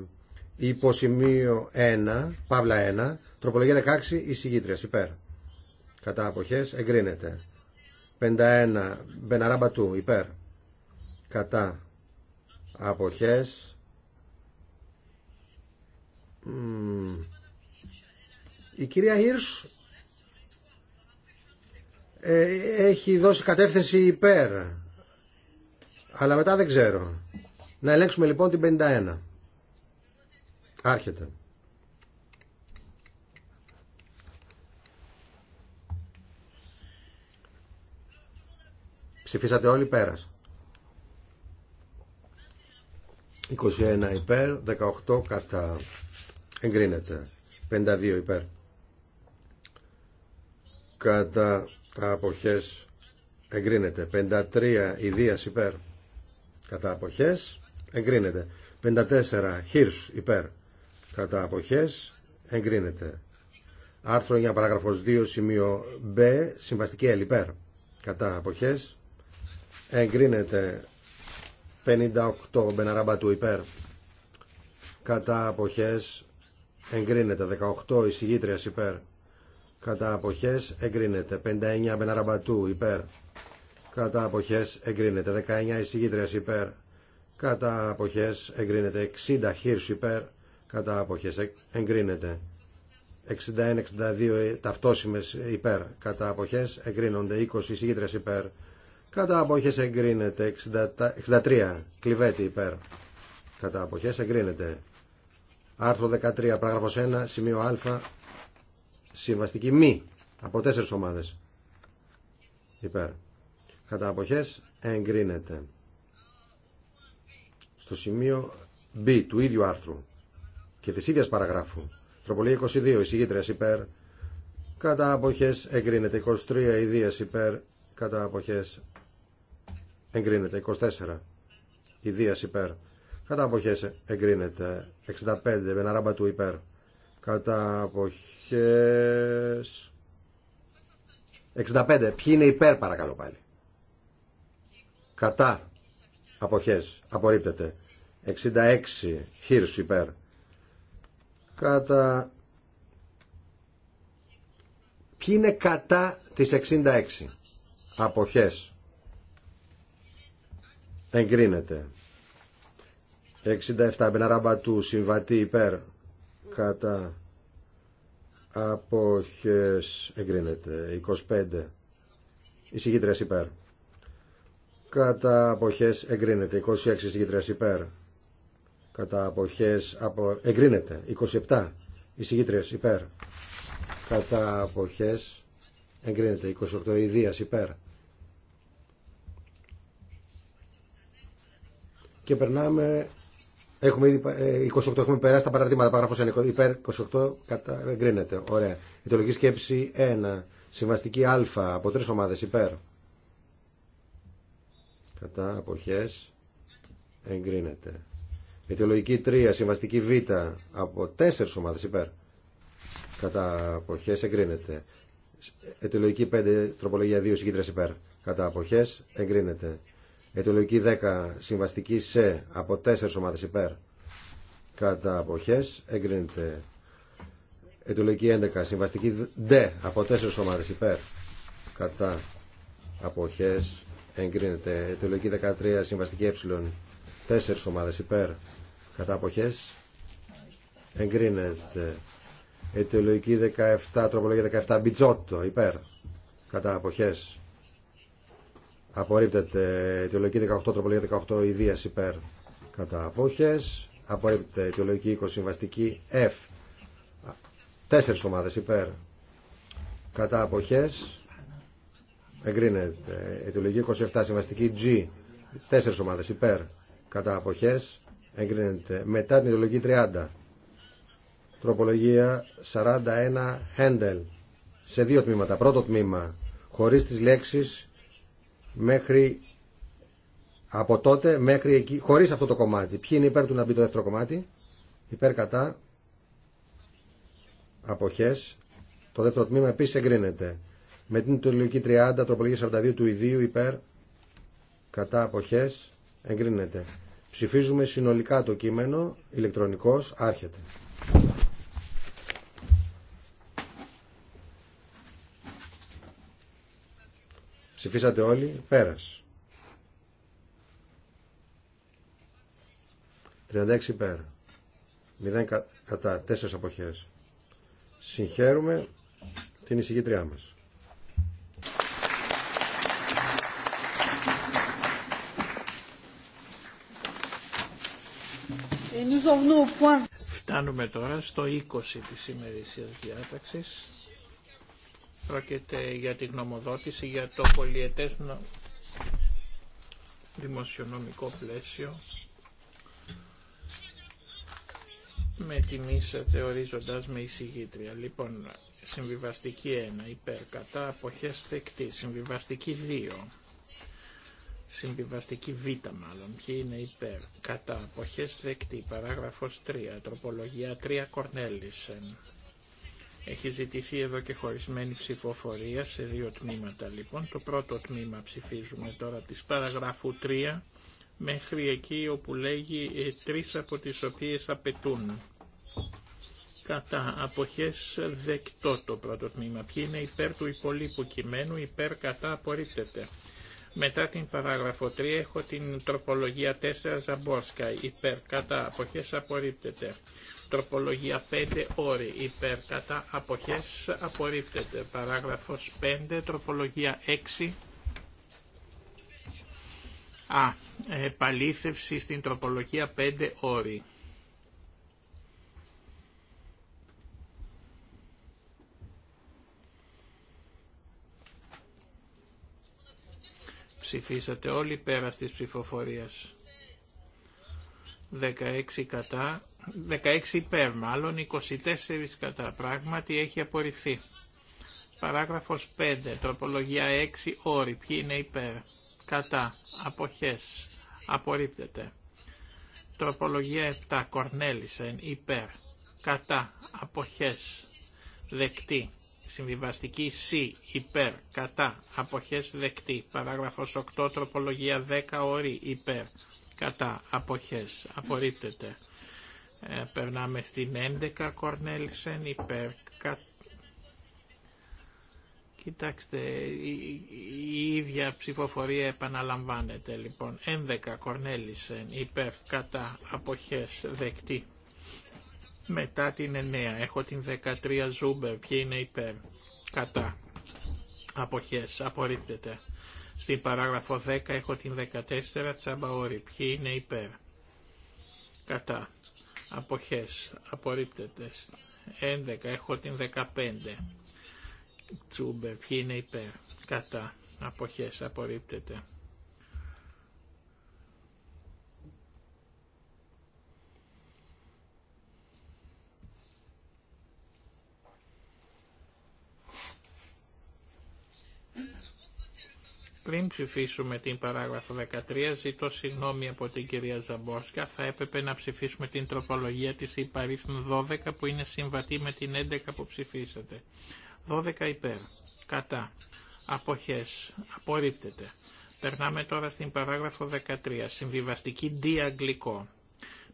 υποσημείο 1 παύλα 1 τροπολογία 16 εισηγήτρια υπέρ κατά αποχές εγκρίνεται 51 Μπεναράμπα του υπέρ κατά αποχές η κυρία Ήρσου. Ε, έχει δώσει κατεύθυνση υπέρ. Αλλά μετά δεν ξέρω. Να ελέγξουμε λοιπόν την 51. Άρχεται. Ψηφίσατε όλοι πέρας. 21 υπέρ, 18 κατά. Εγκρίνεται. 52 υπέρ. Κατά αποχές εγκρίνεται 53 ιδίας υπέρ κατά αποχές εγκρίνεται 54 χίρς υπέρ κατά αποχές εγκρίνεται άρθρο 9 παράγραφος 2 σημείο B συμβαστική L υπέρ κατά αποχές εγκρίνεται 58 μπεναράμπα του υπέρ κατά αποχές εγκρίνεται 18 εισηγήτριας υπέρ κατά αποχές εγκρίνεται 59 Μπεναραμπατού υπέρ κατά αποχές εγκρίνεται 19 εισηγήτριας υπέρ κατά αποχές εγκρίνεται 60 χίρς υπέρ κατά αποχές ε, εγκρίνεται 61-62 ε, ταυτόσιμες υπέρ κατά αποχές εγκρίνονται 20 εισηγήτριας υπέρ κατά αποχές εγκρίνεται 63 κλειβέτη υπέρ κατά αποχές εγκρίνεται άρθρο 13 παράγραφος 1 σημείο α Συμβαστική μη από τέσσερις ομάδες. Υπέρ. Κατά αποχές εγκρίνεται. Στο σημείο B του ίδιου άρθρου και της ίδιας παραγράφου. Τροπολογία 22. Εισηγήτριας υπέρ. Κατά αποχές εγκρίνεται. 23. ιδίες υπέρ. Κατά αποχές εγκρίνεται. 24. ιδίες υπέρ. Κατά αποχές εγκρίνεται. 65. Βεναράμπα του υπέρ κατά αποχές 65 ποιοι είναι υπέρ παρακαλώ πάλι κατά αποχές απορρίπτεται 66 χείρους υπέρ κατά ποιοι είναι κατά τις 66 αποχές εγκρίνεται 67 μπεναράμπα του συμβατή υπέρ κατά αποχές εγκρίνεται 25 εισηγήτρες υπέρ κατά αποχές εγκρίνεται 26 εισηγήτρες υπέρ κατά αποχές απο... εγκρίνεται 27 εισηγήτρες υπέρ κατά αποχές εγκρίνεται 28 ιδίας υπέρ και περνάμε Έχουμε 28, ε, έχουμε περάσει τα παραρτήματα. Παράγραφο 1. Υπέρ 28 κατα... εγκρίνεται. Ωραία. τολική σκέψη 1. Συμβαστική Α από τρει ομάδε υπέρ. Κατά αποχέ εγκρίνεται. Ιτολογική 3. Συμβαστική Β από τέσσερι ομάδε υπέρ. Κατά αποχέ εγκρίνεται. Ιτολογική 5. Τροπολογία 2. Συγκίτρε υπέρ. Κατά αποχέ εγκρίνεται. Αιτιολογική 10 συμβαστική σε από 4 ομάδε υπέρ κατά απόχέ. εγκρίνεται. Αιτιολογική 11 συμβαστική D από 4 ομάδε υπέρ κατά απόχέ. εγκρίνεται. Αιτιολογική 13 συμβαστική ε 4 ομάδε υπέρ κατά απόχέ. εγκρίνεται. Αιτιολογική 17 τροπολογία 17 μπιτζότο υπέρ κατά αποχές Απορρίπτεται αιτιολογική 18, τροπολογία 18, ιδίας υπέρ κατά απόχες. Απορρίπτεται αιτιολογική 20, συμβαστική F. Τέσσερις ομάδες υπέρ κατά αποχές. Εγκρίνεται αιτιολογική 27, συμβαστική G. Τέσσερις ομάδες υπέρ κατά αποχές. Εγκρίνεται μετά την αιτιολογική 30. Τροπολογία 41 Händel σε δύο τμήματα. Πρώτο τμήμα χωρίς τις λέξεις μέχρι από τότε μέχρι εκεί, χωρίς αυτό το κομμάτι. Ποιοι είναι υπέρ του να μπει το δεύτερο κομμάτι, υπέρ κατά, αποχές, το δεύτερο τμήμα επίσης εγκρίνεται. Με την τολογική 30, τροπολογία 42 του ιδίου υπέρ, κατά αποχές, εγκρίνεται. Ψηφίζουμε συνολικά το κείμενο, ηλεκτρονικός, άρχεται. Ψηφίσατε όλοι. Πέρας. 36 πέρα. 0 κατά. 4 αποχές. Συγχαίρουμε την εισηγήτριά μας. Φτάνουμε τώρα στο 20 της ημερησία διάταξης. Πρόκειται για τη γνωμοδότηση για το πολιετές δημοσιονομικό πλαίσιο με τιμήσατε ορίζοντας με εισηγήτρια. Λοιπόν, συμβιβαστική 1 υπέρ κατά αποχές θεκτή, συμβιβαστική 2 συμβιβαστική Β μάλλον, ποιοι είναι υπέρ, κατά αποχές δεκτή, παράγραφος 3, τροπολογία 3 Κορνέλισεν, έχει ζητηθεί εδώ και χωρισμένη ψηφοφορία σε δύο τμήματα λοιπόν. Το πρώτο τμήμα ψηφίζουμε τώρα της παραγράφου 3 μέχρι εκεί όπου λέγει ε, τρεις από τις οποίες απαιτούν. Κατά αποχές δεκτό το πρώτο τμήμα. Ποιοι είναι υπέρ του υπολείπου κειμένου, υπέρ κατά απορρίπτεται. Μετά την παράγραφο 3 έχω την τροπολογία 4 Ζαμπόρσκα, υπέρ, κατά, αποχές, απορρίπτεται. Τροπολογία 5 όρη, υπέρ, κατά, αποχές, απορρίπτεται. Παράγραφος 5, τροπολογία 6. Α, επαλήθευση στην τροπολογία 5 όρη. Ψηφίσατε όλοι πέρα της ψηφοφορίας. 16 κατά, 16 υπέρ μάλλον, 24 κατά. Πράγματι έχει απορριφθεί. Παράγραφος 5, τροπολογία 6, όροι. Ποιοι είναι υπέρ. Κατά, αποχές, απορρίπτεται. Τροπολογία 7, κορνέλισεν, υπέρ. Κατά, αποχές, δεκτή. Συμβιβαστική C υπέρ κατά αποχές δεκτή. Παράγραφος 8 τροπολογία 10 όρη υπέρ κατά αποχές απορρίπτεται. Ε, περνάμε στην 11 Κορνέλσεν υπέρ κατά. Κοιτάξτε, η, η ίδια ψηφοφορία επαναλαμβάνεται λοιπόν. 11 Κορνέλισεν υπέρ κατά αποχές δεκτή. Μετά την 9 έχω την 13 Ζούμπερ. Ποιοι είναι υπέρ. Κατά. Αποχές. Απορρίπτεται. Στην παράγραφο 10 έχω την 14 Τσαμπαόρη. Ποιοι είναι υπέρ. Κατά. Αποχές. Απορρίπτεται. 11 έχω την 15. Τσούμπερ. Ποιοι είναι υπέρ. Κατά. Αποχές. Απορρίπτεται. Πριν ψηφίσουμε την παράγραφο 13, ζητώ συγγνώμη από την κυρία Ζαμπόσκα, θα έπρεπε να ψηφίσουμε την τροπολογία της υπαρίθμου 12 που είναι συμβατή με την 11 που ψηφίσατε. 12 υπέρ, κατά, αποχές, απορρίπτεται. Περνάμε τώρα στην παράγραφο 13, συμβιβαστική διαγλικό. αγγλικό.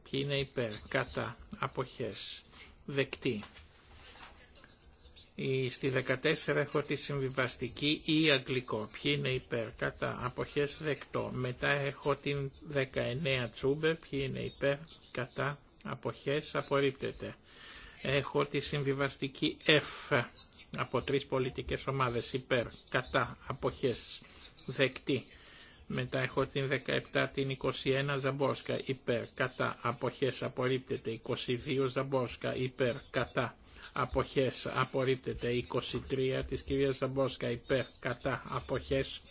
Ποιοι είναι υπέρ, κατά, αποχές, δεκτή. Στη 14 έχω τη συμβιβαστική ή αγγλικό. Ποιοι είναι υπέρ, κατά, αποχές δεκτό. Μετά έχω την 19 τσούμπερ, ποιοι είναι υπέρ, κατά, αποχές απορρίπτεται. Έχω τη συμβιβαστική F από τρεις πολιτικές ομάδες υπέρ, κατά, αποχές δεκτή. Μετά έχω την 17, την 21 Ζαμπόσκα υπέρ, κατά, αποχές απορρίπτεται. 22 Ζαμπόσκα υπέρ, κατά, αποχές απορρίπτεται 23 της κυρίας Ζαμπόσκα υπέρ κατά αποχές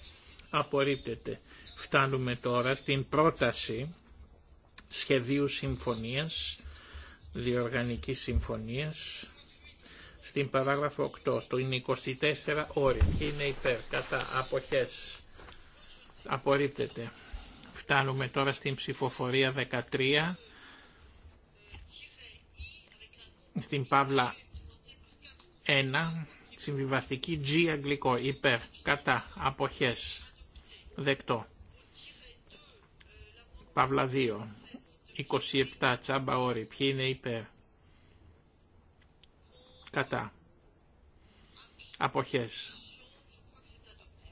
απορρίπτεται. Φτάνουμε τώρα στην πρόταση σχεδίου συμφωνίας, διοργανικής συμφωνίας, στην παράγραφο 8, το είναι 24 όροι, είναι υπέρ, κατά, αποχές, απορρίπτεται. Φτάνουμε τώρα στην ψηφοφορία 13, στην Παύλα 1 συμβιβαστική G αγγλικό υπέρ κατά αποχές δεκτό Παύλα 2 27 τσάμπα όρη ποιοι είναι υπέρ κατά αποχές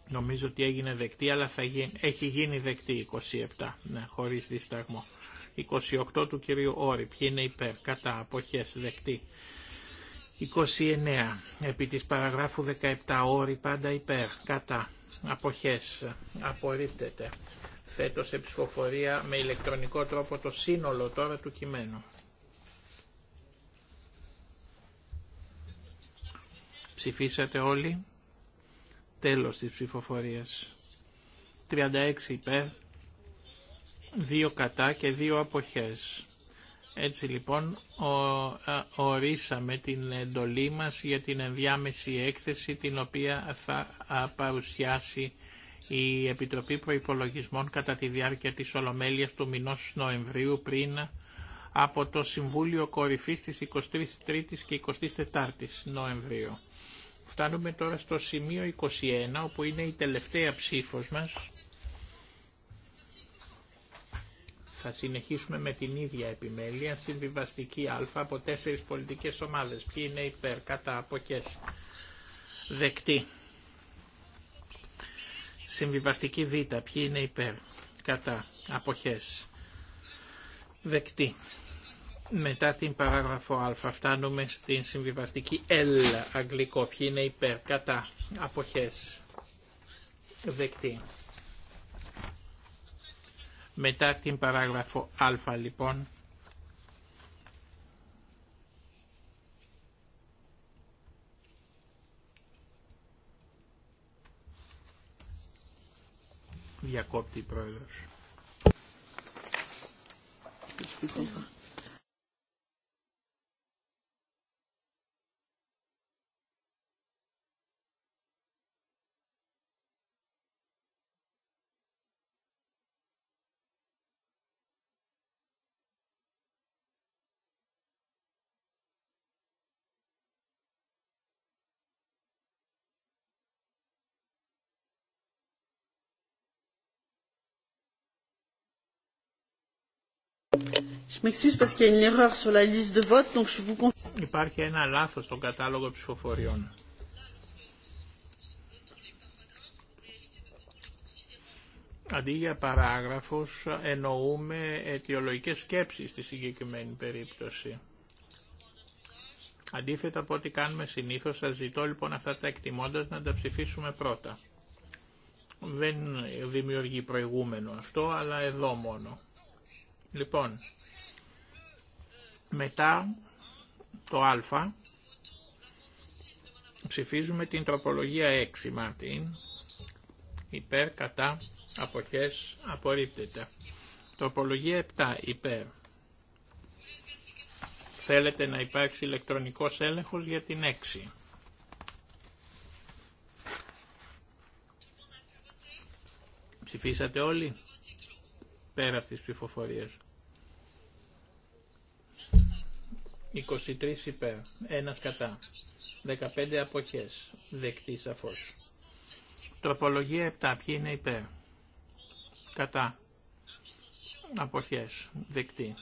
νομίζω ότι έγινε δεκτή αλλά θα έχει γίνει δεκτή 27 ναι, χωρίς δισταγμό 28 του κυρίου όρη ποιοι είναι υπέρ κατά αποχές δεκτή 29. Επί της παραγράφου 17 όρη πάντα υπέρ, κατά, αποχές, απορρίπτεται. Θέτω σε ψηφοφορία με ηλεκτρονικό τρόπο το σύνολο τώρα του κειμένου. Ψηφίσατε όλοι. Τέλος της ψηφοφορίας. 36 υπέρ, 2 κατά και 2 αποχές. Έτσι λοιπόν ε, ορίσαμε την εντολή μας για την ενδιάμεση έκθεση την οποία θα παρουσιάσει η Επιτροπή Προϋπολογισμών κατά τη διάρκεια της Ολομέλειας του μηνός Νοεμβρίου πριν από το Συμβούλιο Κορυφής της 23ης και 24ης Νοεμβρίου. Φτάνουμε τώρα στο σημείο 21, όπου είναι η τελευταία ψήφος μας Θα συνεχίσουμε με την ίδια επιμέλεια, συμβιβαστική α από τέσσερις πολιτικές ομάδες. Ποιοι είναι υπέρ, κατά, αποχές, δεκτή. Συμβιβαστική β, ποιοι είναι υπέρ, κατά, αποχές, δεκτή. Μετά την παράγραφο α φτάνουμε στην συμβιβαστική L, αγγλικό, ποιοι είναι υπέρ, κατά, αποχές, δεκτή. Μετά την παράγραφο α λοιπόν. Διακόπτη πρόεδρος. Υπάρχει ένα λάθος στον κατάλογο ψηφοφοριών. Αντί για παράγραφος εννοούμε αιτιολογικές σκέψεις στη συγκεκριμένη περίπτωση. Αντίθετα από ό,τι κάνουμε συνήθως, σας ζητώ λοιπόν αυτά τα εκτιμώντας να τα ψηφίσουμε πρώτα. Δεν δημιουργεί προηγούμενο αυτό, αλλά εδώ μόνο. Λοιπόν, μετά το α ψηφίζουμε την τροπολογία 6 Μάρτιν υπέρ κατά αποχές απορρίπτεται. Τροπολογία 7 υπέρ. Θέλετε να υπάρξει ηλεκτρονικός έλεγχος για την 6. Ψηφίσατε όλοι πέρα στις ψηφοφορίες. 23 υπέρ, 1 κατά, 15 αποχές, δεκτή σαφώς. Τροπολογία 7, ποιοι είναι υπέρ, κατά, αποχές, δεκτή.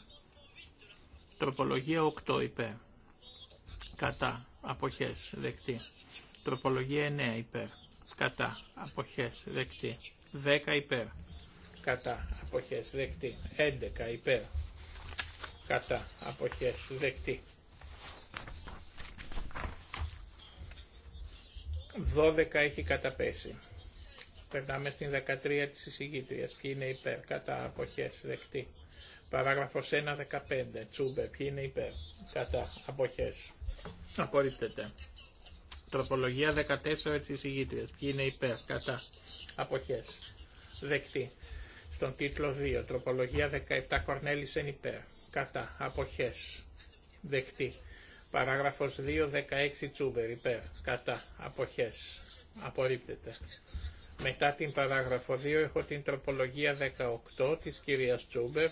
Τροπολογία 8 υπέρ, κατά, αποχές, δεκτή. Τροπολογία 9 υπέρ, κατά, αποχές, δεκτή. 10 υπέρ, κατά, αποχές, δεκτή. 11 υπέρ, κατά αποχές δεκτή. 12 έχει καταπέσει. Περνάμε στην 13 της εισηγήτριας. Ποιοι είναι υπέρ, κατά αποχές δεκτή. Παράγραφος 1, 15. Τσούμπε, ποιοι είναι υπέρ, κατά αποχές. Απορρίπτεται. Τροπολογία 14 της εισηγήτριας. Ποιοι είναι υπέρ, κατά αποχές δεκτή. Στον τίτλο 2, τροπολογία 17 Κορνέλης εν υπέρ κατά, αποχές, δεκτή. Παράγραφος 2, 16 τσούμπερ, υπέρ, κατά, αποχές, απορρίπτεται. Μετά την παράγραφο 2 έχω την τροπολογία 18 της κυρίας Τσούμπερ,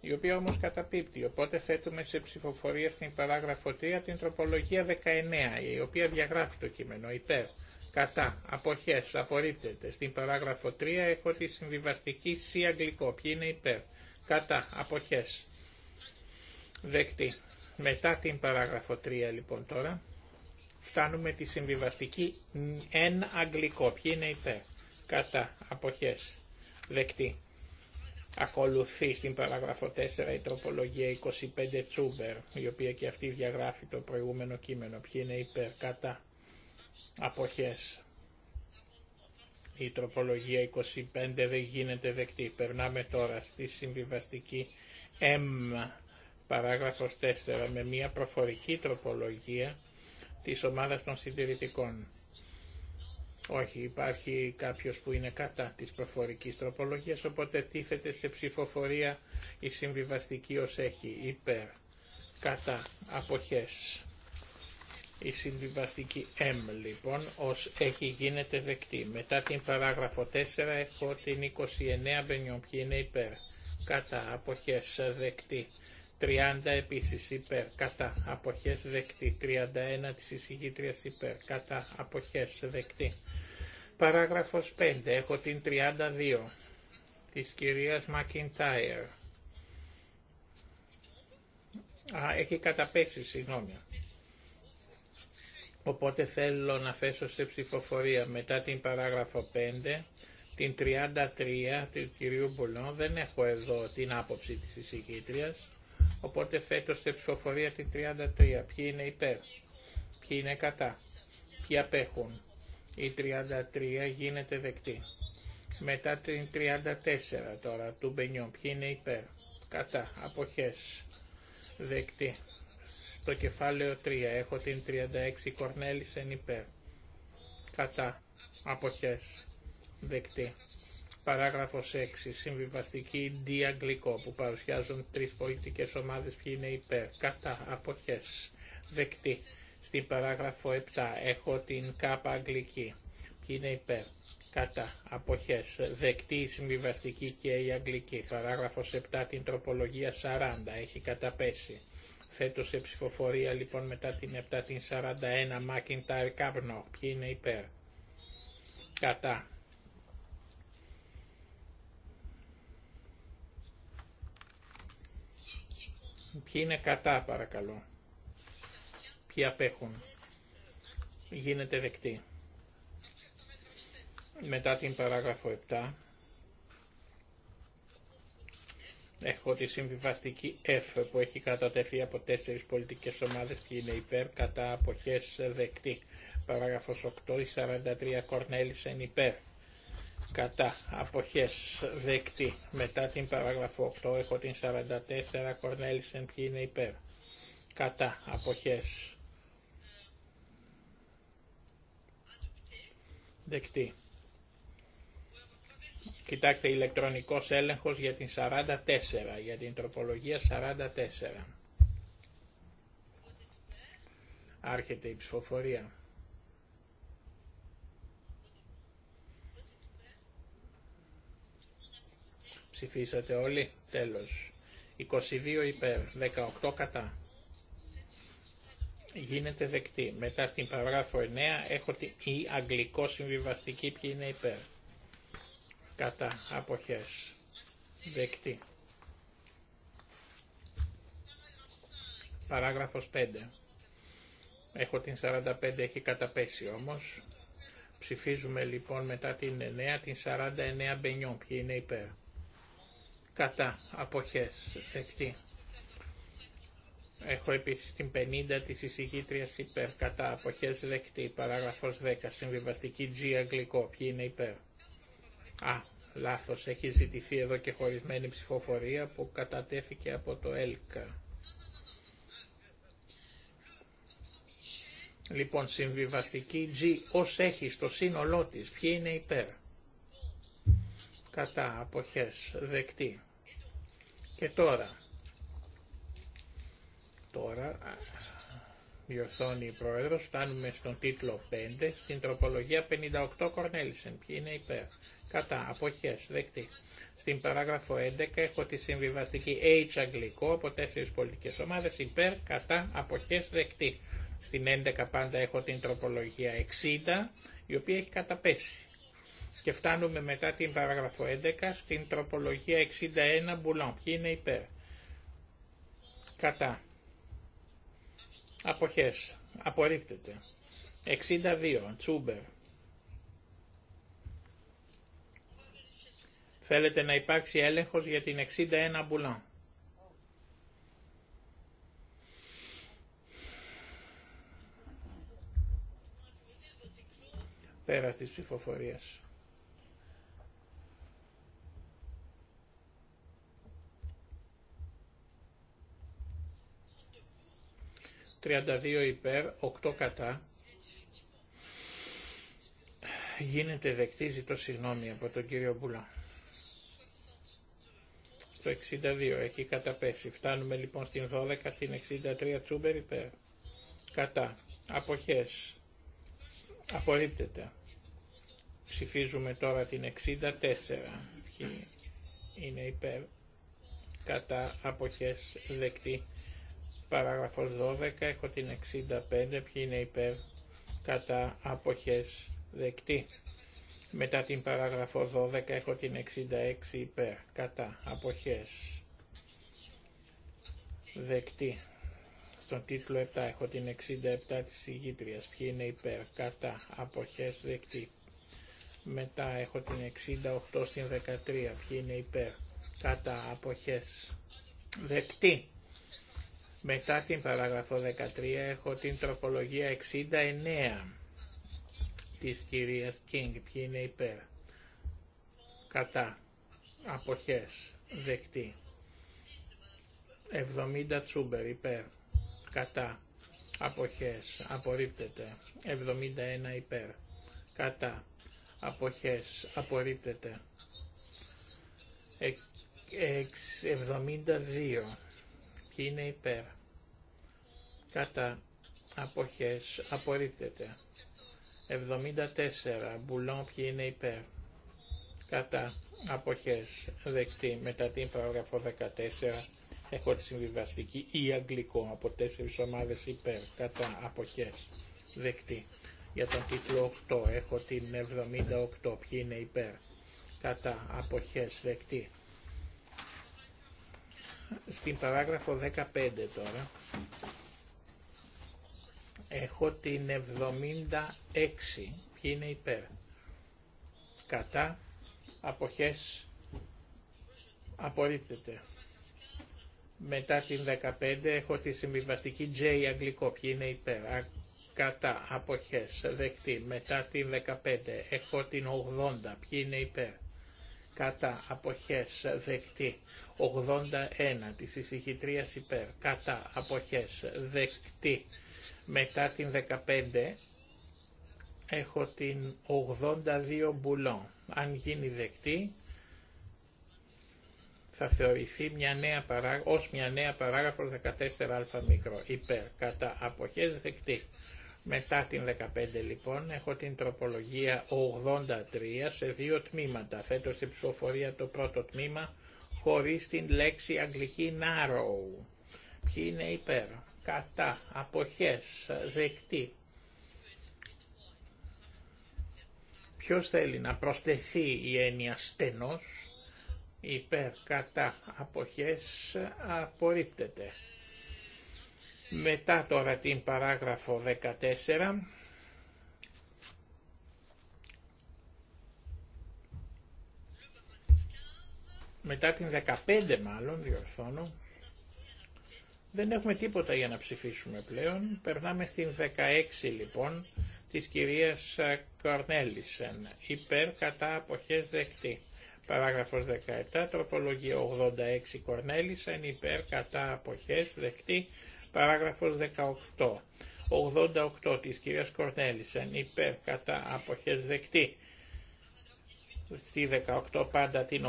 η οποία όμως καταπίπτει, οπότε θέτουμε σε ψηφοφορία στην παράγραφο 3 την τροπολογία 19, η οποία διαγράφει το κείμενο, υπέρ, κατά, αποχές, απορρίπτεται. Στην παράγραφο 3 έχω τη συμβιβαστική C αγγλικό, ποιοι είναι υπέρ, κατά, αποχές, δεκτή. Μετά την παράγραφο 3 λοιπόν τώρα, φτάνουμε τη συμβιβαστική εν αγγλικό. Ποιοι είναι υπέρ, κατά, αποχές, δεκτή. Ακολουθεί στην παράγραφο 4 η τροπολογία 25 Τσούμπερ, η οποία και αυτή διαγράφει το προηγούμενο κείμενο. Ποιοι είναι υπέρ, κατά, αποχές, η τροπολογία 25 δεν γίνεται δεκτή. Περνάμε τώρα στη συμβιβαστική M, παράγραφος 4, με μια προφορική τροπολογία της ομάδας των συντηρητικών. Όχι, υπάρχει κάποιος που είναι κατά της προφορικής τροπολογίας, οπότε τίθεται σε ψηφοφορία η συμβιβαστική ως έχει υπέρ, κατά, αποχές, η συμβιβαστική M λοιπόν ως έχει γίνεται δεκτή. Μετά την παράγραφο 4 έχω την 29 μπενιόν είναι υπέρ. Κατά αποχές δεκτή. 30 επίσης υπέρ. Κατά αποχές δεκτή. 31 της εισηγήτριας υπέρ. Κατά αποχές δεκτή. Παράγραφος 5 έχω την 32 της κυρίας Μακιντάιρ. Α, έχει καταπέσει, συγγνώμη. Οπότε θέλω να θέσω σε ψηφοφορία μετά την παράγραφο 5, την 33 του κυρίου Μπουλνό. δεν έχω εδώ την άποψη της εισηγήτριας, οπότε θέτω σε ψηφοφορία την 33. Ποιοι είναι υπέρ, ποιοι είναι κατά, ποιοι απέχουν. Η 33 γίνεται δεκτή. Μετά την 34 τώρα του Μπενιό, ποιοι είναι υπέρ, κατά, αποχές, δεκτή. Στο κεφάλαιο 3 έχω την 36 Κορνέλισεν υπέρ. Κατά. Αποχές. Δεκτή. Παράγραφος 6. Συμβιβαστική Αγγλικό που παρουσιάζουν τρεις πολιτικές ομάδες ποιοι είναι υπέρ. Κατά. Αποχές. Δεκτή. Στην παράγραφο 7 έχω την κάπα αγγλική. Ποιοι είναι υπέρ. Κατά. Αποχές. Δεκτή η συμβιβαστική και η αγγλική. Παράγραφος 7. Την τροπολογία 40. Έχει καταπέσει. Θέτω σε ψηφοφορία λοιπόν μετά την 7 την 41 Μάκιντάρ Κάπνο. Ποιοι είναι υπέρ. Κατά. Ποιοι είναι κατά παρακαλώ. Ποιοι απέχουν. Γίνεται δεκτή. Μετά την παράγραφο 7 Έχω τη συμβιβαστική F που έχει κατατεθεί από τέσσερις πολιτικές ομάδες και είναι υπέρ κατά αποχές δεκτή. Παράγραφος 8, η 43 Κορνέλισεν υπέρ κατά αποχές δεκτή. Μετά την παράγραφο 8 έχω την 44 Κορνέλισεν ποιοι είναι υπέρ κατά αποχές δεκτή. Κοιτάξτε, ηλεκτρονικός έλεγχος για την 44, για την τροπολογία 44. Άρχεται η ψηφοφορία. Ψηφίσατε όλοι. Τέλος. 22 υπέρ, 18 κατά. Γίνεται δεκτή. Μετά στην παράγραφο 9 έχω την η αγγλικό συμβιβαστική ποιοι είναι υπέρ κατά αποχές δεκτή. Παράγραφος 5. Έχω την 45, έχει καταπέσει όμως. Ψηφίζουμε λοιπόν μετά την 9, την 49 μπενιόν, ποιοι είναι υπέρ. Κατά, αποχές, δεκτή. Έχω επίσης την 50 της εισηγήτριας υπέρ, κατά, αποχές, δεκτή. Παράγραφος 10, συμβιβαστική G αγγλικό, ποιοι είναι υπέρ Α, λάθος, έχει ζητηθεί εδώ και χωρισμένη ψηφοφορία που κατατέθηκε από το ΕΛΚΑ. Λοιπόν, συμβιβαστική G ως έχει στο σύνολό της, ποιοι είναι υπέρ. Κατά, αποχές, δεκτή. Και τώρα, τώρα διορθώνει η Πρόεδρος, φτάνουμε στον τίτλο 5, στην τροπολογία 58 Κορνέλισεν. Ποιοι είναι υπέρ. Κατά, αποχές, δεκτή. Στην παράγραφο 11 έχω τη συμβιβαστική H αγγλικό από τέσσερις πολιτικές ομάδες, υπέρ, κατά, αποχές, δεκτή. Στην 11 πάντα έχω την τροπολογία 60, η οποία έχει καταπέσει. Και φτάνουμε μετά την παράγραφο 11 στην τροπολογία 61 Μπουλόν. Ποιοι είναι υπέρ. Κατά Αποχές. Απορρίπτεται. 62. Τσούμπερ. Θέλετε να υπάρξει έλεγχος για την 61 μπουλάν. Πέρα της ψηφοφορίας. 32 υπέρ, 8 κατά. Γίνεται δεκτή, ζητώ συγγνώμη από τον κύριο Μπουλά. Στο 62 έχει καταπέσει. Φτάνουμε λοιπόν στην 12, στην 63 τσούμπερ υπέρ. Κατά. Αποχές. Απορρίπτεται. Ψηφίζουμε τώρα την 64. Ποιοι είναι υπέρ. Κατά. Αποχές. Δεκτή. Παράγραφος 12 έχω την 65 ποιοι είναι υπέρ κατά αποχές δεκτή. Μετά την παράγραφο 12 έχω την 66 υπέρ κατά αποχές δεκτή. Στον τίτλο 7 έχω την 67 της ηγήτριας. Ποιοι είναι υπέρ, κατά, αποχές, δεκτή. Μετά έχω την 68 στην 13. Ποιοι είναι υπέρ, κατά, αποχές, δεκτή. Μετά την παράγραφο 13 έχω την τροπολογία 69 της κυρίας Κίνγκ. Ποιοι είναι υπέρ. Κατά. Αποχές. Δεκτή. 70 τσούμπερ υπέρ. Κατά. Αποχές. Απορρίπτεται. 71 υπέρ. Κατά. Αποχές. Απορρίπτεται. 72 ε, Ποιοι είναι υπέρ. Κατά αποχές απορρίπτεται. 74. Μπουλόν ποιοι είναι υπέρ. Κατά αποχές δεκτή μετά την παράγραφο 14. Έχω τη συμβιβαστική ή αγγλικό από τέσσερις ομάδες υπέρ κατά αποχές δεκτή. Για τον τίτλο 8 έχω την 78 ποιοι είναι υπέρ κατά αποχές δεκτή. Στην παράγραφο 15 τώρα έχω την 76. Ποιοι είναι υπέρ. Κατά αποχές απορρίπτεται. Μετά την 15 έχω τη συμβιβαστική J αγγλικό. Ποιοι είναι υπέρ. Κατά αποχές δεκτή. Μετά την 15 έχω την 80. Ποιοι είναι υπέρ κατά αποχές δεκτή 81 της εισηγητρίας υπέρ κατά αποχές δεκτή μετά την 15 έχω την 82 μπουλόν αν γίνει δεκτή θα θεωρηθεί μια νέα παρά... ως μια νέα παράγραφος 14α μικρό υπέρ κατά αποχές δεκτή μετά την 15 λοιπόν έχω την τροπολογία 83 σε δύο τμήματα. Θέτω στην ψηφοφορία το πρώτο τμήμα χωρίς την λέξη αγγλική narrow. Ποιοι είναι υπέρ, κατά, αποχές, δεκτή. Ποιος θέλει να προσθεθεί η έννοια στενός, υπέρ, κατά, αποχές, απορρίπτεται. Μετά τώρα την παράγραφο 14. Μετά την 15 μάλλον, διορθώνω. Δεν έχουμε τίποτα για να ψηφίσουμε πλέον. Περνάμε στην 16 λοιπόν της κυρίας Κορνέλισεν. Υπέρ κατά αποχές δεκτή. Παράγραφος 17, τροπολογία 86 Κορνέλισεν, υπέρ κατά αποχές δεκτή. Παράγραφος 18. 88 της κυρίας Κορνέλησεν υπέρ κατά αποχές δεκτή. Στη 18 πάντα την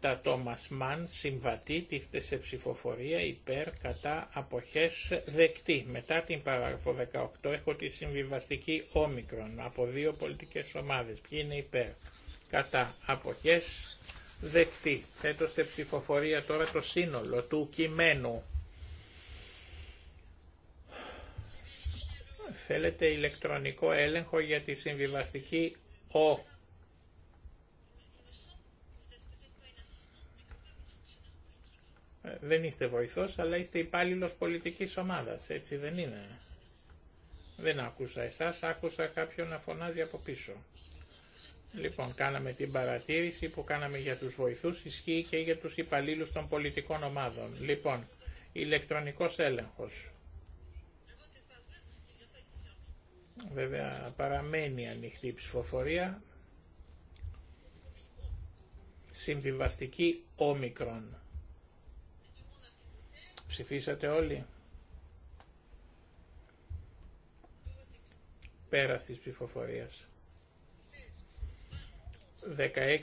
87 Τόμας Μαν συμβατή τίθεται σε ψηφοφορία υπέρ κατά αποχές δεκτή. Μετά την παράγραφο 18 έχω τη συμβιβαστική όμικρον από δύο πολιτικές ομάδες. Ποιοι είναι υπέρ κατά αποχές δεκτή. Θέτω σε ψηφοφορία τώρα το σύνολο του κειμένου Θέλετε ηλεκτρονικό έλεγχο για τη συμβιβαστική Ο. Ε, δεν είστε βοηθός, αλλά είστε υπάλληλος πολιτικής ομάδας, έτσι δεν είναι. Δεν άκουσα εσάς, άκουσα κάποιον να φωνάζει από πίσω. Λοιπόν, κάναμε την παρατήρηση που κάναμε για τους βοηθούς, ισχύει και για τους υπαλλήλους των πολιτικών ομάδων. Λοιπόν, ηλεκτρονικός έλεγχος. Βέβαια παραμένει ανοιχτή η ψηφοφορία. Συμβιβαστική όμικρον. Ψηφίσατε όλοι. Πέρα της ψηφοφορίας.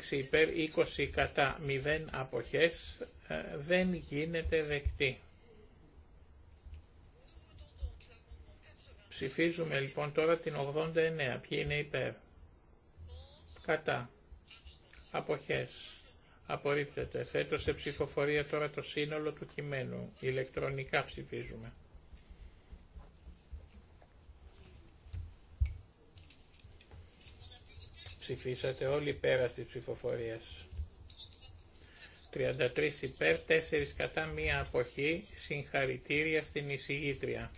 16 υπέρ 20 κατά 0 αποχές ε, δεν γίνεται δεκτή. Ψηφίζουμε λοιπόν τώρα την 89. Ποιοι είναι υπέρ. Κατά. Αποχές. Απορρίπτεται. Θέτω σε ψηφοφορία τώρα το σύνολο του κειμένου. Ηλεκτρονικά ψηφίζουμε. Ψηφίσατε όλοι πέρα στις ψηφοφορίες. 33 υπέρ, 4 κατά μία αποχή. Συγχαρητήρια στην εισηγήτρια.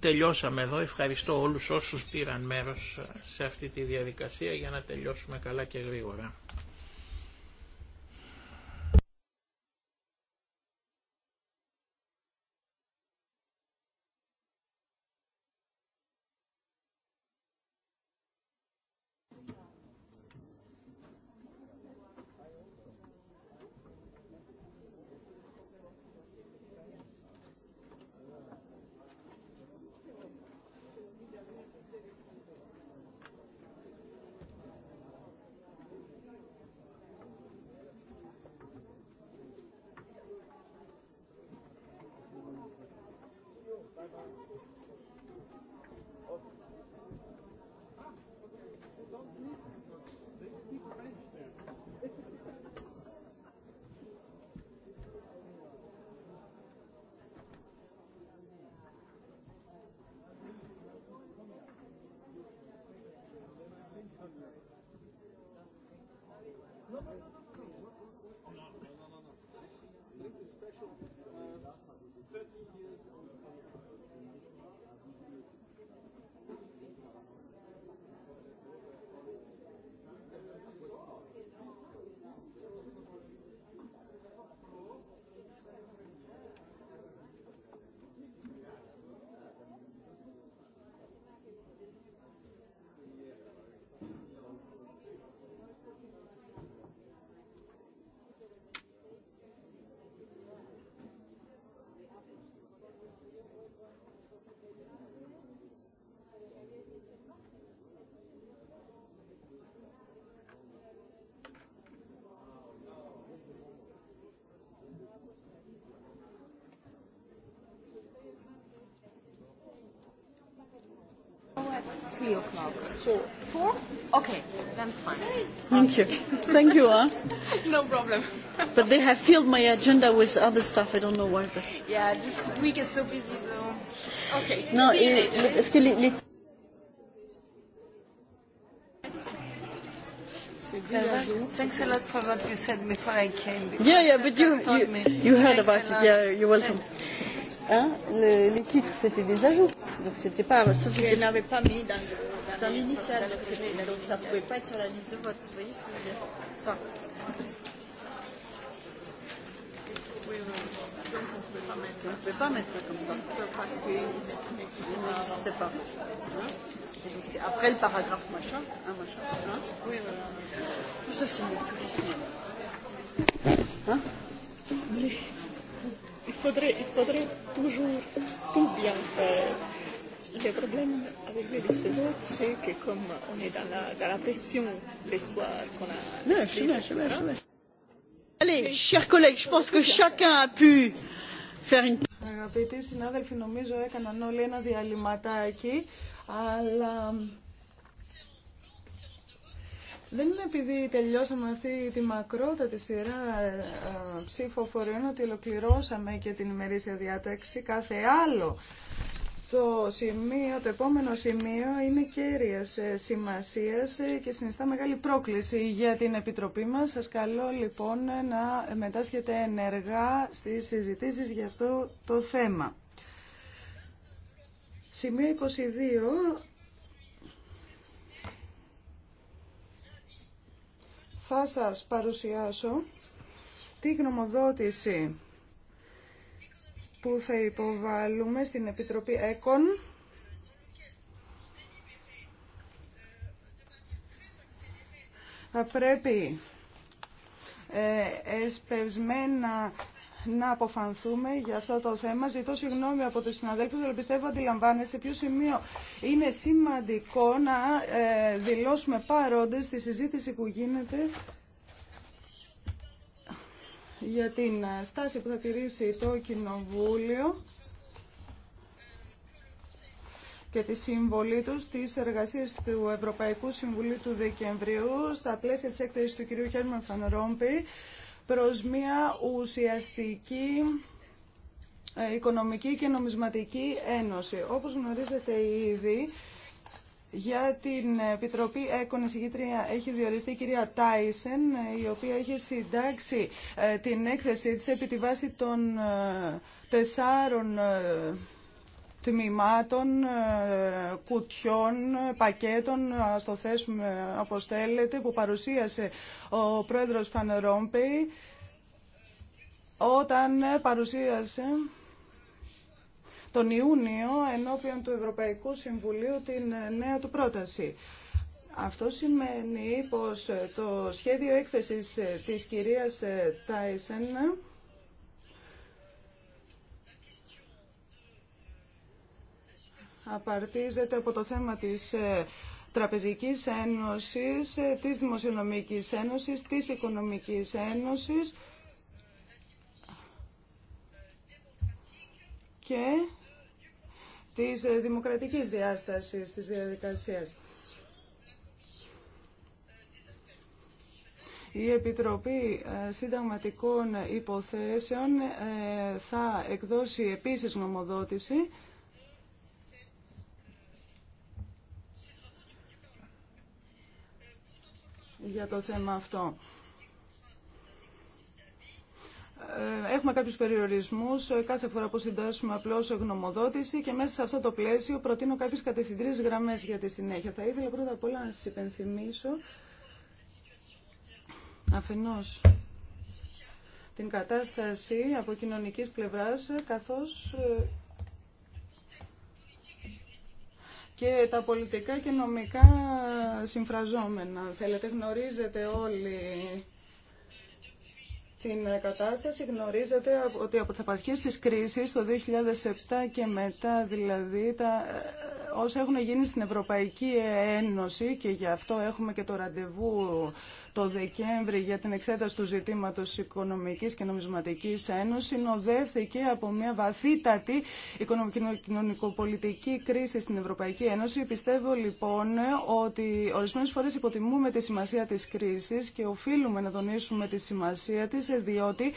Τελειώσαμε εδώ. Ευχαριστώ όλους όσους πήραν μέρος σε αυτή τη διαδικασία για να τελειώσουμε καλά και γρήγορα. three o'clock. So four? Okay, that's fine. Thank you. Thank you. Huh? no problem. but they have filled my agenda with other stuff. I don't know why. But... Yeah, this week is so busy though. Okay. No, see you later. Thanks a lot for what you said before I came. Yeah, yeah, but you, you, you heard about it. Yeah, you're welcome. Hein le, les titres, c'était des ajouts. Donc c'était pas. Ça, je n'avais pas mis dans, dans, l'initial. Donc ça ne pouvait pas être sur la liste de vote. Vous voyez ce que je veux dire Ça. Oui, oui. on ne pouvait pas mettre ça. comme ça. Parce que qu'il n'existait pas. Hein c'est après le paragraphe machin. Hein, machin hein oui, voilà. Tout Ça, c'est mon Hein Oui il faudrait, il faudrait toujours tout bien faire. Le problème avec les listes c'est que comme on est dans la, dans la pression les soirs qu'on a... Non, je, je, je, Allez, chers collègues, je pense que chacun a pu faire une... Αγαπητοί συνάδελφοι, νομίζω έκαναν όλοι ένα διαλυματάκι, αλλά δεν είναι επειδή τελειώσαμε αυτή τη μακρότατη σειρά ε, ε, ψηφοφοριών ότι ολοκληρώσαμε και την ημερήσια διάταξη. Κάθε άλλο το σημείο, το επόμενο σημείο είναι κέρια ε, σημασία και συνιστά μεγάλη πρόκληση για την Επιτροπή μας. Σας καλώ λοιπόν να μετάσχετε ενεργά στι συζητήσει για αυτό το θέμα. Σημείο 22 θα σας παρουσιάσω τη γνωμοδότηση που θα υποβάλουμε στην Επιτροπή ΕΚΟΝ θα πρέπει ε, εσπευσμένα να αποφανθούμε για αυτό το θέμα. Ζητώ συγγνώμη από τους συναδέλφους, αλλά πιστεύω αντιλαμβάνεσαι σε ποιο σημείο είναι σημαντικό να ε, δηλώσουμε παρόντες στη συζήτηση που γίνεται για την ε, στάση που θα τηρήσει το Κοινοβούλιο και τη συμβολή του στι εργασίε του Ευρωπαϊκού Συμβουλίου του Δεκεμβρίου στα πλαίσια τη έκθεση του κ. Χέρμαν Φανρόμπι προς μια ουσιαστική ε, οικονομική και νομισματική ένωση. Όπως γνωρίζετε ήδη, για την Επιτροπή έκωνη ηγήτρια έχει διοριστεί η κυρία Τάισεν, ε, η οποία έχει συντάξει ε, την έκθεσή της επί τη βάση των τεσσάρων τμήματων, ε, κουτιών, πακέτων, στο θέσουμε όπως θέλετε, που παρουσίασε ο πρόεδρος Φαν Ρόμπεϊ όταν παρουσίασε τον Ιούνιο ενώπιον του Ευρωπαϊκού Συμβουλίου την ε, νέα του πρόταση. Αυτό σημαίνει πως το σχέδιο έκθεσης ε, της κυρίας Τάισεν απαρτίζεται από το θέμα της ε, Τραπεζικής Ένωσης, ε, της Δημοσιονομικής Ένωσης, της Οικονομικής Ένωσης και της ε, δημοκρατικής διάστασης της διαδικασίας. Η Επιτροπή Συνταγματικών Υποθέσεων θα εκδώσει επίσης νομοδότηση για το θέμα αυτό. Ε, έχουμε κάποιους περιορισμούς ε, κάθε φορά που συντάσσουμε απλώς γνωμοδότηση και μέσα σε αυτό το πλαίσιο προτείνω κάποιες κατευθυντήριες γραμμές για τη συνέχεια. Θα ήθελα πρώτα απ' όλα να σας υπενθυμίσω αφενός την κατάσταση από κοινωνικής πλευράς καθώς ε, και τα πολιτικά και νομικά συμφραζόμενα. Θέλετε, γνωρίζετε όλοι την κατάσταση. Γνωρίζετε ότι από τις απαρχές της κρίσης, το 2007 και μετά δηλαδή, τα, ε, όσα έχουν γίνει στην Ευρωπαϊκή Ένωση και γι' αυτό έχουμε και το ραντεβού το Δεκέμβρη για την εξέταση του ζητήματος Οικονομικής και Νομισματικής Ένωσης συνοδεύθηκε από μια βαθύτατη οικονομικο-κοινωνικοπολιτική κρίση στην Ευρωπαϊκή Ένωση. Πιστεύω λοιπόν ότι ορισμένες φορές υποτιμούμε τη σημασία της κρίσης και οφείλουμε να τονίσουμε τη σημασία της διότι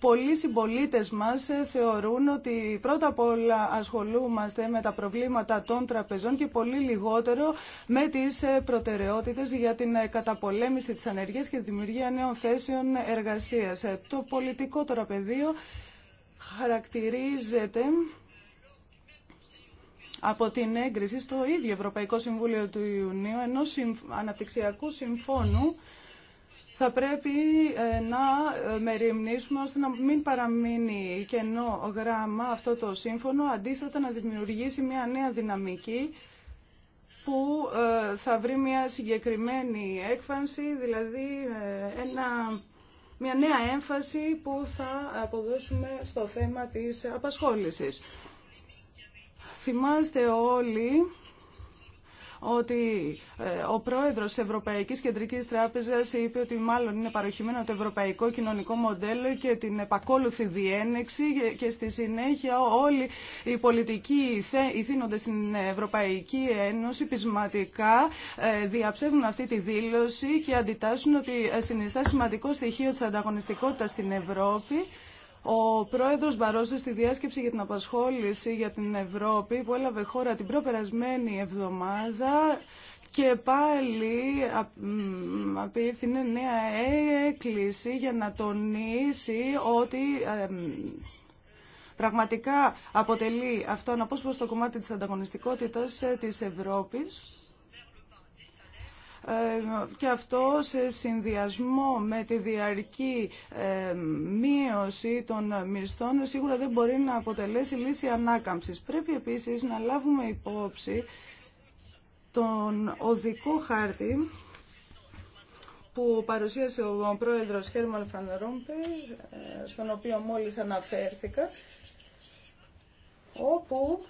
Πολλοί συμπολίτε μας ε, θεωρούν ότι πρώτα απ' όλα ασχολούμαστε με τα προβλήματα των τραπεζών και πολύ λιγότερο με τις ε, προτεραιότητες για την ε, καταπολέμηση της ανεργίας και τη δημιουργία νέων θέσεων εργασίας. Το πολιτικό τραπεδίο χαρακτηρίζεται από την έγκριση στο ίδιο Ευρωπαϊκό Συμβούλιο του Ιουνίου ενός αναπτυξιακού συμφώνου θα πρέπει ε, να ε, μεριμνήσουμε ώστε να μην παραμείνει κενό γράμμα αυτό το σύμφωνο, αντίθετα να δημιουργήσει μια νέα δυναμική που ε, θα βρει μια συγκεκριμένη έκφανση, δηλαδή ένα, μια νέα έμφαση που θα αποδώσουμε στο θέμα της απασχόλησης. Θυμάστε όλοι ότι ε, ο πρόεδρο τη Ευρωπαϊκή Κεντρική Τράπεζα είπε ότι μάλλον είναι παροχημένο το ευρωπαϊκό κοινωνικό μοντέλο και την επακόλουθη διένεξη και στη συνέχεια όλοι οι πολιτικοί ηθήνοντε στην Ευρωπαϊκή Ένωση πεισματικά ε, διαψεύουν αυτή τη δήλωση και αντιτάσσουν ότι συνιστά σημαντικό στοιχείο τη ανταγωνιστικότητα στην Ευρώπη. Ο πρόεδρος Μπαρόζη στη διάσκεψη για την απασχόληση για την Ευρώπη που έλαβε χώρα την προπερασμένη εβδομάδα και πάλι απίευθυνε νέα έκκληση για να τονίσει ότι ε, πραγματικά αποτελεί αυτό να πω στο κομμάτι της ανταγωνιστικότητας ε, της Ευρώπης ε, και αυτό σε συνδυασμό με τη διαρκή ε, μείωση των μισθών σίγουρα δεν μπορεί να αποτελέσει λύση ανάκαμψης. Πρέπει επίσης να λάβουμε υπόψη τον οδικό χάρτη που παρουσίασε ο πρόεδρος Χέρμαν Φανερόμπη, ε, στον οποίο μόλις αναφέρθηκα, όπου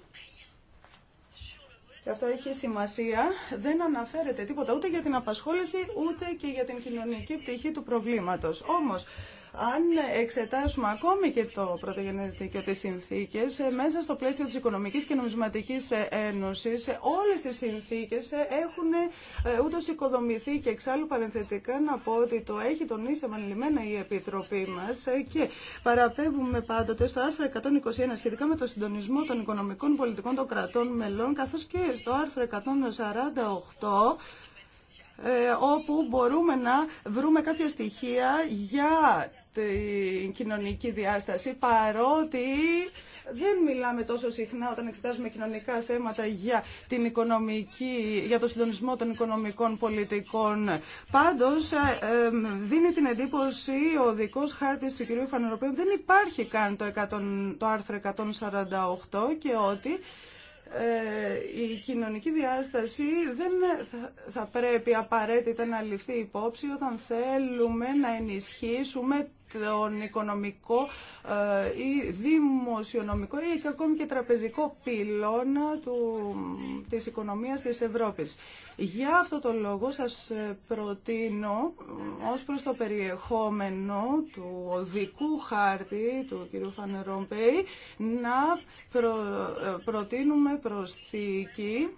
και αυτό έχει σημασία. Δεν αναφέρεται τίποτα ούτε για την απασχόληση ούτε και για την κοινωνική πτυχή του προβλήματος. Όμως, αν εξετάσουμε ακόμη και το πρωτογενές δίκαιο τις συνθήκες, ε, μέσα στο πλαίσιο της Οικονομικής και Νομισματικής ε, Ένωσης, ε, όλες οι συνθήκες έχουν ούτως οικοδομηθεί και εξάλλου παρενθετικά να πω ότι το έχει τονίσει επανειλημμένα η Επιτροπή μας και παραπέμπουμε πάντοτε στο άρθρο 121 σχετικά με το συντονισμό των οικονομικών πολιτικών των κρατών μελών, καθώς και στο άρθρο 148 όπου μπορούμε να βρούμε κάποια στοιχεία για την κοινωνική διάσταση, παρότι δεν μιλάμε τόσο συχνά όταν εξετάζουμε κοινωνικά θέματα για, την οικονομική, για το συντονισμό των οικονομικών πολιτικών. Πάντως, ε, δίνει την εντύπωση ο δικός χάρτης του κυρίου Φανερωπέν δεν υπάρχει καν το, 100, το άρθρο 148 και ότι ε, η κοινωνική διάσταση δεν θα πρέπει απαραίτητα να ληφθεί υπόψη όταν θέλουμε να ενισχύσουμε τον οικονομικό ε, ή δημοσιονομικό ή ακόμη και τραπεζικό πυλώνα του, της οικονομίας της Ευρώπης. Για αυτό το λόγο σας ε, προτείνω ως προς το περιεχόμενο του οδικού χάρτη του κ. Φαν να ε, προτείνουμε προσθήκη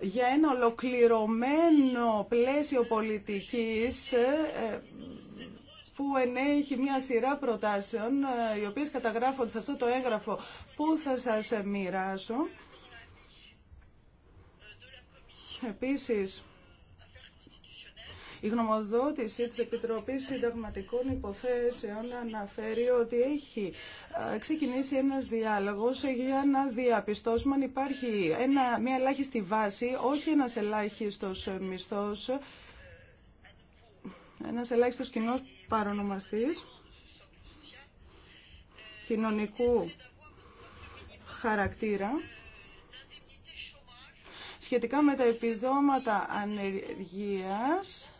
για ένα ολοκληρωμένο πλαίσιο πολιτικής που ενέχει μια σειρά προτάσεων, ε, οι οποίες καταγράφονται σε αυτό το έγγραφο που θα σας μοιράσω. Επίσης, η γνωμοδότηση της Επιτροπής Συνταγματικών Υποθέσεων αναφέρει ότι έχει ε, ξεκινήσει ένας διάλογος για να διαπιστώσουμε αν υπάρχει ένα, μια ελάχιστη βάση, όχι ένας ελάχιστος μισθός, ένας ελάχιστος κοινό παρονομαστής κοινωνικού χαρακτήρα σχετικά με τα επιδόματα ανεργίας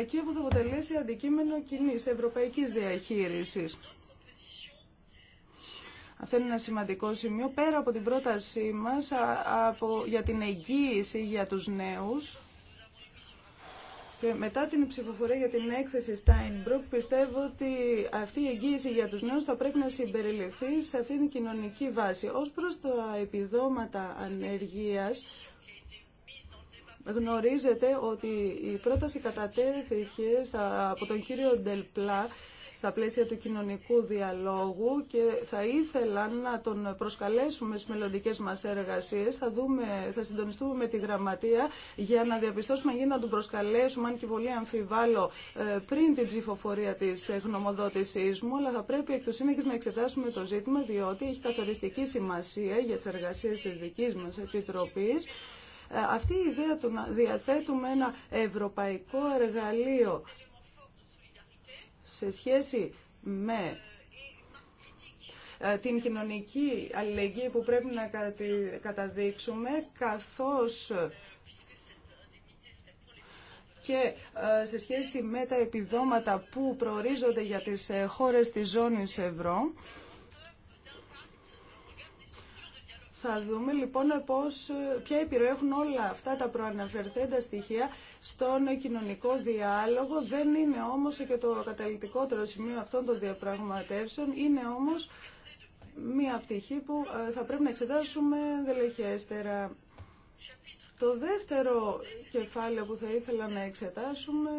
ε, και που θα αποτελέσει αντικείμενο κοινή ευρωπαϊκής διαχείρισης. Αυτό είναι ένα σημαντικό σημείο. Πέρα από την πρότασή μας από, για την εγγύηση για τους νέους, και μετά την ψηφοφορία για την έκθεση Steinbrook, πιστεύω ότι αυτή η εγγύηση για τους νέους θα πρέπει να συμπεριληφθεί σε αυτήν την κοινωνική βάση. Ως προς τα επιδόματα ανεργίας, γνωρίζετε ότι η πρόταση κατατέθηκε από τον κύριο Ντελπλά στα πλαίσια του κοινωνικού διαλόγου και θα ήθελα να τον προσκαλέσουμε στις μελλοντικέ μας εργασίες. Θα, θα συντονιστούμε με τη γραμματεία για να διαπιστώσουμε αν να τον προσκαλέσουμε, αν και πολύ αμφιβάλλω, ε, πριν την ψηφοφορία της γνωμοδότησής μου, αλλά θα πρέπει εκ του να εξετάσουμε το ζήτημα, διότι έχει καθοριστική σημασία για τις εργασίες της δικής μας Επιτροπής. Ε, αυτή η ιδέα του να διαθέτουμε ένα ευρωπαϊκό εργαλείο σε σχέση με ε, την κοινωνική αλληλεγγύη που πρέπει να καταδείξουμε καθώς και ε, σε σχέση με τα επιδόματα που προορίζονται για τις ε, χώρες της ζώνης ευρώ Θα δούμε λοιπόν πώς, ποια επιρροή έχουν όλα αυτά τα προαναφερθέντα στοιχεία στον κοινωνικό διάλογο. Δεν είναι όμως και το καταλητικότερο σημείο αυτών των διαπραγματεύσεων. Είναι όμως μία πτυχή που ε, θα πρέπει να εξετάσουμε δελεχέστερα. Το δεύτερο κεφάλαιο που θα ήθελα να εξετάσουμε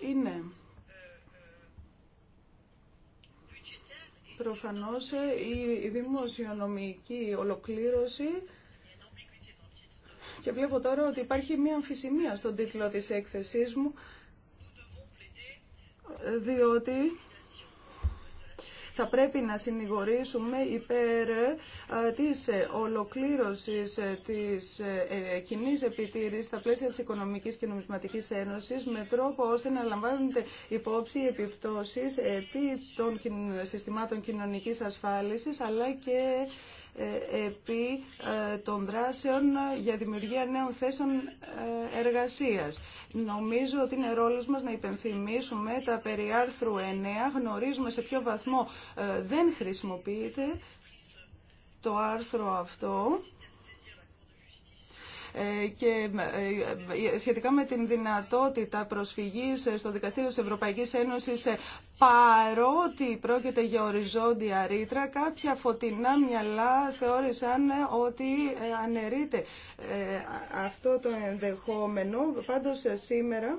είναι Προφανώς η δημοσιονομική ολοκλήρωση και βλέπω τώρα ότι υπάρχει μία αμφισημία στον τίτλο της έκθεσής μου διότι θα πρέπει να συνηγορήσουμε υπέρ ε, της ολοκλήρωσης ε, της ε, κοινή επιτήρησης στα πλαίσια της Οικονομικής και Νομισματικής Ένωσης με τρόπο ώστε να λαμβάνονται υπόψη οι επιπτώσεις επί των συστημάτων κοινωνικής ασφάλισης αλλά και ε, επί ε, των δράσεων για δημιουργία νέων θέσεων ε, εργασίας. Νομίζω ότι είναι ρόλος μας να υπενθυμίσουμε τα περί άρθρου 9, γνωρίζουμε σε ποιο βαθμό δεν χρησιμοποιείται το άρθρο αυτό ε, και ε, ε, σχετικά με την δυνατότητα προσφυγής στο Δικαστήριο της Ευρωπαϊκής Ένωσης παρότι πρόκειται για οριζόντια ρήτρα, κάποια φωτεινά μυαλά θεώρησαν ότι αναιρείται αυτό το ενδεχόμενο. Πάντως σήμερα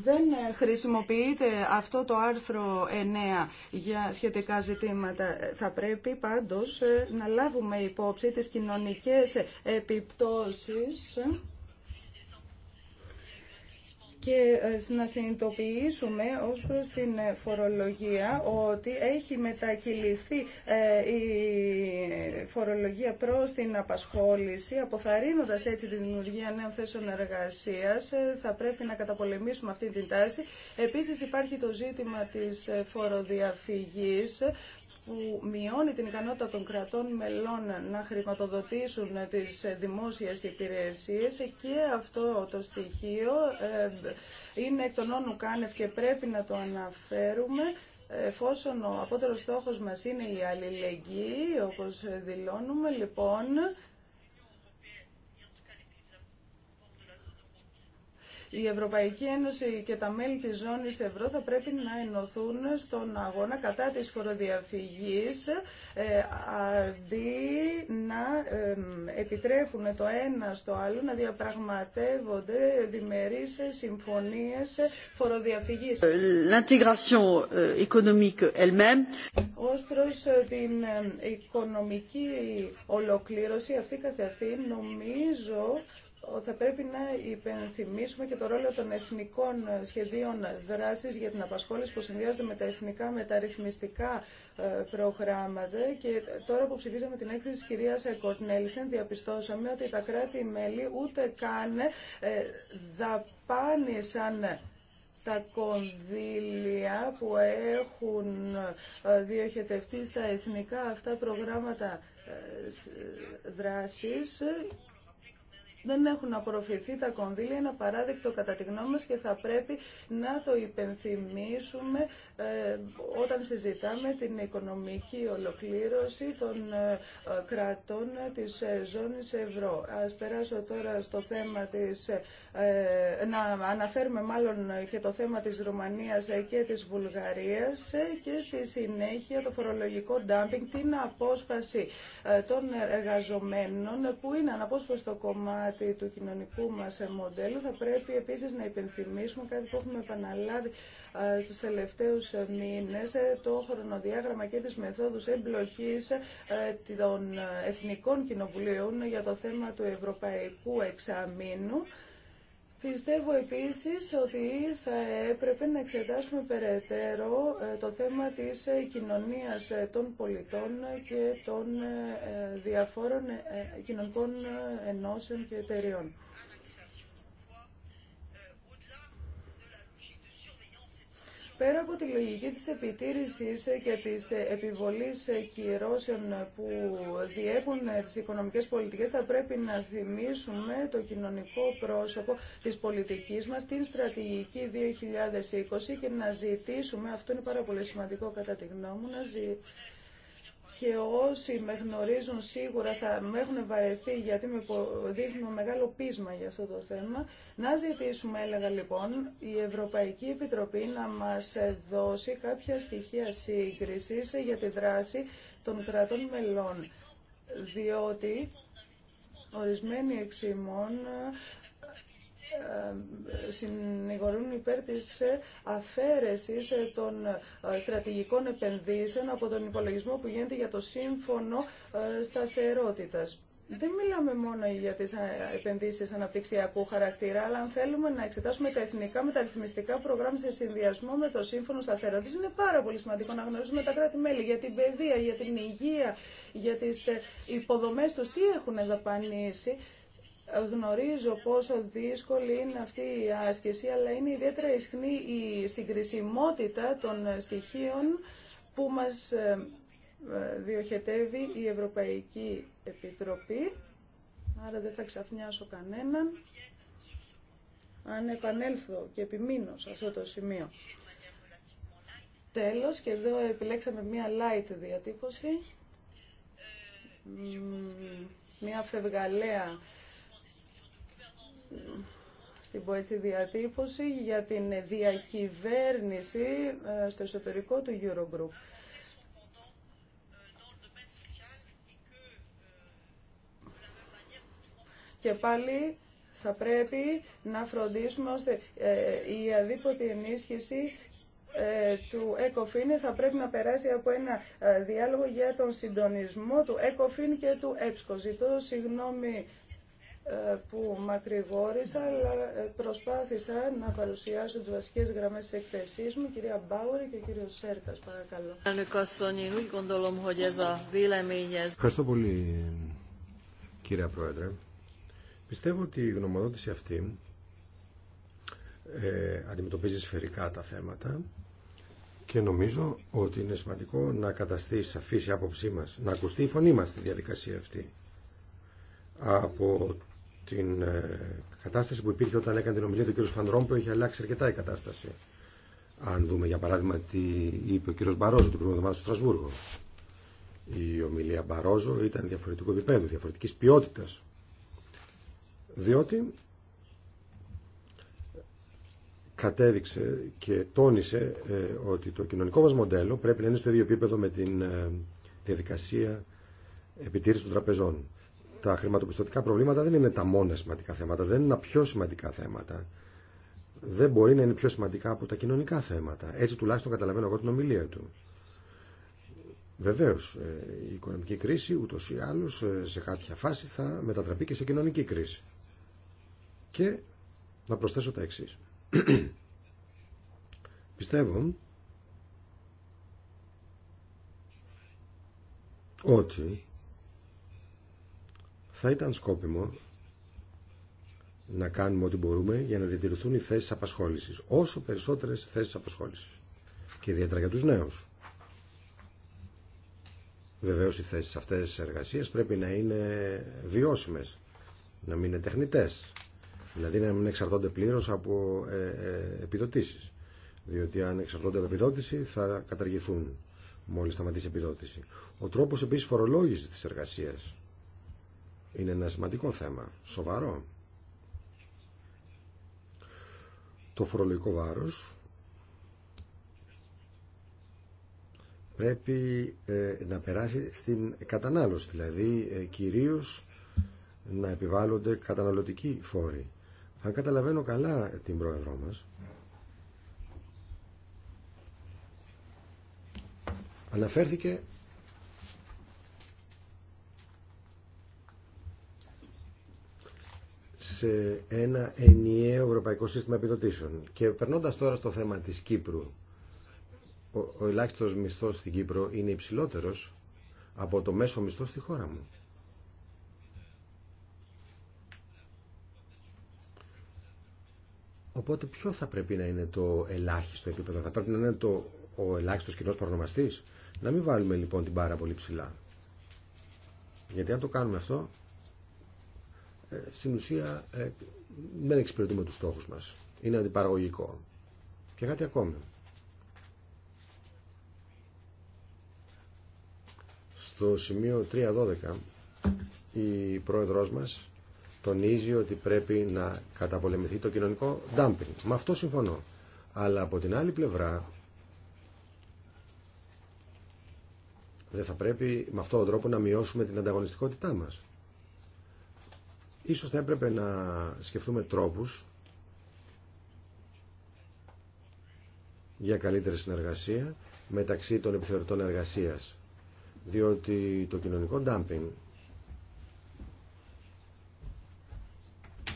δεν χρησιμοποιείται αυτό το άρθρο 9 για σχετικά ζητήματα. Θα πρέπει πάντως ε, να λάβουμε υπόψη τις κοινωνικές επιπτώσεις και ε, να συνειδητοποιήσουμε ως προς την ε, φορολογία ότι έχει μετακυληθεί ε, η φορολογία προς την απασχόληση, αποθαρρύνοντας έτσι τη δημιουργία νέων θέσεων εργασίας. Θα πρέπει να καταπολεμήσουμε αυτή την τάση. Επίσης υπάρχει το ζήτημα της φοροδιαφυγής που μειώνει την ικανότητα των κρατών μελών να χρηματοδοτήσουν τις δημόσιες υπηρεσίες και αυτό το στοιχείο ε, είναι εκ των όνου κάνευ και πρέπει να το αναφέρουμε εφόσον ο απότερος στόχος μας είναι η αλληλεγγύη, όπως δηλώνουμε, λοιπόν, Η Ευρωπαϊκή Ένωση και τα μέλη της ζώνης ευρώ θα πρέπει να ενωθούν στον αγώνα κατά της φοροδιαφυγής ε, αντί να επιτρέπουν το ένα στο άλλο να διαπραγματεύονται διμερείς συμφωνίες φοροδιαφυγής. L'intégration euh, économique elle-même. Ως προς ε, την ε, οικονομική ολοκλήρωση αυτή καθεαυτή νομίζω θα πρέπει να υπενθυμίσουμε και το ρόλο των εθνικών σχεδίων δράσης για την απασχόληση που συνδυάζεται με τα εθνικά μεταρρυθμιστικά ε, προγράμματα και τώρα που ψηφίσαμε την έκθεση της κυρίας Κορνέλισεν διαπιστώσαμε ότι τα κράτη-μέλη ούτε καν ε, δαπάνησαν τα κονδύλια που έχουν ε, διοχετευτεί στα εθνικά αυτά προγράμματα δράσης δεν έχουν απορροφηθεί τα κονδύλια ένα παράδειγμα κατά τη γνώμη μας και θα πρέπει να το υπενθυμίσουμε ε, όταν συζητάμε την οικονομική ολοκλήρωση των ε, ε, κρατών της ζώνης ευρώ. Ας περάσω τώρα στο θέμα της, να αναφέρουμε μάλλον και το θέμα της Ρουμανίας και της Βουλγαρίας και στη συνέχεια το φορολογικό ντάμπινγκ, την απόσπαση των εργαζομένων που είναι αναπόσπαστο κομμάτι του κοινωνικού μας μοντέλου. Θα πρέπει επίσης να υπενθυμίσουμε κάτι που έχουμε επαναλάβει ε, τους τελευταίους μήνες, ε, το χρονοδιάγραμμα και τις μεθόδους εμπλοκής ε, των Εθνικών Κοινοβουλίων για το θέμα του Ευρωπαϊκού Εξαμήνου. Πιστεύω επίσης ότι θα έπρεπε να εξετάσουμε περαιτέρω ε, το θέμα της ε, κοινωνίας ε, των πολιτών και των διαφόρων κοινωνικών ενώσεων και εταιριών. Πέρα από τη λογική της επιτήρησης και της επιβολής κυρώσεων που διέπουν τις οικονομικές πολιτικές, θα πρέπει να θυμίσουμε το κοινωνικό πρόσωπο της πολιτικής μας, την στρατηγική 2020 και να ζητήσουμε, αυτό είναι πάρα πολύ σημαντικό κατά τη γνώμη μου, και όσοι με γνωρίζουν σίγουρα θα με έχουν βαρεθεί γιατί με μεγάλο πείσμα για αυτό το θέμα. Να ζητήσουμε, έλεγα λοιπόν, η Ευρωπαϊκή Επιτροπή να μας δώσει κάποια στοιχεία σύγκρισης για τη δράση των κρατών μελών. Διότι ορισμένοι εξήμων ε, συνηγορούν υπέρ της αφαίρεσης των ε, στρατηγικών επενδύσεων από τον υπολογισμό που γίνεται για το σύμφωνο ε, σταθερότητας. Δεν μιλάμε μόνο για τι επενδύσει αναπτυξιακού χαρακτήρα, αλλά αν θέλουμε να εξετάσουμε τα εθνικά μεταρρυθμιστικά προγράμματα σε συνδυασμό με το Σύμφωνο Σταθερότητα, είναι πάρα πολύ σημαντικό να γνωρίζουμε τα κράτη-μέλη για την παιδεία, για την υγεία, για τι υποδομέ του, τι έχουν δαπανίσει Γνωρίζω πόσο δύσκολη είναι αυτή η άσκηση, αλλά είναι ιδιαίτερα ισχνή η συγκρισιμότητα των στοιχείων που μας ε, ε, διοχετεύει η Ευρωπαϊκή Επιτροπή. Άρα δεν θα ξαφνιάσω κανέναν αν επανέλθω και επιμείνω σε αυτό το σημείο. Τέλος, και εδώ επιλέξαμε μία light διατύπωση, μία φευγαλαία στην έτσι διατύπωση για την διακυβέρνηση ε, στο εσωτερικό του Eurogroup. Και πάλι θα πρέπει να φροντίσουμε ώστε ε, η αδίποτη ενίσχυση ε, του ΕΚΟΦΗΝ θα πρέπει να περάσει από ένα διάλογο για τον συντονισμό του ΕΚΟΦΗΝ και του ΕΠΣΚΟ. Ζητώ συγγνώμη ε, που μακρηγόρησα, αλλά ε, προσπάθησα να παρουσιάσω τις βασικές γραμμές της εκθεσής μου, κυρία Μπάουρη και κύριο Σέρκας, παρακαλώ. Ευχαριστώ πολύ, κύριε Πρόεδρε. Πιστεύω ότι η γνωμοδότηση αυτή ε, αντιμετωπίζει σφαιρικά τα θέματα και νομίζω ότι είναι σημαντικό να καταστεί σαφής η άποψή μας, να ακουστεί η φωνή μας στη διαδικασία αυτή από την ε, κατάσταση που υπήρχε όταν έκανε την ομιλία του κ. που έχει αλλάξει αρκετά η κατάσταση. Αν δούμε για παράδειγμα τι είπε ο κ. Μπαρόζο την προηγούμενη εβδομάδα στο Στρασβούργο. Η ομιλία Μπαρόζο ήταν διαφορετικού επίπεδου, διαφορετική ποιότητα. Διότι κατέδειξε και τόνισε ε, ότι το κοινωνικό μας μοντέλο πρέπει να είναι στο ίδιο επίπεδο με την ε, διαδικασία επιτήρηση των τραπεζών τα χρηματοπιστωτικά προβλήματα δεν είναι τα μόνα σημαντικά θέματα, δεν είναι τα πιο σημαντικά θέματα. Δεν μπορεί να είναι πιο σημαντικά από τα κοινωνικά θέματα. Έτσι τουλάχιστον καταλαβαίνω εγώ την ομιλία του. Βεβαίω, ε, η οικονομική κρίση ούτω ή άλλω ε, σε κάποια φάση θα μετατραπεί και σε κοινωνική κρίση. Και να προσθέσω τα εξή. Πιστεύω ότι θα ήταν σκόπιμο να κάνουμε ό,τι μπορούμε για να διατηρηθούν οι θέσεις απασχόλησης. Όσο περισσότερες θέσεις απασχόλησης. Και ιδιαίτερα για τους νέους. Βεβαίως οι θέσεις αυτές της εργασίας πρέπει να είναι βιώσιμες. να μην είναι τεχνητές. Δηλαδή να μην εξαρτώνται πλήρω από ε, ε επιδοτήσει. Διότι αν εξαρτώνται από επιδότηση θα καταργηθούν μόλις σταματήσει η επιδότηση. Ο τρόπος επίση φορολόγηση τη είναι ένα σημαντικό θέμα, σοβαρό. Το φορολογικό βάρος πρέπει ε, να περάσει στην κατανάλωση, δηλαδή ε, κυρίως να επιβάλλονται καταναλωτικοί φόροι. Αν καταλαβαίνω καλά την πρόεδρό μας, αναφέρθηκε σε ένα ενιαίο ευρωπαϊκό σύστημα επιδοτήσεων. Και περνώντα τώρα στο θέμα της Κύπρου, ο, ο ελάχιστος μισθός στην Κύπρο είναι υψηλότερο από το μέσο μισθό στη χώρα μου. Οπότε ποιο θα πρέπει να είναι το ελάχιστο επίπεδο, θα πρέπει να είναι το, ο ελάχιστος κοινός παρονομαστής. Να μην βάλουμε λοιπόν την πάρα πολύ ψηλά. Γιατί αν το κάνουμε αυτό, στην ουσία ε, δεν εξυπηρετούμε τους στόχους μας. Είναι αντιπαραγωγικό. Και κάτι ακόμη. Στο σημείο 3.12 η πρόεδρός μας τονίζει ότι πρέπει να καταπολεμηθεί το κοινωνικό dumping. Με αυτό συμφωνώ. Αλλά από την άλλη πλευρά δεν θα πρέπει με αυτόν τον τρόπο να μειώσουμε την ανταγωνιστικότητά μας. Ίσως θα έπρεπε να σκεφτούμε τρόπους για καλύτερη συνεργασία μεταξύ των επιθεωρητών εργασίας διότι το κοινωνικό ντάμπινγκ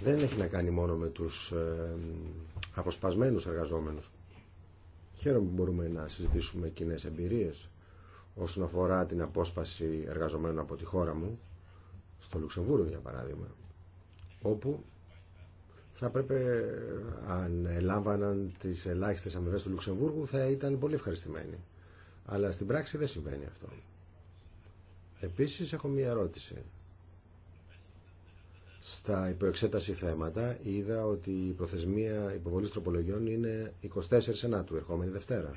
δεν έχει να κάνει μόνο με τους ε, αποσπασμένους εργαζόμενους. Χαίρομαι που μπορούμε να συζητήσουμε κοινέ εμπειρίες όσον αφορά την απόσπαση εργαζομένων από τη χώρα μου, στο Λουξεμβούργο για παράδειγμα όπου θα έπρεπε αν ελάμβαναν τις ελάχιστες αμοιβές του Λουξεμβούργου θα ήταν πολύ ευχαριστημένοι. Αλλά στην πράξη δεν συμβαίνει αυτό. Επίσης έχω μία ερώτηση. Στα υποεξέταση θέματα είδα ότι η προθεσμία υποβολής τροπολογιών είναι 24 Σενάτου, ερχόμενη Δευτέρα.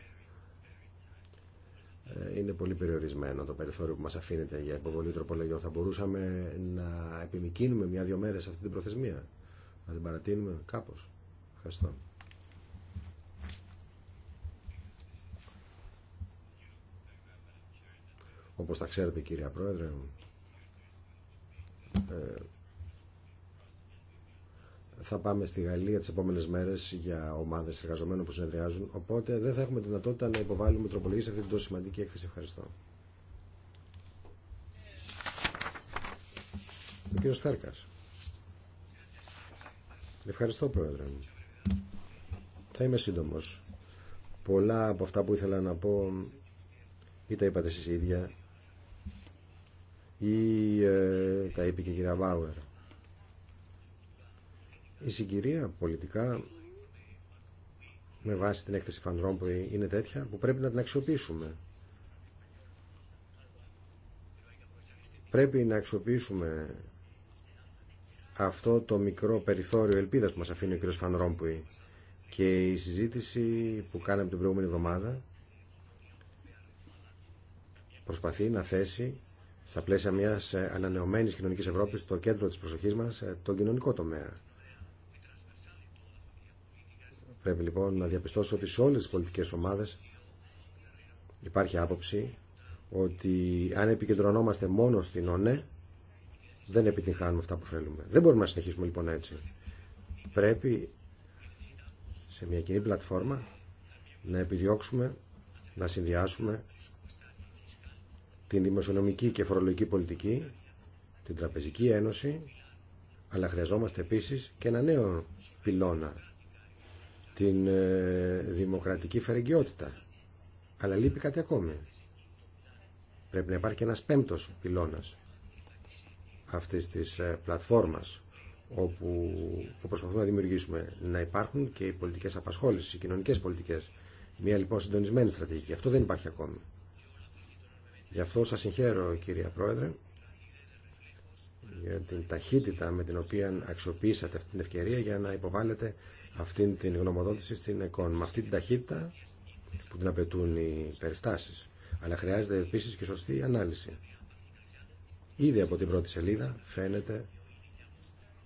Ε, είναι πολύ περιορισμένο το περιθώριο που μας αφήνεται για υποβολή τροπολογιών. Θα μπορούσαμε να επιμηκύνουμε μια-δυο μέρες αυτή την προθεσμία. Να την παρατείνουμε κάπως. Ευχαριστώ. Όπως τα ξέρετε κυρία Πρόεδρε, ε, θα πάμε στη Γαλλία τις επόμενες μέρες για ομάδε εργαζομένων που συνεδριάζουν, οπότε δεν θα έχουμε δυνατότητα να υποβάλουμε τροπολογίες σε αυτή την τόσο σημαντική έκθεση. Ευχαριστώ. Ο κύριο Θέρκα. Ευχαριστώ, Πρόεδρε. Θα είμαι σύντομο. Πολλά από αυτά που ήθελα να πω ή τα είπατε εσεί ίδια ή ε, τα είπε και η κυρία Βάουερ. Η συγκυρία πολιτικά με βάση την έκθεση Φαντρών είναι τέτοια που πρέπει να την αξιοποιήσουμε. Πρέπει να αξιοποιήσουμε αυτό το μικρό περιθώριο ελπίδας που μας αφήνει ο κ. Φανρόμπουη και η συζήτηση που κάναμε την προηγούμενη εβδομάδα προσπαθεί να θέσει στα πλαίσια μιας ανανεωμένης κοινωνικής Ευρώπης το κέντρο της προσοχής μας ε, τον κοινωνικό τομέα. Πρέπει λοιπόν να διαπιστώσω ότι σε όλες τις πολιτικές ομάδες υπάρχει άποψη ότι αν επικεντρωνόμαστε μόνο στην ΟΝΕ δεν επιτυγχάνουμε αυτά που θέλουμε. Δεν μπορούμε να συνεχίσουμε λοιπόν έτσι. Πρέπει σε μια κοινή πλατφόρμα να επιδιώξουμε να συνδυάσουμε την δημοσιονομική και φορολογική πολιτική, την τραπεζική ένωση, αλλά χρειαζόμαστε επίσης και ένα νέο πυλώνα την ε, δημοκρατική φερεγγιότητα. Αλλά λείπει κάτι ακόμη. Πρέπει να υπάρχει και ένας πέμπτος πυλώνας αυτής της ε, πλατφόρμας όπου, που προσπαθούμε να δημιουργήσουμε. Να υπάρχουν και οι πολιτικές απασχόλησεις, οι κοινωνικές πολιτικές. Μία λοιπόν συντονισμένη στρατηγική. Αυτό δεν υπάρχει ακόμη. Γι' αυτό σας συγχαίρω κυρία Πρόεδρε για την ταχύτητα με την οποία αξιοποιήσατε αυτή την ευκαιρία για να υποβάλλετε αυτή την γνωμοδότηση στην ΕΚΟΝ με αυτή την ταχύτητα που την απαιτούν οι περιστάσεις. Αλλά χρειάζεται επίσης και σωστή ανάλυση. Ήδη από την πρώτη σελίδα φαίνεται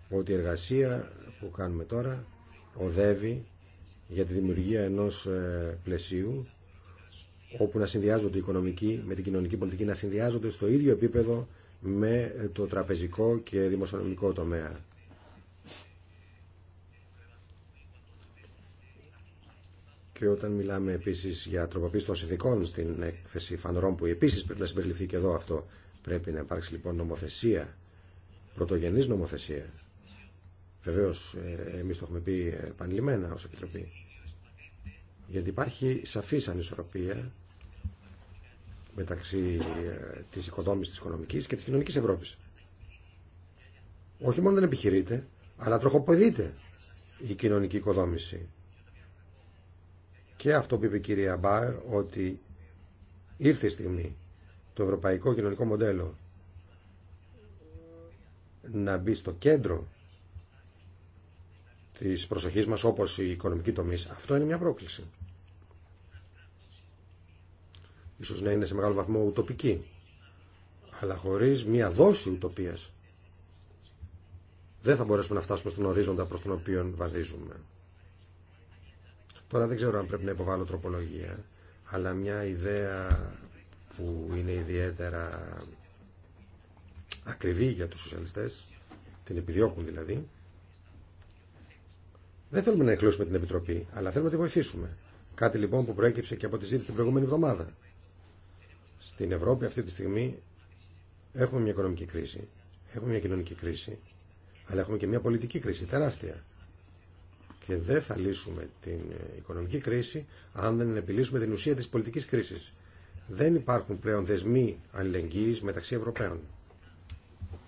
ότι η εργασία που κάνουμε τώρα οδεύει για τη δημιουργία ενός ε, πλαισίου όπου να συνδυάζονται οι οικονομική με την κοινωνική πολιτική, να συνδυάζονται στο ίδιο επίπεδο με το τραπεζικό και δημοσιονομικό τομέα. όταν μιλάμε επίση για τροποποίηση των συνθηκών στην έκθεση φανερών που επίση πρέπει να συμπεριληφθεί και εδώ αυτό, πρέπει να υπάρξει λοιπόν νομοθεσία, πρωτογενή νομοθεσία. Βεβαίω, ε, εμεί το έχουμε πει επανειλημμένα ω Επιτροπή. Γιατί υπάρχει σαφή ανισορροπία μεταξύ ε, τη οικοδόμηση τη οικονομική και τη κοινωνική Ευρώπη. Όχι μόνο δεν επιχειρείται, αλλά τροχοποιείται η κοινωνική οικοδόμηση και αυτό που είπε η κυρία Μπάερ ότι ήρθε η στιγμή το ευρωπαϊκό κοινωνικό μοντέλο να μπει στο κέντρο της προσοχής μας όπως η οικονομική τομή. Αυτό είναι μια πρόκληση. Ίσως να είναι σε μεγάλο βαθμό ουτοπική, αλλά χωρίς μια δόση ουτοπίας δεν θα μπορέσουμε να φτάσουμε στον ορίζοντα προς τον οποίο βαδίζουμε. Τώρα δεν ξέρω αν πρέπει να υποβάλω τροπολογία, αλλά μια ιδέα που είναι ιδιαίτερα ακριβή για τους σοσιαλιστές, την επιδιώκουν δηλαδή, δεν θέλουμε να εκλώσουμε την Επιτροπή, αλλά θέλουμε να τη βοηθήσουμε. Κάτι λοιπόν που προέκυψε και από τη ζήτηση την προηγούμενη εβδομάδα. Στην Ευρώπη αυτή τη στιγμή έχουμε μια οικονομική κρίση, έχουμε μια κοινωνική κρίση, αλλά έχουμε και μια πολιτική κρίση τεράστια και δεν θα λύσουμε την οικονομική κρίση αν δεν επιλύσουμε την ουσία της πολιτικής κρίσης. Δεν υπάρχουν πλέον δεσμοί αλληλεγγύης μεταξύ Ευρωπαίων.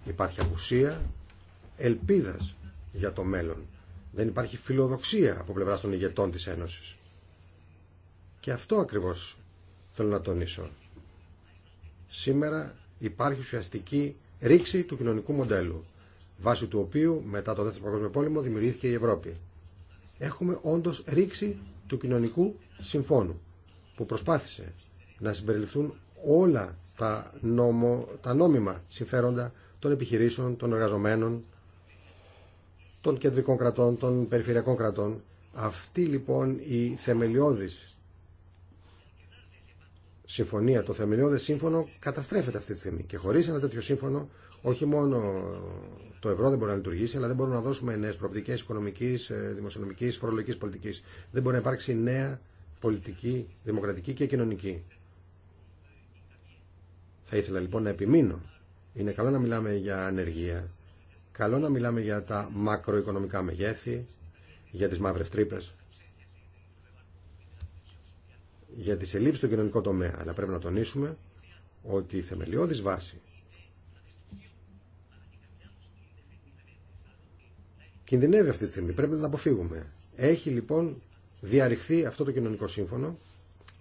Υπάρχει απουσία ελπίδας για το μέλλον. Δεν υπάρχει φιλοδοξία από πλευράς των ηγετών της Ένωσης. Και αυτό ακριβώς θέλω να τονίσω. Σήμερα υπάρχει ουσιαστική ρήξη του κοινωνικού μοντέλου, βάσει του οποίου μετά το Δεύτερο Παγκόσμιο Πόλεμο δημιουργήθηκε η Ευρώπη έχουμε όντως ρήξη του κοινωνικού συμφώνου που προσπάθησε να συμπεριληφθούν όλα τα, νόμο, τα νόμιμα συμφέροντα των επιχειρήσεων, των εργαζομένων, των κεντρικών κρατών, των περιφερειακών κρατών. Αυτή λοιπόν η θεμελιώδης συμφωνία, το θεμελιώδες σύμφωνο καταστρέφεται αυτή τη στιγμή και χωρίς ένα τέτοιο σύμφωνο όχι μόνο το ευρώ δεν μπορεί να λειτουργήσει, αλλά δεν μπορούμε να δώσουμε νέε προοπτικέ οικονομική, ε, δημοσιονομική, φορολογική πολιτική. Δεν μπορεί να υπάρξει νέα πολιτική, δημοκρατική και κοινωνική. Θα ήθελα λοιπόν να επιμείνω. Είναι καλό να μιλάμε για ανεργία, καλό να μιλάμε για τα μακροοικονομικά μεγέθη, για τις μαύρες τρύπε, για τις ελλείψεις στο κοινωνικό τομέα. Αλλά πρέπει να τονίσουμε ότι η θεμελιώδης βάση κινδυνεύει αυτή τη στιγμή. Πρέπει να την αποφύγουμε. Έχει λοιπόν διαρριχθεί αυτό το κοινωνικό σύμφωνο,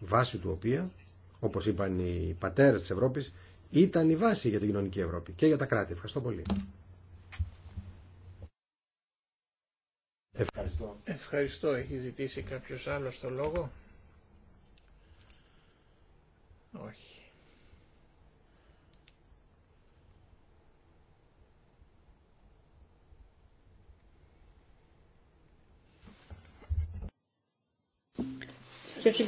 βάση του οποία, όπω είπαν οι πατέρε τη Ευρώπη, ήταν η βάση για την κοινωνική Ευρώπη και για τα κράτη. Ευχαριστώ πολύ. Ευχαριστώ. Ευχαριστώ. Έχει ζητήσει κάποιος άλλος το λόγο. Όχι. Y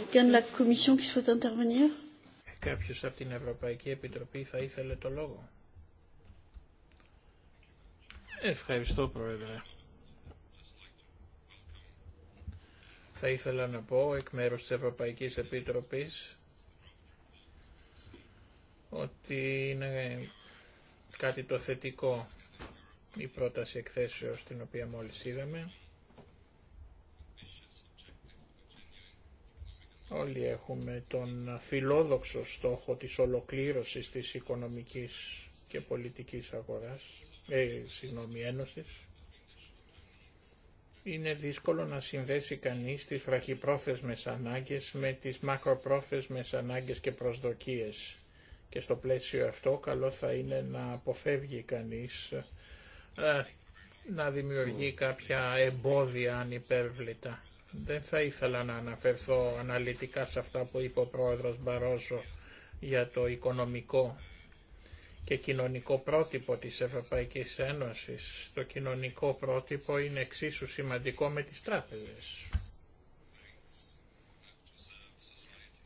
Κάποιος από την Ευρωπαϊκή Επιτροπή θα ήθελε το λόγο. Ευχαριστώ Πρόεδρε. Θα ήθελα να πω εκ μέρους της Ευρωπαϊκής Επιτροπής ότι είναι κάτι το θετικό η πρόταση εκθέσεως την οποία μόλις είδαμε. Όλοι έχουμε τον φιλόδοξο στόχο της ολοκλήρωσης της οικονομικής και πολιτικής αγοράς, ε, ένωσης. Είναι δύσκολο να συνδέσει κανείς τις βραχυπρόθεσμες ανάγκες με τις μακροπρόθεσμες ανάγκες και προσδοκίες. Και στο πλαίσιο αυτό καλό θα είναι να αποφεύγει κανείς ε, να δημιουργεί mm. κάποια εμπόδια ανυπέρβλητα. Δεν θα ήθελα να αναφερθώ αναλυτικά σε αυτά που είπε ο πρόεδρος Μπαρόζο για το οικονομικό και κοινωνικό πρότυπο της Ευρωπαϊκής Ένωσης. Το κοινωνικό πρότυπο είναι εξίσου σημαντικό με τις τράπεζες.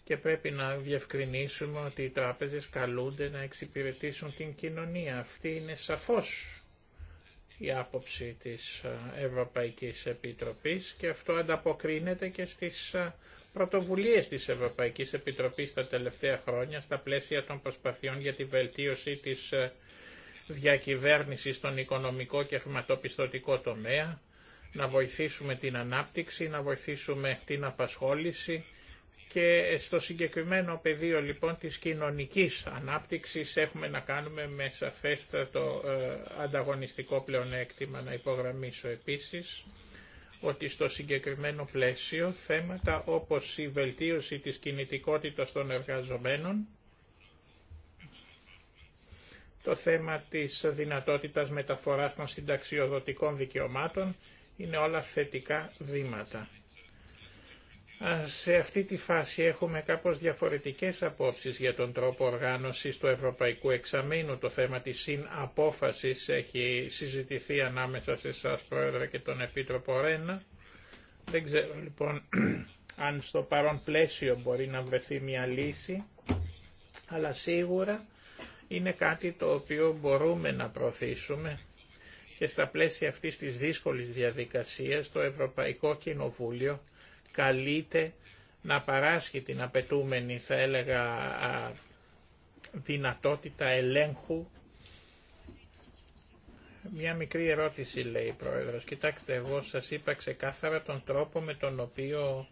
Και πρέπει να διευκρινίσουμε ότι οι τράπεζες καλούνται να εξυπηρετήσουν την κοινωνία. Αυτή είναι σαφώς η άποψη της ε, Ευρωπαϊκής Επιτροπής και αυτό ανταποκρίνεται και στις ε, πρωτοβουλίες της Ευρωπαϊκής Επιτροπής τα τελευταία χρόνια στα πλαίσια των προσπαθειών για τη βελτίωση της ε, διακυβέρνησης στον οικονομικό και χρηματοπιστωτικό τομέα, να βοηθήσουμε την ανάπτυξη, να βοηθήσουμε την απασχόληση, και στο συγκεκριμένο πεδίο λοιπόν της κοινωνικής ανάπτυξης έχουμε να κάνουμε με σαφέστατο ε, ανταγωνιστικό πλεονέκτημα να υπογραμμίσω επίσης ότι στο συγκεκριμένο πλαίσιο θέματα όπως η βελτίωση της κινητικότητας των εργαζομένων, το θέμα της δυνατότητας μεταφοράς των συνταξιοδοτικών δικαιωμάτων είναι όλα θετικά βήματα σε αυτή τη φάση έχουμε κάπως διαφορετικές απόψεις για τον τρόπο οργάνωσης του Ευρωπαϊκού Εξαμήνου. Το θέμα της συναπόφασης έχει συζητηθεί ανάμεσα σε εσά Πρόεδρε και τον Επίτροπο Ρένα. Δεν ξέρω λοιπόν αν στο παρόν πλαίσιο μπορεί να βρεθεί μια λύση, αλλά σίγουρα είναι κάτι το οποίο μπορούμε να προωθήσουμε και στα πλαίσια αυτής της δύσκολης διαδικασίας το Ευρωπαϊκό Κοινοβούλιο καλείται να παράσχει την απαιτούμενη, θα έλεγα, δυνατότητα ελέγχου. Μια μικρή ερώτηση, λέει η Πρόεδρος. Κοιτάξτε, εγώ σας είπα ξεκάθαρα τον τρόπο με τον οποίο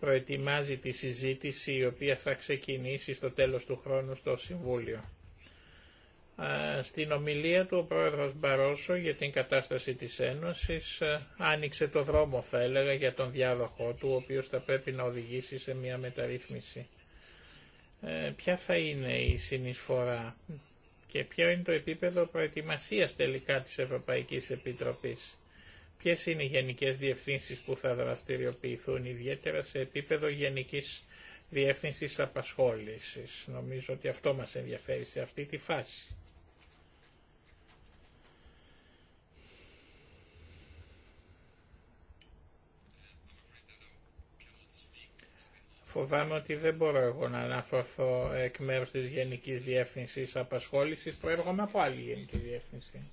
προετοιμάζει τη συζήτηση η οποία θα ξεκινήσει στο τέλος του χρόνου στο Συμβούλιο. Ε, στην ομιλία του ο πρόεδρος Μπαρόσο για την κατάσταση της Ένωσης ε, άνοιξε το δρόμο θα έλεγα για τον διάδοχό του ο οποίος θα πρέπει να οδηγήσει σε μια μεταρρύθμιση. Ε, ποια θα είναι η συνεισφορά και ποιο είναι το επίπεδο προετοιμασίας τελικά της Ευρωπαϊκής Επιτροπής. Ποιες είναι οι γενικές διευθύνσεις που θα δραστηριοποιηθούν ιδιαίτερα σε επίπεδο γενικής διεύθυνσης απασχόλησης. Νομίζω ότι αυτό μας ενδιαφέρει σε αυτή τη φάση. Φοβάμαι ότι δεν μπορώ εγώ να αναφερθώ εκ μέρους της Γενικής Διεύθυνσης Απασχόλησης. Το έργο από άλλη Γενική Διεύθυνση.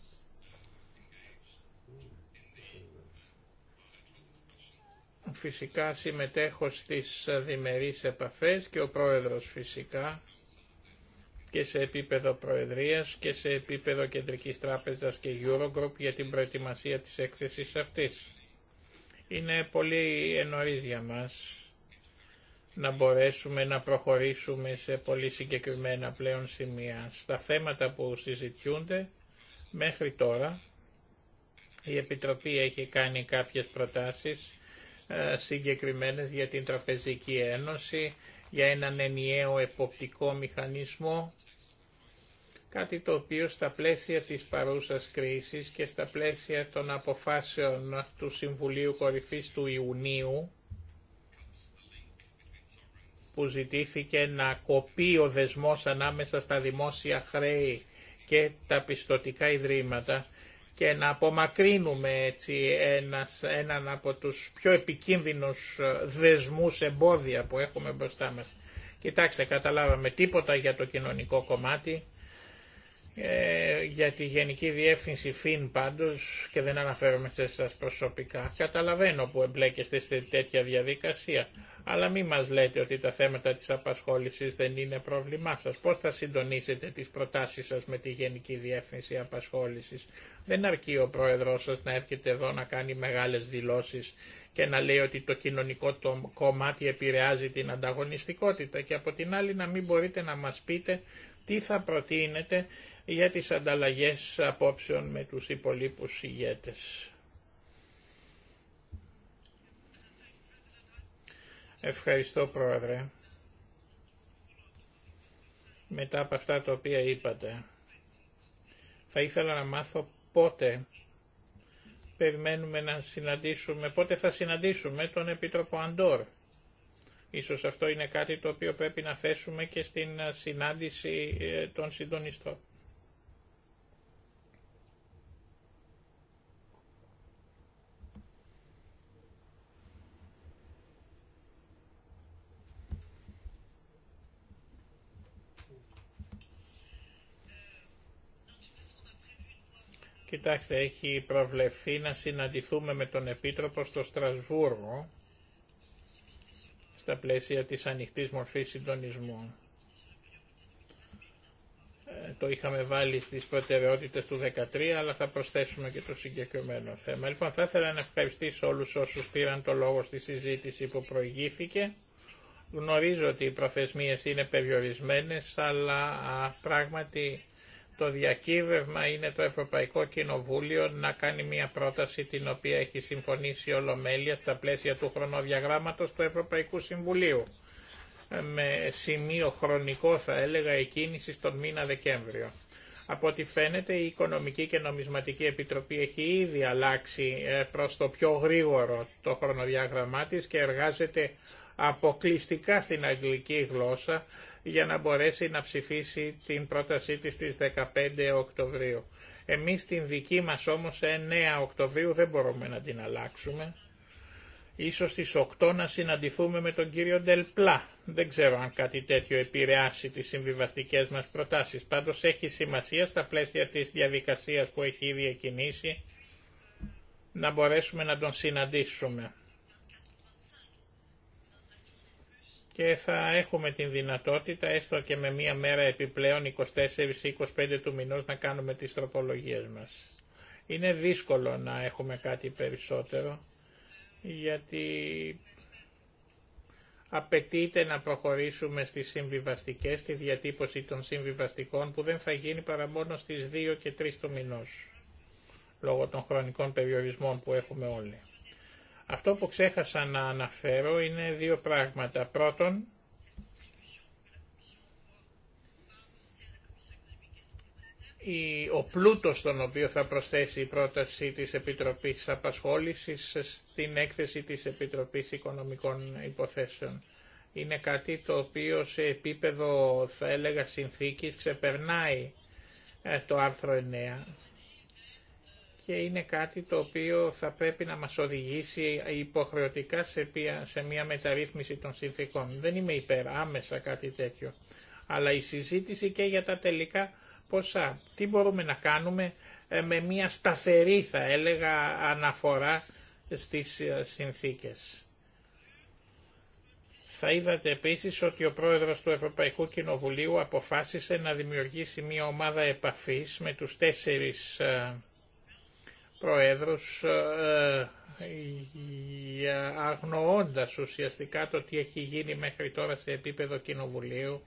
Φυσικά συμμετέχω στις διμερείς επαφές και ο πρόεδρος φυσικά και σε επίπεδο Προεδρίας και σε επίπεδο Κεντρικής Τράπεζας και Eurogroup για την προετοιμασία της έκθεσης αυτής. Είναι πολύ ενωρίς για μας να μπορέσουμε να προχωρήσουμε σε πολύ συγκεκριμένα πλέον σημεία. Στα θέματα που συζητιούνται μέχρι τώρα η Επιτροπή έχει κάνει κάποιες προτάσεις ε, συγκεκριμένες για την Τραπεζική Ένωση, για έναν ενιαίο εποπτικό μηχανισμό, κάτι το οποίο στα πλαίσια της παρούσας κρίσης και στα πλαίσια των αποφάσεων του Συμβουλίου Κορυφής του Ιουνίου που ζητήθηκε να κοπεί ο δεσμός ανάμεσα στα δημόσια χρέη και τα πιστοτικά ιδρύματα και να απομακρύνουμε έτσι ένας, έναν από τους πιο επικίνδυνους ε, δεσμούς εμπόδια που έχουμε μπροστά μας. Κοιτάξτε, καταλάβαμε τίποτα για το κοινωνικό κομμάτι, ε, για τη Γενική Διεύθυνση ΦΙΝ πάντως και δεν αναφέρομαι σε σας προσωπικά. Καταλαβαίνω που εμπλέκεστε σε τέτοια διαδικασία, αλλά μην μας λέτε ότι τα θέματα της απασχόλησης δεν είναι πρόβλημά σας. Πώς θα συντονίσετε τις προτάσεις σας με τη Γενική Διεύθυνση Απασχόλησης. Δεν αρκεί ο πρόεδρός σας να έρχεται εδώ να κάνει μεγάλες δηλώσεις και να λέει ότι το κοινωνικό το κομμάτι επηρεάζει την ανταγωνιστικότητα και από την άλλη να μην μπορείτε να μας πείτε τι θα προτείνετε για τις ανταλλαγές απόψεων με τους υπολείπους ηγέτες. Ευχαριστώ Πρόεδρε. Μετά από αυτά τα οποία είπατε, θα ήθελα να μάθω πότε περιμένουμε να συναντήσουμε, πότε θα συναντήσουμε τον Επίτροπο Αντόρ. Ίσως αυτό είναι κάτι το οποίο πρέπει να θέσουμε και στην ε, συνάντηση ε, των συντονιστών. Κοιτάξτε, έχει προβλεφθεί να συναντηθούμε με τον Επίτροπο στο Στρασβούργο στα πλαίσια της ανοιχτής μορφής συντονισμού. Ε, το είχαμε βάλει στις προτεραιότητες του 2013, αλλά θα προσθέσουμε και το συγκεκριμένο θέμα. Λοιπόν, θα ήθελα να ευχαριστήσω όλους όσους πήραν το λόγο στη συζήτηση που προηγήθηκε. Γνωρίζω ότι οι προθεσμίες είναι περιορισμένες, αλλά πράγματι το διακύβευμα είναι το Ευρωπαϊκό Κοινοβούλιο να κάνει μια πρόταση την οποία έχει συμφωνήσει Ολομέλεια στα πλαίσια του χρονοδιαγράμματος του Ευρωπαϊκού Συμβουλίου ε, με σημείο χρονικό θα έλεγα εκκίνηση τον μήνα Δεκέμβριο. Από ό,τι φαίνεται η Οικονομική και Νομισματική Επιτροπή έχει ήδη αλλάξει ε, προς το πιο γρήγορο το χρονοδιάγραμμά της και εργάζεται αποκλειστικά στην αγγλική γλώσσα για να μπορέσει να ψηφίσει την πρότασή της στις 15 Οκτωβρίου. Εμείς την δική μας όμως 9 Οκτωβρίου δεν μπορούμε να την αλλάξουμε. Ίσως στις 8 να συναντηθούμε με τον κύριο Ντελπλά. Δεν ξέρω αν κάτι τέτοιο επηρεάσει τις συμβιβαστικές μας προτάσεις. Πάντως έχει σημασία στα πλαίσια της διαδικασίας που έχει ήδη εκινήσει να μπορέσουμε να τον συναντήσουμε. και θα έχουμε την δυνατότητα έστω και με μία μέρα επιπλέον 24-25 του μηνός να κάνουμε τις τροπολογίες μας. Είναι δύσκολο να έχουμε κάτι περισσότερο γιατί απαιτείται να προχωρήσουμε στις συμβιβαστικές, στη διατύπωση των συμβιβαστικών που δεν θα γίνει παρά μόνο στις 2 και 3 του μηνός λόγω των χρονικών περιορισμών που έχουμε όλοι. Αυτό που ξέχασα να αναφέρω είναι δύο πράγματα. Πρώτον, ο πλούτος τον οποίο θα προσθέσει η πρόταση της Επιτροπής Απασχόλησης στην έκθεση της Επιτροπής Οικονομικών Υποθέσεων. Είναι κάτι το οποίο σε επίπεδο θα έλεγα συνθήκης ξεπερνάει ε, το άρθρο 9 και είναι κάτι το οποίο θα πρέπει να μας οδηγήσει υποχρεωτικά σε μια μεταρρύθμιση των συνθήκων. Δεν είμαι υπέρ άμεσα κάτι τέτοιο. Αλλά η συζήτηση και για τα τελικά ποσά. Τι μπορούμε να κάνουμε ε, με μια σταθερή θα έλεγα αναφορά στις ε, συνθήκες. Θα είδατε επίσης ότι ο πρόεδρος του Ευρωπαϊκού Κοινοβουλίου αποφάσισε να δημιουργήσει μια ομάδα επαφής με τους τέσσερις ε, Προέδρους ε, ε, αγνοώντας ουσιαστικά το τι έχει γίνει μέχρι τώρα σε επίπεδο κοινοβουλίου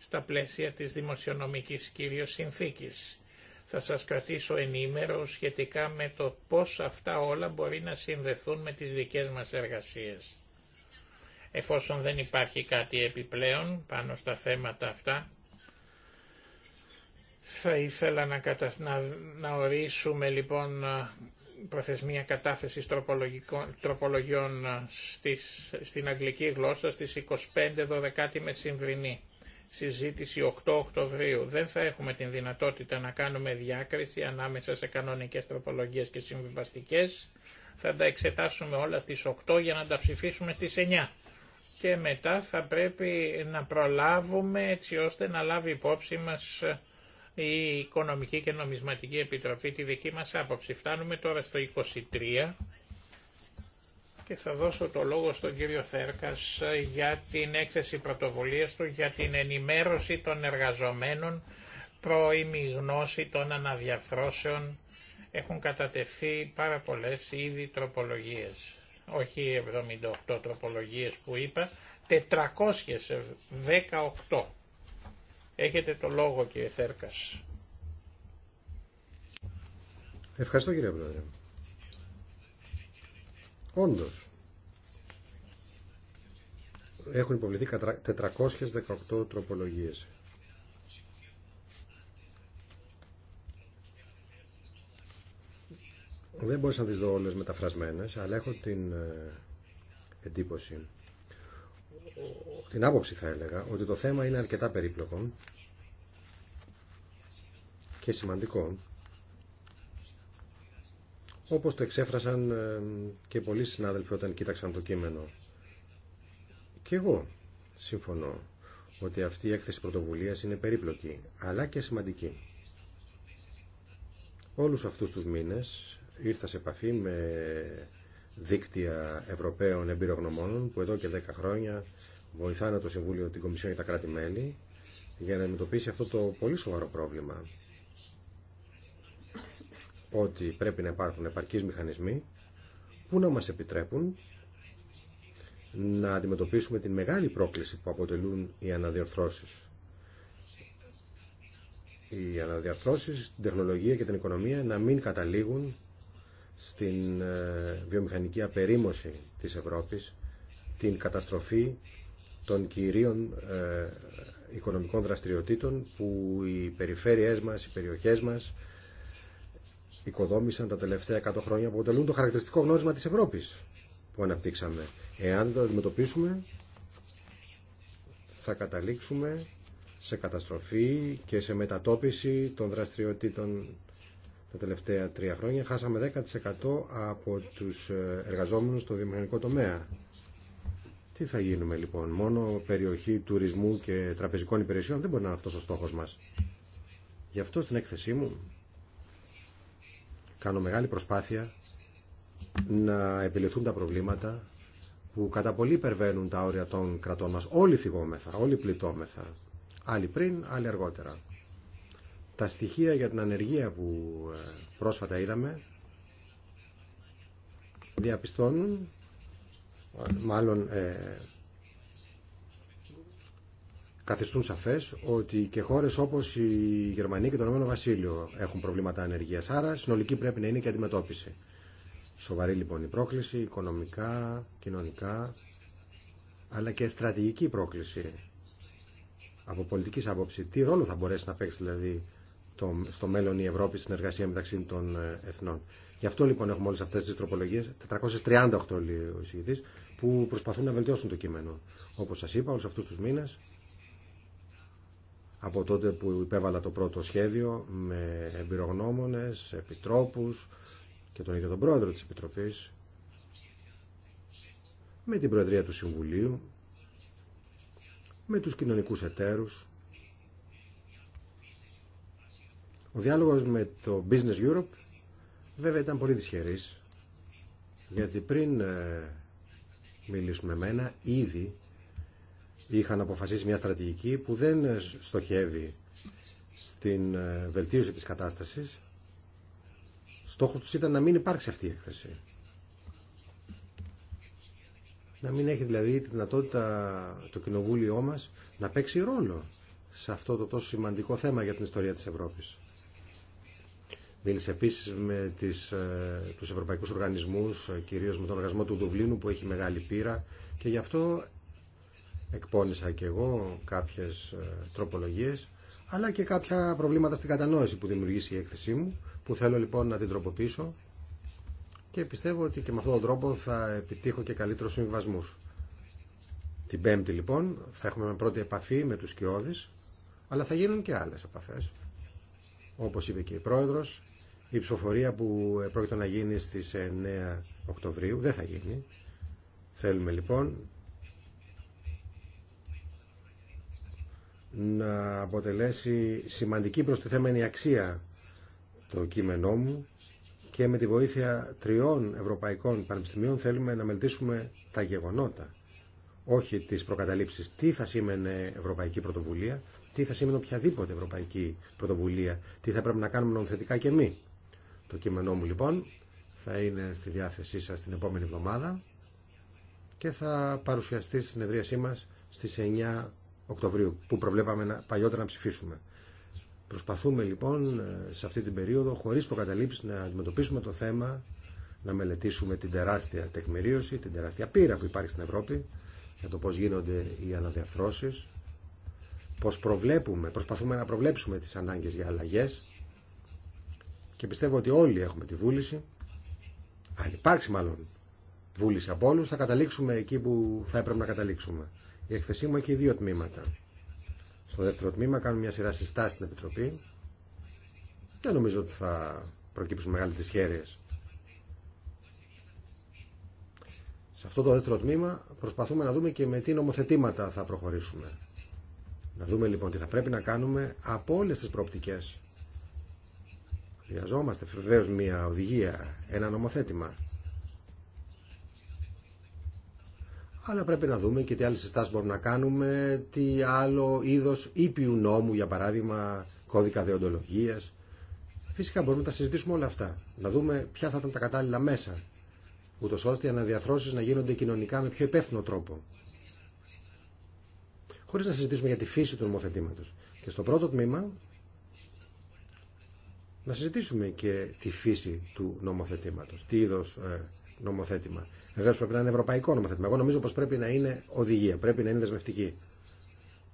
στα πλαίσια της δημοσιονομικής κυρίως συνθήκης. Θα σας κρατήσω ενήμερο σχετικά με το πώς αυτά όλα μπορεί να συνδεθούν με τις δικές μας εργασίες. Εφόσον δεν υπάρχει κάτι επιπλέον πάνω στα θέματα αυτά, θα ήθελα να, κατα... να... ορίσουμε λοιπόν προθεσμία κατάθεσης τροπολογιών στις... στην αγγλική γλώσσα στις 25 Δωδεκάτη Μεσημβρινή. Συζήτηση 8 Οκτωβρίου. Δεν θα έχουμε την δυνατότητα να κάνουμε διάκριση ανάμεσα σε κανονικές τροπολογίες και συμβιβαστικές. Θα τα εξετάσουμε όλα στις 8 για να τα ψηφίσουμε στις 9 και μετά θα πρέπει να προλάβουμε έτσι ώστε να λάβει υπόψη μας η Οικονομική και Νομισματική Επιτροπή τη δική μας άποψη. Φτάνουμε τώρα στο 23 και θα δώσω το λόγο στον κύριο Θέρκας για την έκθεση πρωτοβουλίας του για την ενημέρωση των εργαζομένων προήμη γνώση των αναδιαρθρώσεων. Έχουν κατατεθεί πάρα πολλές ήδη τροπολογίες. Όχι 78 τροπολογίες που είπα, 418. Έχετε το λόγο κύριε Θέρκας. Ευχαριστώ κύριε Πρόεδρε. Όντως, έχουν υποβληθεί 418 τροπολογίες. Δεν μπορούσα να τις δω όλες μεταφρασμένες, αλλά έχω την ε, εντύπωση την άποψη θα έλεγα ότι το θέμα είναι αρκετά περίπλοκο και σημαντικό όπως το εξέφρασαν ε, και πολλοί συνάδελφοι όταν κοίταξαν το κείμενο. Και εγώ συμφωνώ ότι αυτή η έκθεση πρωτοβουλίας είναι περίπλοκη, αλλά και σημαντική. Όλους αυτούς τους μήνες ήρθα σε επαφή με δίκτυα Ευρωπαίων εμπειρογνωμόνων που εδώ και 10 χρόνια βοηθάνε το Συμβούλιο, την Κομισιόν και τα κράτη-μέλη για να αντιμετωπίσει αυτό το πολύ σοβαρό πρόβλημα ότι πρέπει να υπάρχουν επαρκείς μηχανισμοί που να μας επιτρέπουν να αντιμετωπίσουμε την μεγάλη πρόκληση που αποτελούν οι αναδιορθώσεις. Οι αναδιαρθρώσεις στην τεχνολογία και την οικονομία να μην καταλήγουν στην ε, βιομηχανική απερίμωση της Ευρώπης, την καταστροφή των κυρίων ε, οικονομικών δραστηριοτήτων που οι περιφέρειές μας, οι περιοχές μας οικοδόμησαν τα τελευταία 100 χρόνια που αποτελούν το χαρακτηριστικό γνώρισμα της Ευρώπης που αναπτύξαμε. Εάν δεν αντιμετωπίσουμε θα καταλήξουμε σε καταστροφή και σε μετατόπιση των δραστηριοτήτων τα τελευταία τρία χρόνια. Χάσαμε 10% από τους ε, εργαζόμενους στο βιομηχανικό τομέα. Τι θα γίνουμε λοιπόν, μόνο περιοχή τουρισμού και τραπεζικών υπηρεσιών δεν μπορεί να είναι αυτός ο στόχος μας. Γι' αυτό στην έκθεσή μου κάνω μεγάλη προσπάθεια να επιληθούν τα προβλήματα που κατά πολύ υπερβαίνουν τα όρια των κρατών μας. Όλοι θυγόμεθα, όλοι πληττόμεθα. Άλλοι πριν, άλλοι αργότερα. Τα στοιχεία για την ανεργία που ε, πρόσφατα είδαμε διαπιστώνουν, μάλλον ε, καθιστούν σαφές ότι και χώρες όπως η Γερμανία και το Ηνωμένο Βασίλειο έχουν προβλήματα ανεργίας. Άρα συνολική πρέπει να είναι και αντιμετώπιση. Σοβαρή λοιπόν η πρόκληση, οικονομικά, κοινωνικά, αλλά και στρατηγική πρόκληση από πολιτικής άποψη. Τι ρόλο θα μπορέσει να παίξει δηλαδή στο μέλλον η Ευρώπη συνεργασία μεταξύ των ε, εθνών. Γι' αυτό λοιπόν έχουμε όλε αυτέ τι τροπολογίε, 438 λέει ο εισηγητή, που προσπαθούν να βελτιώσουν το κείμενο. Όπω σα είπα, όλου αυτού του μήνε, από τότε που υπέβαλα το πρώτο σχέδιο, με εμπειρογνώμονε, επιτρόπου και τον ίδιο τον πρόεδρο τη Επιτροπή, με την Προεδρία του Συμβουλίου, με τους κοινωνικούς εταίρους, Ο διάλογος με το Business Europe βέβαια ήταν πολύ δυσχερής γιατί πριν ε, μιλήσουν με μένα ήδη είχαν αποφασίσει μια στρατηγική που δεν ε, στοχεύει στην ε, βελτίωση της κατάστασης. Στόχος τους ήταν να μην υπάρξει αυτή η έκθεση. Να μην έχει δηλαδή τη δυνατότητα το κοινοβούλιο μας να παίξει ρόλο σε αυτό το τόσο σημαντικό θέμα για την ιστορία της Ευρώπης. Μίλησε επίση με ε, του ευρωπαϊκού οργανισμού, οργανισμούς, ε, κυρίως με τον οργανισμό του Δουβλίνου που έχει μεγάλη πείρα και γι' αυτό εκπώνησα και εγώ κάποιες ε, τροπολογίες αλλά και κάποια προβλήματα στην κατανόηση που δημιουργήσει η έκθεσή μου που θέλω λοιπόν να την τροποποιήσω και πιστεύω ότι και με αυτόν τον τρόπο θα επιτύχω και καλύτερου συμβιβασμού. Την Πέμπτη λοιπόν θα έχουμε με πρώτη επαφή με του Κιώδης αλλά θα γίνουν και άλλε επαφέ, Όπως είπε και η Πρόεδρος, η ψηφοφορία που πρόκειται να γίνει στις 9 Οκτωβρίου δεν θα γίνει. Θέλουμε λοιπόν να αποτελέσει σημαντική προστιθέμενη αξία το κείμενό μου και με τη βοήθεια τριών ευρωπαϊκών πανεπιστημίων θέλουμε να μελετήσουμε τα γεγονότα, όχι τις προκαταλήψεις. Τι θα σήμαινε ευρωπαϊκή πρωτοβουλία, τι θα σήμαινε οποιαδήποτε ευρωπαϊκή πρωτοβουλία, τι θα πρέπει να κάνουμε νομοθετικά και εμεί. Το κείμενό μου λοιπόν θα είναι στη διάθεσή σας την επόμενη εβδομάδα και θα παρουσιαστεί στη συνεδρίασή μας στις 9 Οκτωβρίου που προβλέπαμε να, παλιότερα να ψηφίσουμε. Προσπαθούμε λοιπόν ε, σε αυτή την περίοδο χωρίς προκαταλήψεις να αντιμετωπίσουμε το θέμα να μελετήσουμε την τεράστια τεκμηρίωση, την τεράστια πείρα που υπάρχει στην Ευρώπη για το πώς γίνονται οι αναδιαρθρώσεις, πώς προβλέπουμε, προσπαθούμε να προβλέψουμε τις ανάγκες για αλλαγές και πιστεύω ότι όλοι έχουμε τη βούληση, αν υπάρξει μάλλον βούληση από όλου, θα καταλήξουμε εκεί που θα έπρεπε να καταλήξουμε. Η εκθεσή μου έχει δύο τμήματα. Στο δεύτερο τμήμα κάνουμε μια σειρά συστάσει στην Επιτροπή. Δεν νομίζω ότι θα προκύψουν μεγάλε δυσχέρειε. Σε αυτό το δεύτερο τμήμα προσπαθούμε να δούμε και με τι νομοθετήματα θα προχωρήσουμε. Να δούμε λοιπόν τι θα πρέπει να κάνουμε από όλε τι προοπτικές Χρειαζόμαστε βεβαίω μια οδηγία, ένα νομοθέτημα. Αλλά πρέπει να δούμε και τι άλλε συστάσει μπορούμε να κάνουμε, τι άλλο είδος ήπιου νόμου, για παράδειγμα, κώδικα δεοντολογίας. Φυσικά μπορούμε να τα συζητήσουμε όλα αυτά. Να δούμε ποια θα ήταν τα κατάλληλα μέσα, ούτω ώστε οι αναδιαθρώσει να γίνονται κοινωνικά με πιο υπεύθυνο τρόπο. Χωρί να συζητήσουμε για τη φύση του νομοθετήματο. Και στο πρώτο τμήμα να συζητήσουμε και τη φύση του νομοθετήματος. Τι είδος ε, νομοθέτημα. Βεβαίω πρέπει να είναι ευρωπαϊκό νομοθέτημα. Εγώ νομίζω πως πρέπει να είναι οδηγία, πρέπει να είναι δεσμευτική.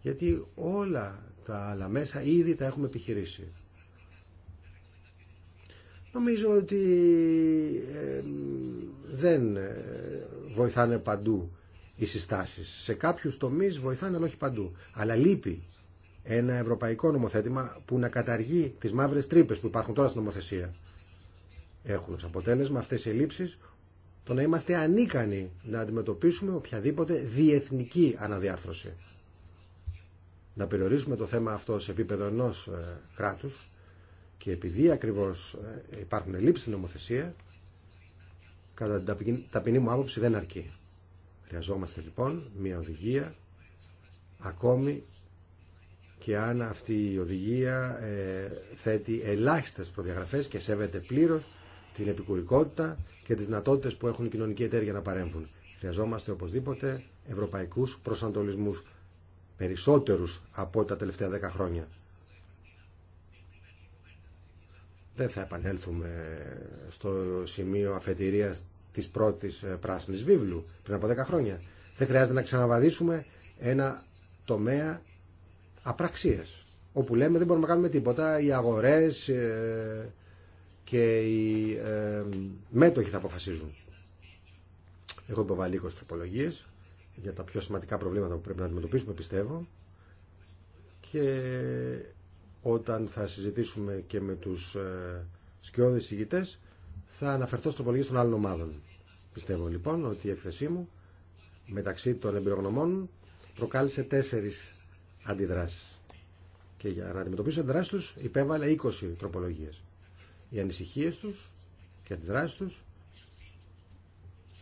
Γιατί όλα τα άλλα μέσα ήδη τα έχουμε επιχειρήσει. Νομίζω ότι δεν ε, βοηθάνε παντού οι συστάσεις. Σε κάποιους τομείς βοηθάνε, αλλά όχι παντού. Αλλά λείπει ένα ευρωπαϊκό νομοθέτημα που να καταργεί τις μαύρες τρύπε που υπάρχουν τώρα στην νομοθεσία. Έχουν ως αποτέλεσμα αυτές οι ελλείψεις το να είμαστε ανίκανοι να αντιμετωπίσουμε οποιαδήποτε διεθνική αναδιάρθρωση. Να περιορίσουμε το θέμα αυτό σε επίπεδο ενό ε, κράτους και επειδή ακριβώς ε, υπάρχουν ελλείψεις στην νομοθεσία, κατά την ταπεινή μου άποψη δεν αρκεί. Χρειαζόμαστε λοιπόν μια οδηγία ακόμη και αν αυτή η οδηγία ε, θέτει ελάχιστες προδιαγραφές και σέβεται πλήρως την επικουρικότητα και τις δυνατότητες που έχουν οι κοινωνικοί εταίροι για να παρέμβουν. Χρειαζόμαστε οπωσδήποτε ευρωπαϊκούς προσανατολισμούς περισσότερους από τα τελευταία δέκα χρόνια. Δεν θα επανέλθουμε στο σημείο αφετηρίας της πρώτης ε, πράσινης βίβλου πριν από δέκα χρόνια. Δεν χρειάζεται να ξαναβαδίσουμε ένα τομέα απραξίες όπου λέμε δεν μπορούμε να κάνουμε τίποτα οι αγορές ε, και οι ε, μέτοχοι θα αποφασίζουν έχω υποβάλει 20 τροπολογίες για τα πιο σημαντικά προβλήματα που πρέπει να αντιμετωπίσουμε πιστεύω και όταν θα συζητήσουμε και με τους ε, σκιώδες ηγητές θα αναφερθώ στους τροπολογίες των άλλων ομάδων πιστεύω λοιπόν ότι η έκθεσή μου μεταξύ των εμπειρογνωμών προκάλεσε τέσσερις Αντιδράσει Και για να αντιμετωπίσω αντιδράσει του, υπέβαλε 20 τροπολογίες. Οι ανησυχίες τους και αντιδράσει του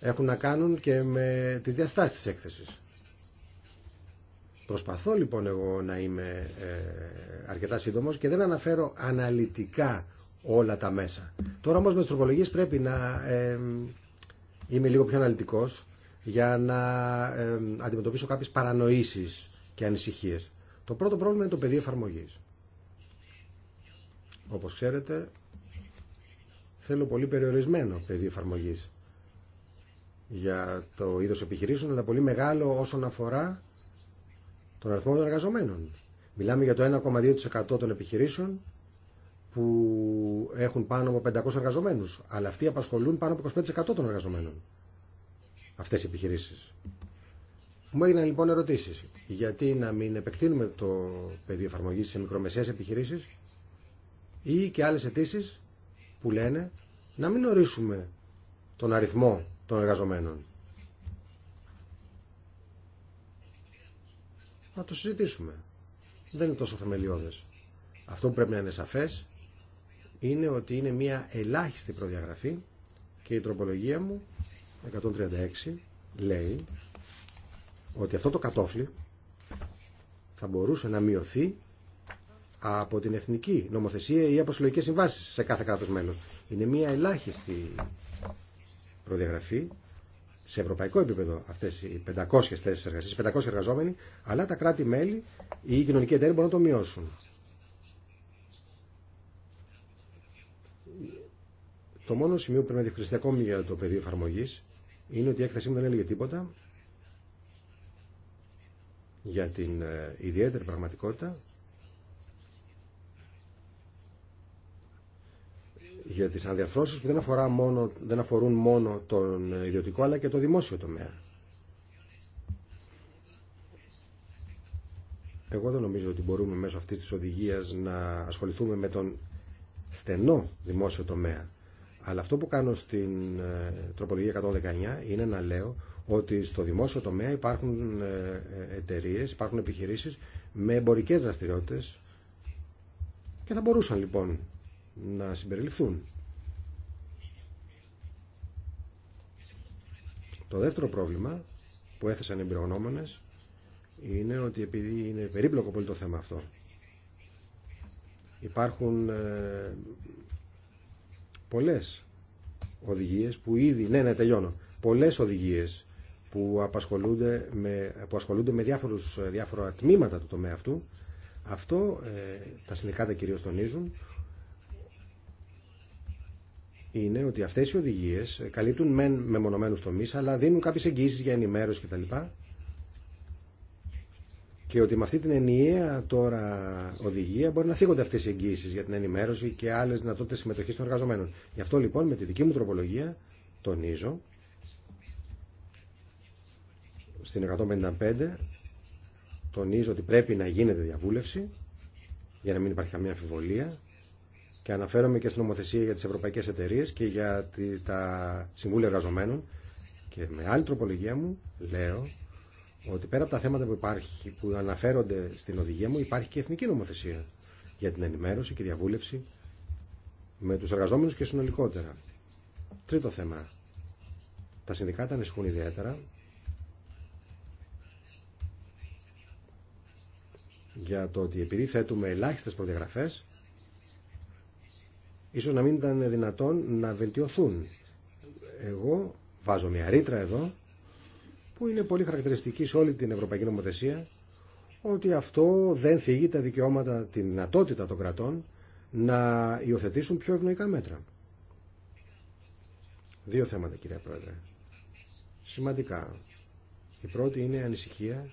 έχουν να κάνουν και με τις διαστάσεις τη έκθεσης. Προσπαθώ λοιπόν εγώ να είμαι ε, αρκετά σύντομο και δεν αναφέρω αναλυτικά όλα τα μέσα. Τώρα όμω με τι τροπολογίες πρέπει να ε, είμαι λίγο πιο αναλυτικός για να ε, αντιμετωπίσω κάποιε παρανοήσει και ανησυχίες. Το πρώτο πρόβλημα είναι το πεδίο εφαρμογή. Όπω ξέρετε, θέλω πολύ περιορισμένο πεδίο εφαρμογή για το είδος επιχειρήσεων, αλλά πολύ μεγάλο όσον αφορά τον αριθμό των εργαζομένων. Μιλάμε για το 1,2% των επιχειρήσεων που έχουν πάνω από 500 εργαζομένους, αλλά αυτοί απασχολούν πάνω από 25% των εργαζομένων, αυτές οι επιχειρήσεις. Μου έγιναν λοιπόν ερωτήσει Γιατί να μην επεκτείνουμε το πεδίο εφαρμογή σε μικρομεσαίες επιχειρήσεις ή και άλλες αιτήσει που λένε να μην ορίσουμε τον αριθμό των εργαζομένων. Να το συζητήσουμε. Δεν είναι τόσο θεμελιώδες. Αυτό που πρέπει να είναι σαφές είναι ότι είναι μια ελάχιστη προδιαγραφή και η τροπολογία μου 136 λέει ότι αυτό το κατόφλι θα μπορούσε να μειωθεί από την εθνική νομοθεσία ή από συλλογικέ συμβάσει σε κάθε κράτο μέλο. Είναι μια ελάχιστη προδιαγραφή σε ευρωπαϊκό επίπεδο αυτέ οι 500 θέσει εργασία, 500 εργαζόμενοι, αλλά τα κράτη-μέλη ή οι κοινωνικοί εταίροι μπορούν να το μειώσουν. Το μόνο σημείο που πρέπει να διευκριστεί ακόμη για το πεδίο εφαρμογή είναι ότι η έκθεσή μου δεν έλεγε τίποτα για την ε, ιδιαίτερη πραγματικότητα για τις αναδιαρθρώσεις που δεν, αφορά μόνο, δεν αφορούν μόνο τον ιδιωτικό αλλά και το δημόσιο τομέα. Εγώ δεν νομίζω ότι μπορούμε μέσω αυτής της οδηγίας να ασχοληθούμε με τον στενό δημόσιο τομέα. Αλλά αυτό που κάνω στην ε, τροπολογία 119 είναι να λέω ότι στο δημόσιο τομέα υπάρχουν ε, ε, εταιρείε, υπάρχουν επιχειρήσεις με εμπορικέ δραστηριότητες και θα μπορούσαν λοιπόν να συμπεριληφθούν. Το δεύτερο πρόβλημα που έθεσαν οι εμπειρογνώμονες είναι ότι επειδή είναι περίπλοκο πολύ το θέμα αυτό υπάρχουν ε, πολλές οδηγίες που ήδη, ναι, ναι, τελειώνω, πολλές οδηγίες που απασχολούνται με, που ασχολούνται με διάφορους, ε, διάφορα τμήματα του τομέα αυτού. Αυτό ε, τα συνδικάτα κυρίως τονίζουν είναι ότι αυτές οι οδηγίες ε, καλύπτουν με μεμονωμένους τομείς αλλά δίνουν κάποιες εγγύσεις για ενημέρωση κτλ. Και, ότι με αυτή την ενιαία τώρα οδηγία μπορεί να θίγονται αυτές οι εγγύσεις για την ενημέρωση και άλλες δυνατότητες συμμετοχής των εργαζομένων. Γι' αυτό λοιπόν με τη δική μου τροπολογία τονίζω στην 155 τονίζω ότι πρέπει να γίνεται διαβούλευση για να μην υπάρχει καμία αμφιβολία και αναφέρομαι και στην νομοθεσία για τις ευρωπαϊκές εταιρείες και για τα συμβούλια εργαζομένων και με άλλη τροπολογία μου λέω ότι πέρα από τα θέματα που, υπάρχει, που αναφέρονται στην οδηγία μου υπάρχει και εθνική νομοθεσία για την ενημέρωση και διαβούλευση με τους εργαζόμενους και συνολικότερα. Τρίτο θέμα. Τα συνδικάτα ανησυχούν ιδιαίτερα για το ότι επειδή θέτουμε ελάχιστε προδιαγραφέ, ίσω να μην ήταν δυνατόν να βελτιωθούν. Εγώ βάζω μια ρήτρα εδώ, που είναι πολύ χαρακτηριστική σε όλη την Ευρωπαϊκή Νομοθεσία, ότι αυτό δεν θίγει τα δικαιώματα, τη δυνατότητα των κρατών να υιοθετήσουν πιο ευνοϊκά μέτρα. Δύο θέματα, κυρία Πρόεδρε. Σημαντικά. Η πρώτη είναι η ανησυχία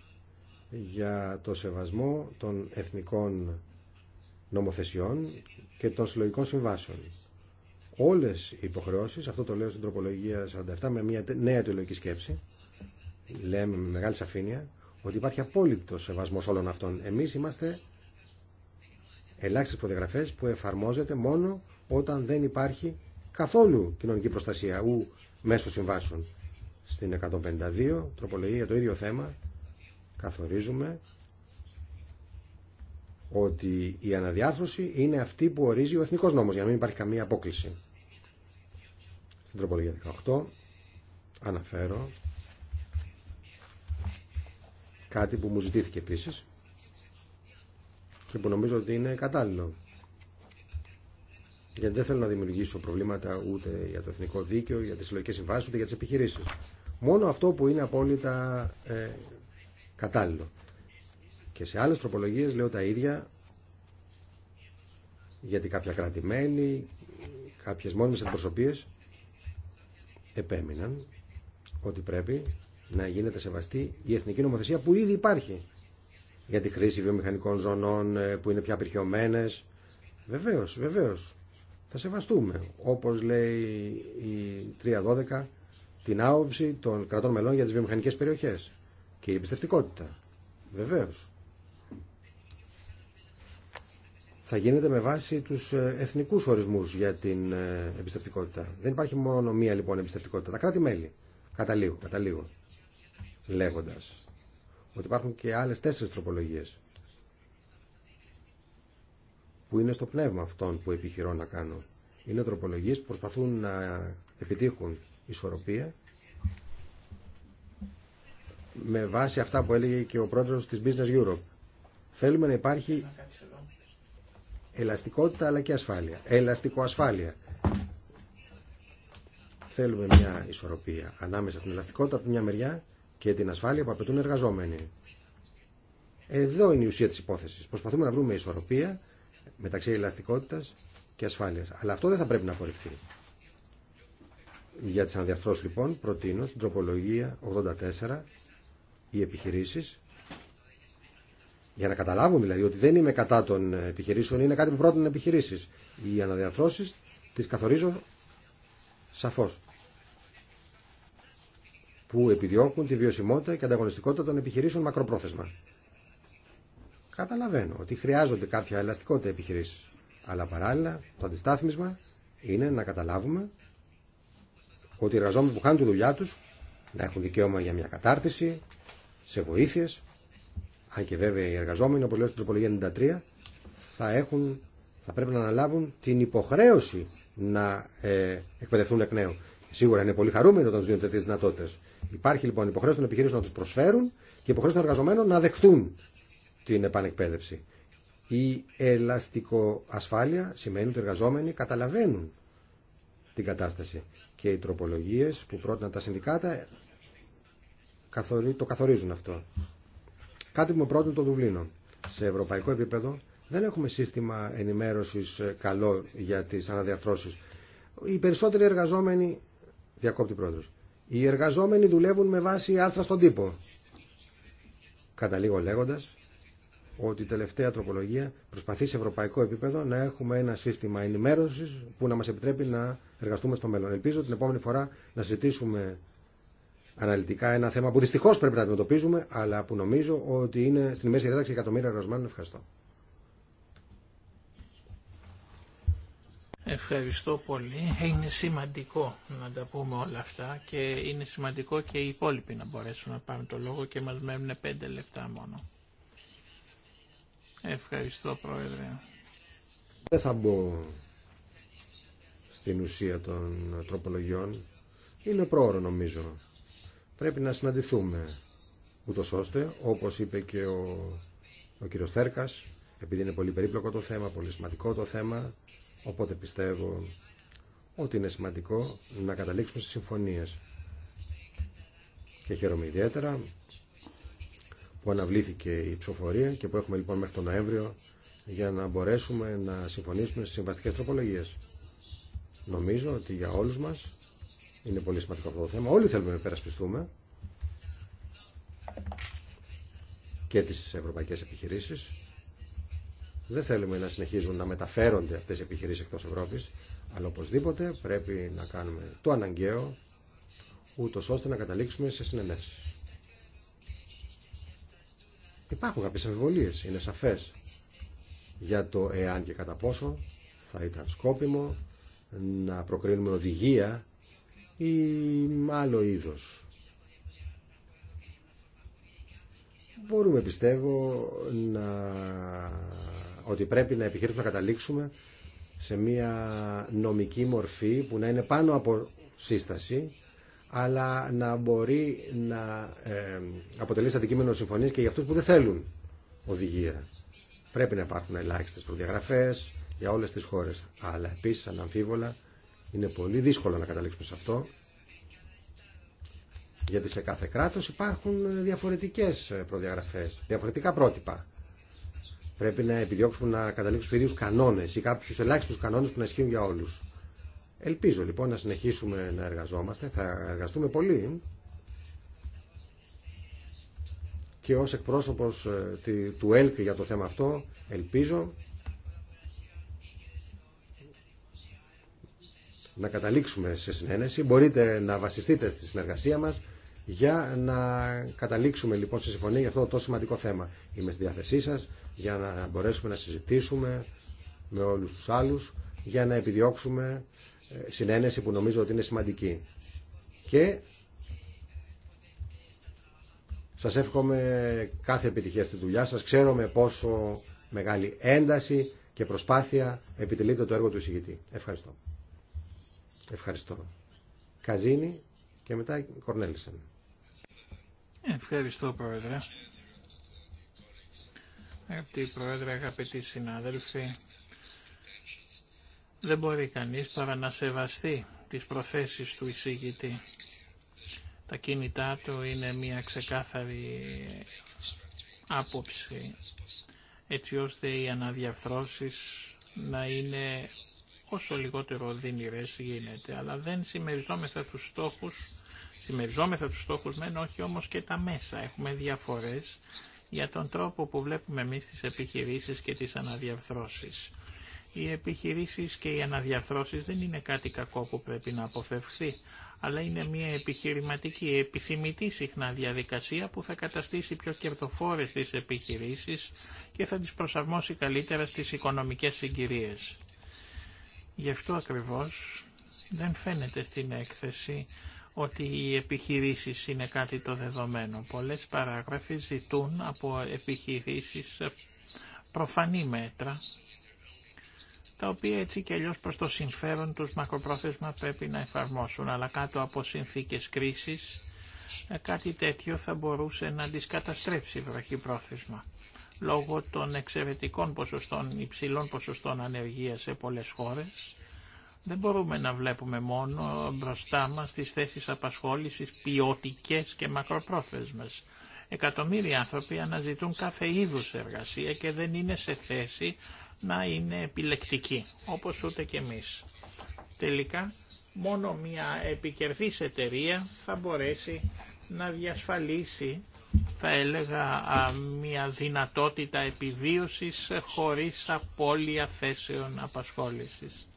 για το σεβασμό των εθνικών νομοθεσιών και των συλλογικών συμβάσεων. Όλες οι υποχρεώσεις, αυτό το λέω στην τροπολογία 47 με μια νέα αιτιολογική σκέψη, λέμε με μεγάλη σαφήνεια, ότι υπάρχει απόλυτο σεβασμός όλων αυτών. Εμείς είμαστε ελάχιστες προδιαγραφέ που εφαρμόζεται μόνο όταν δεν υπάρχει καθόλου κοινωνική προστασία ου μέσω συμβάσεων. Στην 152 τροπολογία το ίδιο θέμα καθορίζουμε ότι η αναδιάρθρωση είναι αυτή που ορίζει ο εθνικός νόμος για να μην υπάρχει καμία απόκληση. Στην τροπολογία 18 αναφέρω κάτι που μου ζητήθηκε επίσης και που νομίζω ότι είναι κατάλληλο. Γιατί δεν θέλω να δημιουργήσω προβλήματα ούτε για το εθνικό δίκαιο, για τις συλλογικές συμβάσεις, ούτε για τις επιχειρήσεις. Μόνο αυτό που είναι απόλυτα ε, κατάλληλο. Και σε άλλες τροπολογίες λέω τα ίδια, γιατί κάποια κρατημένη, κάποιες μόνιμες αντιπροσωπείες επέμειναν ότι πρέπει να γίνεται σεβαστή η εθνική νομοθεσία που ήδη υπάρχει για τη χρήση βιομηχανικών ζωνών ε, που είναι πια απερχιωμένες. Βεβαίως, βεβαίως. Θα σεβαστούμε, όπως λέει η 312, την άποψη των κρατών μελών για τις βιομηχανικές περιοχές και η εμπιστευτικότητα. Βεβαίως. Θα γίνεται με βάση τους ε, εθνικούς ορισμούς για την ε, εμπιστευτικότητα. Δεν υπάρχει μόνο μία λοιπόν εμπιστευτικότητα. Τα κράτη-μέλη, κατά λίγο, κατά λέγοντας ότι υπάρχουν και άλλε τέσσερι τροπολογίε. που είναι στο πνεύμα αυτών που επιχειρώ να κάνω. Είναι τροπολογίες που προσπαθούν να επιτύχουν ισορροπία με βάση αυτά που έλεγε και ο πρόεδρος της Business Europe. Θέλουμε να υπάρχει ελαστικότητα αλλά και ασφάλεια. Ελαστικό ασφάλεια. Θέλουμε μια ισορροπία ανάμεσα στην ελαστικότητα από μια μεριά και την ασφάλεια που απαιτούν εργαζόμενοι. Εδώ είναι η ουσία της υπόθεσης. Προσπαθούμε να βρούμε ισορροπία μεταξύ ελαστικότητας και ασφάλειας. Αλλά αυτό δεν θα πρέπει να απορριφθεί. Για τις αναδιαρθρώσεις λοιπόν προτείνω στην τροπολογία 84 οι επιχειρήσεις για να καταλάβουν δηλαδή ότι δεν είμαι κατά των επιχειρήσεων, είναι κάτι που πρότεινε επιχειρήσει. Οι αναδιαρθρώσεις τι καθορίζω σαφώς, Που επιδιώκουν τη βιωσιμότητα και ανταγωνιστικότητα των επιχειρήσεων μακροπρόθεσμα. Καταλαβαίνω ότι χρειάζονται κάποια ελαστικότητα επιχειρήσει. Αλλά παράλληλα το αντιστάθμισμα είναι να καταλάβουμε ότι οι εργαζόμενοι που κάνουν τη δουλειά του να έχουν δικαίωμα για μια κατάρτιση, σε βοήθειε, αν και βέβαια οι εργαζόμενοι, όπω λέω στην τροπολογία 93, θα, έχουν, θα πρέπει να αναλάβουν την υποχρέωση να ε, εκπαιδευτούν εκ νέου. Σίγουρα είναι πολύ χαρούμενοι όταν του δίνουν τέτοιε δυνατότητε. Υπάρχει λοιπόν υποχρέωση των επιχειρήσεων να του προσφέρουν και υποχρέωση των εργαζομένων να δεχτούν την επανεκπαίδευση. Η ελαστικό ασφάλεια σημαίνει ότι οι εργαζόμενοι καταλαβαίνουν την κατάσταση. Και οι τροπολογίε που πρότειναν τα συνδικάτα το καθορίζουν αυτό. Κάτι που με πρότεινε το Δουβλίνο. Σε ευρωπαϊκό επίπεδο δεν έχουμε σύστημα ενημέρωση ε, καλό για τι αναδιαρθρώσει. Οι περισσότεροι εργαζόμενοι, διακόπτη πρόεδρο, οι εργαζόμενοι δουλεύουν με βάση άρθρα στον τύπο. Καταλήγω λέγοντα ότι η τελευταία τροπολογία προσπαθεί σε ευρωπαϊκό επίπεδο να έχουμε ένα σύστημα ενημέρωση που να μα επιτρέπει να εργαστούμε στο μέλλον. Ελπίζω την επόμενη φορά να ζητήσουμε αναλυτικά ένα θέμα που δυστυχώ πρέπει να αντιμετωπίζουμε, αλλά που νομίζω ότι είναι στην μέση διάταξη εκατομμύρια εργαζομένων. Ευχαριστώ. Ευχαριστώ πολύ. Είναι σημαντικό να τα πούμε όλα αυτά και είναι σημαντικό και οι υπόλοιποι να μπορέσουν να πάρουν το λόγο και μας μένουν πέντε λεπτά μόνο. Ευχαριστώ Πρόεδρε. Δεν θα μπω στην ουσία των τροπολογιών. Είναι πρόωρο νομίζω πρέπει να συναντηθούμε ούτως ώστε, όπως είπε και ο, ο κύριος Θέρκας, επειδή είναι πολύ περίπλοκο το θέμα, πολύ σημαντικό το θέμα, οπότε πιστεύω ότι είναι σημαντικό να καταλήξουμε σε συμφωνίες. Και χαίρομαι ιδιαίτερα που αναβλήθηκε η ψηφοφορία και που έχουμε λοιπόν μέχρι τον Νοέμβριο για να μπορέσουμε να συμφωνήσουμε στις συμβαστικές τροπολογίες. Νομίζω ότι για όλους μας είναι πολύ σημαντικό αυτό το θέμα. Όλοι θέλουμε να υπερασπιστούμε και τις ευρωπαϊκές επιχειρήσεις. Δεν θέλουμε να συνεχίζουν να μεταφέρονται αυτές οι επιχειρήσεις εκτός Ευρώπης, αλλά οπωσδήποτε πρέπει να κάνουμε το αναγκαίο, ούτω ώστε να καταλήξουμε σε συνενέσεις. Υπάρχουν κάποιε αμφιβολίε, είναι σαφές, για το εάν και κατά πόσο θα ήταν σκόπιμο να προκρίνουμε οδηγία ή άλλο είδος. Μπορούμε πιστεύω να... ότι πρέπει να επιχειρήσουμε να καταλήξουμε σε μια νομική μορφή που να είναι πάνω από σύσταση αλλά να μπορεί να αποτελεί αποτελέσει αντικείμενο συμφωνίας και για αυτούς που δεν θέλουν οδηγία. Πρέπει να υπάρχουν ελάχιστες προδιαγραφές για όλες τις χώρες. Αλλά επίσης αναμφίβολα είναι πολύ δύσκολο να καταλήξουμε σε αυτό. Γιατί σε κάθε κράτος υπάρχουν διαφορετικές προδιαγραφές, διαφορετικά πρότυπα. Πρέπει να επιδιώξουμε να καταλήξουμε στους ίδιους κανόνες ή κάποιους ελάχιστους κανόνες που να ισχύουν για όλους. Ελπίζω λοιπόν να συνεχίσουμε να εργαζόμαστε, θα εργαστούμε πολύ και ως εκπρόσωπος ε, του ΕΛΚ για το θέμα αυτό ελπίζω να καταλήξουμε σε συνένεση. Μπορείτε να βασιστείτε στη συνεργασία μας για να καταλήξουμε λοιπόν σε συμφωνία για αυτό το τόσο σημαντικό θέμα. Είμαι στη διάθεσή σα για να μπορέσουμε να συζητήσουμε με όλους τους άλλους για να επιδιώξουμε ε, συνένεση που νομίζω ότι είναι σημαντική. Και σας εύχομαι κάθε επιτυχία στη δουλειά σας. Ξέρω με πόσο μεγάλη ένταση και προσπάθεια επιτελείται το έργο του εισηγητή. Ευχαριστώ. Ευχαριστώ. Καζίνη και μετά Κορνέλισεν. Ευχαριστώ Πρόεδρε. Αγαπητοί Πρόεδρε, αγαπητοί συνάδελφοι, δεν μπορεί κανείς παρά να σεβαστεί τις προθέσεις του εισηγητή. Τα κίνητά του είναι μια ξεκάθαρη άποψη, έτσι ώστε οι αναδιαρθρώσεις να είναι όσο λιγότερο δίνει ρες γίνεται, αλλά δεν συμμεριζόμεθα τους στόχους, συμμεριζόμεθα τους στόχους μεν όχι όμως και τα μέσα. Έχουμε διαφορές για τον τρόπο που βλέπουμε εμείς τις επιχειρήσεις και τις αναδιαρθρώσεις. Οι επιχειρήσεις και οι αναδιαρθρώσεις δεν είναι κάτι κακό που πρέπει να αποφευχθεί, αλλά είναι μια επιχειρηματική, επιθυμητή συχνά διαδικασία που θα καταστήσει πιο κερδοφόρες τις επιχειρήσεις και θα τις προσαρμόσει καλύτερα στις οικονομικές συγκυρίες. Γι' αυτό ακριβώς δεν φαίνεται στην έκθεση ότι οι επιχειρήσεις είναι κάτι το δεδομένο. Πολλές παράγραφοι ζητούν από επιχειρήσεις προφανή μέτρα, τα οποία έτσι και αλλιώς προς το συμφέρον τους μακροπρόθεσμα πρέπει να εφαρμόσουν, αλλά κάτω από συνθήκες κρίσης κάτι τέτοιο θα μπορούσε να αντισκαταστρέψει βραχυπρόθεσμα λόγω των εξαιρετικών ποσοστών, υψηλών ποσοστών ανεργίας σε πολλές χώρες. Δεν μπορούμε να βλέπουμε μόνο μπροστά μας τις θέσεις απασχόλησης ποιοτικέ και μακροπρόθεσμες. Εκατομμύρια άνθρωποι αναζητούν κάθε είδους εργασία και δεν είναι σε θέση να είναι επιλεκτικοί, όπως ούτε και εμείς. Τελικά, μόνο μια επικερδής εταιρεία θα μπορέσει να διασφαλίσει θα έλεγα μια δυνατότητα επιβίωσης χωρίς απώλεια θέσεων απασχόλησης.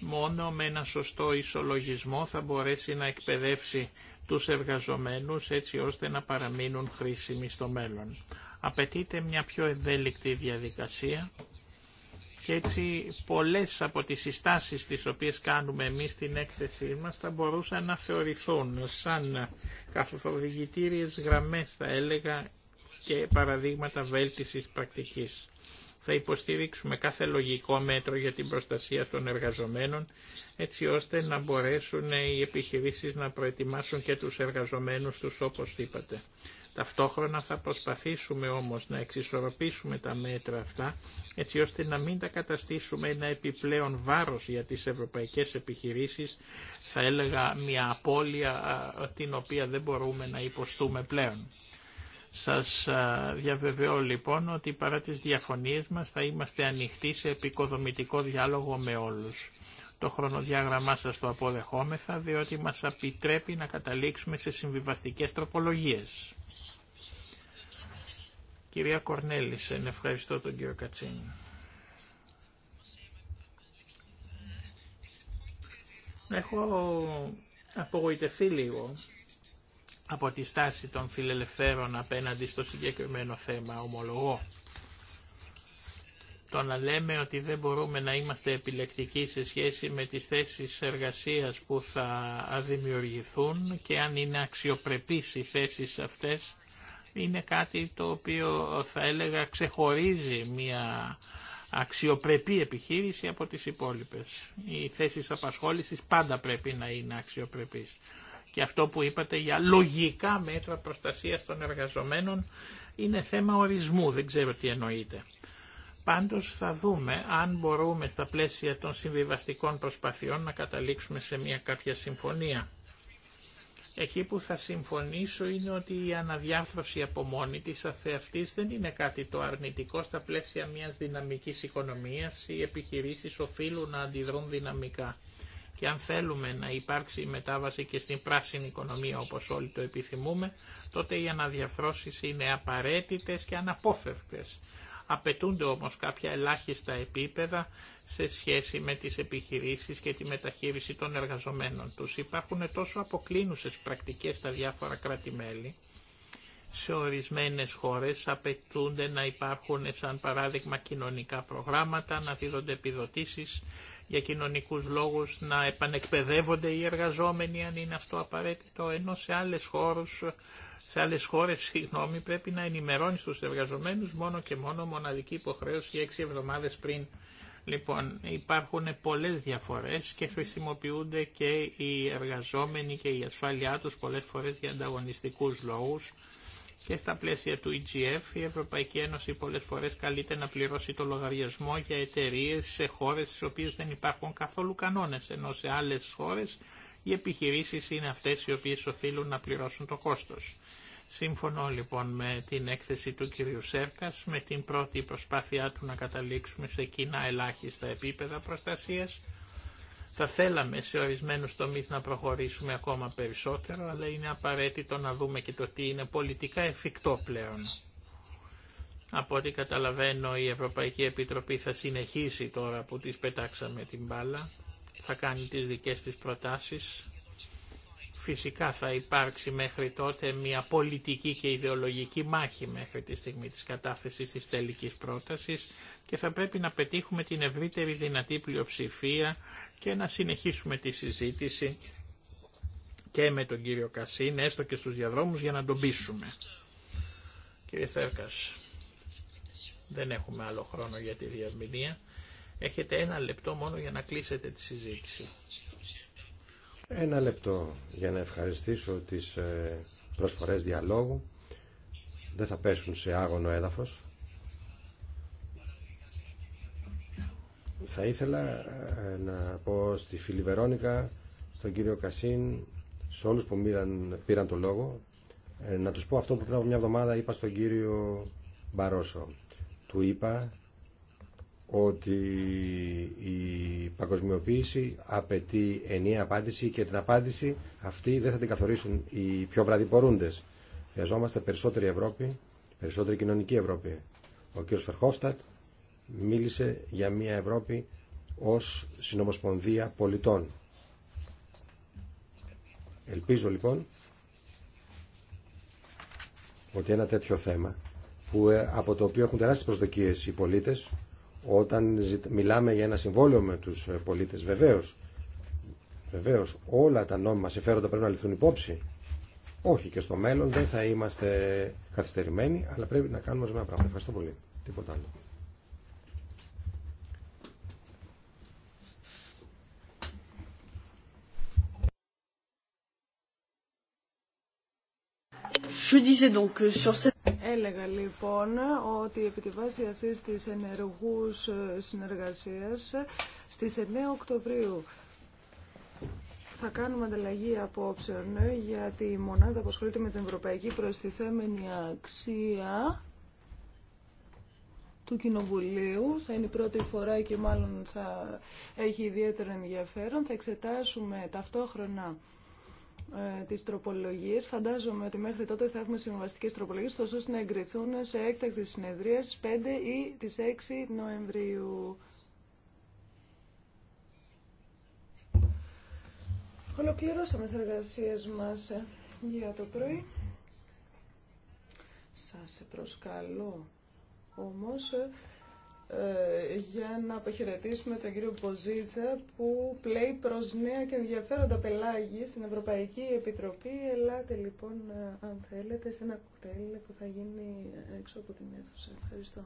Μόνο με ένα σωστό ισολογισμό θα μπορέσει να εκπαιδεύσει τους εργαζομένους έτσι ώστε να παραμείνουν χρήσιμοι στο μέλλον. Απαιτείται μια πιο ευέλικτη διαδικασία και έτσι πολλές από τις συστάσεις τις οποίες κάνουμε εμείς στην έκθεσή μας θα μπορούσαν να θεωρηθούν σαν καθοδηγητήριες γραμμές θα έλεγα και παραδείγματα βέλτισης πρακτικής. Θα υποστηρίξουμε κάθε λογικό μέτρο για την προστασία των εργαζομένων, έτσι ώστε να μπορέσουν οι επιχειρήσεις να προετοιμάσουν και τους εργαζομένους τους όπως είπατε. Ταυτόχρονα θα προσπαθήσουμε όμως να εξισορροπήσουμε τα μέτρα αυτά έτσι ώστε να μην τα καταστήσουμε ένα επιπλέον βάρος για τις ευρωπαϊκές επιχειρήσεις, θα έλεγα μια απώλεια την οποία δεν μπορούμε να υποστούμε πλέον. Σας διαβεβαιώ λοιπόν ότι παρά τις διαφωνίες μας θα είμαστε ανοιχτοί σε επικοδομητικό διάλογο με όλους. Το χρονοδιάγραμμά σας το αποδεχόμεθα διότι μας επιτρέπει να καταλήξουμε σε συμβιβαστικές τροπολογίες. Κυρία Κορνέλησεν, ευχαριστώ τον κύριο Κατσίνη. Έχω απογοητευτεί λίγο από τη στάση των φιλελευθέρων απέναντι στο συγκεκριμένο θέμα, ομολογώ. Το να λέμε ότι δεν μπορούμε να είμαστε επιλεκτικοί σε σχέση με τις θέσεις εργασίας που θα δημιουργηθούν και αν είναι αξιοπρεπείς οι θέσεις αυτές είναι κάτι το οποίο θα έλεγα ξεχωρίζει μια αξιοπρεπή επιχείρηση από τις υπόλοιπες. Οι θέσει απασχόλησης πάντα πρέπει να είναι αξιοπρεπείς. Και αυτό που είπατε για λογικά μέτρα προστασίας των εργαζομένων είναι θέμα ορισμού, δεν ξέρω τι εννοείται. Πάντως θα δούμε αν μπορούμε στα πλαίσια των συμβιβαστικών προσπαθειών να καταλήξουμε σε μια κάποια συμφωνία. Εκεί που θα συμφωνήσω είναι ότι η αναδιάρθρωση από μόνη της δεν είναι κάτι το αρνητικό στα πλαίσια μιας δυναμικής οικονομίας. Οι επιχειρήσεις οφείλουν να αντιδρούν δυναμικά. Και αν θέλουμε να υπάρξει μετάβαση και στην πράσινη οικονομία όπως όλοι το επιθυμούμε, τότε οι αναδιαρθρώσεις είναι απαραίτητες και αναπόφευκτες. Απαιτούνται όμως κάποια ελάχιστα επίπεδα σε σχέση με τις επιχειρήσεις και τη μεταχείριση των εργαζομένων τους. Υπάρχουν τόσο αποκλίνουσες πρακτικές στα διάφορα κράτη-μέλη. Σε ορισμένες χώρες απαιτούνται να υπάρχουν σαν παράδειγμα κοινωνικά προγράμματα, να δίδονται επιδοτήσεις για κοινωνικούς λόγους, να επανεκπαιδεύονται οι εργαζόμενοι αν είναι αυτό απαραίτητο, ενώ σε άλλες χώρους σε άλλε χώρε, συγγνώμη, πρέπει να ενημερώνει του εργαζομένους μόνο και μόνο μοναδική υποχρέωση έξι εβδομάδες πριν. Λοιπόν, υπάρχουν πολλέ διαφορέ και χρησιμοποιούνται και οι εργαζόμενοι και η ασφάλειά του πολλέ φορέ για ανταγωνιστικού λόγου και στα πλαίσια του EGF η Ευρωπαϊκή Ένωση πολλέ φορέ καλείται να πληρώσει το λογαριασμό για εταιρείε σε χώρε στις οποίε δεν υπάρχουν καθόλου κανόνε ενώ σε άλλε χώρε. Οι επιχειρήσεις είναι αυτές οι οποίες οφείλουν να πληρώσουν το κόστος. Σύμφωνο λοιπόν με την έκθεση του κυρίου Σέρκας, με την πρώτη προσπάθειά του να καταλήξουμε σε κοινά ελάχιστα επίπεδα προστασίας, θα θέλαμε σε ορισμένους τομείς να προχωρήσουμε ακόμα περισσότερο, αλλά είναι απαραίτητο να δούμε και το τι είναι πολιτικά εφικτό πλέον. Από ό,τι καταλαβαίνω η Ευρωπαϊκή Επιτροπή θα συνεχίσει τώρα που της πετάξαμε την μπάλα θα κάνει τις δικές της προτάσεις. Φυσικά θα υπάρξει μέχρι τότε μια πολιτική και ιδεολογική μάχη μέχρι τη στιγμή της κατάθεσης της τελικής πρότασης και θα πρέπει να πετύχουμε την ευρύτερη δυνατή πλειοψηφία και να συνεχίσουμε τη συζήτηση και με τον κύριο Κασίν, έστω και στους διαδρόμους, για να τον πείσουμε. Κύριε Θέρκας, δεν έχουμε άλλο χρόνο για τη διαμηνία. Έχετε ένα λεπτό μόνο για να κλείσετε τη συζήτηση. Ένα λεπτό για να ευχαριστήσω τις ε, προσφορές διαλόγου. Δεν θα πέσουν σε άγωνο έδαφος. Θα ήθελα ε, να πω στη φίλη Βερόνικα, στον κύριο Κασίν, σε όλους που πήραν το λόγο, ε, να τους πω αυτό που πριν από μια εβδομάδα είπα στον κύριο Μπαρόσο. Του είπα ότι η παγκοσμιοποίηση απαιτεί ενιαία απάντηση και την απάντηση αυτή δεν θα την καθορίσουν οι πιο βραδιπορούντες. Χρειαζόμαστε περισσότερη Ευρώπη, περισσότερη κοινωνική Ευρώπη. Ο κ. Φερχόφστατ μίλησε για μια Ευρώπη ως συνομοσπονδία πολιτών. Ελπίζω λοιπόν ότι ένα τέτοιο θέμα που ε, από το οποίο έχουν τεράστιες προσδοκίες οι πολίτες όταν μιλάμε για ένα συμβόλαιο με τους ε, πολίτες, βεβαίως, βεβαίως όλα τα νόμιμα συμφέροντα πρέπει να ληφθούν υπόψη. Όχι και στο μέλλον δεν θα είμαστε καθυστερημένοι, αλλά πρέπει να κάνουμε ζωμένα πράγματα. Ευχαριστώ πολύ. Τίποτα άλλο. Je disais donc Έλεγα λοιπόν ότι επί τη βάση αυτή της ενεργού ε, συνεργασίας στι 9 Οκτωβρίου θα κάνουμε ανταλλαγή απόψεων ε, για τη μονάδα που ασχολείται με την ευρωπαϊκή προστιθέμενη αξία του Κοινοβουλίου. Θα είναι η πρώτη φορά και μάλλον θα έχει ιδιαίτερο ενδιαφέρον. Θα εξετάσουμε ταυτόχρονα ε, τις τροπολογίες. Φαντάζομαι ότι μέχρι τότε θα έχουμε συμβαστικές τροπολογίες, τόσο να εγκριθούν σε έκτακτη συνεδρία στις 5 ή τις 6 Νοεμβρίου. Ολοκληρώσαμε τις εργασίες μας ε, για το πρωί. Σας προσκαλώ όμως ε, ε, για να αποχαιρετήσουμε τον κύριο Ποζίτσα που πλέει προς νέα και ενδιαφέροντα πελάγη στην Ευρωπαϊκή Επιτροπή. Ελάτε λοιπόν ε, αν θέλετε σε ένα κοκτέιλ που θα γίνει ε, έξω από την αίθουσα. Ευχαριστώ.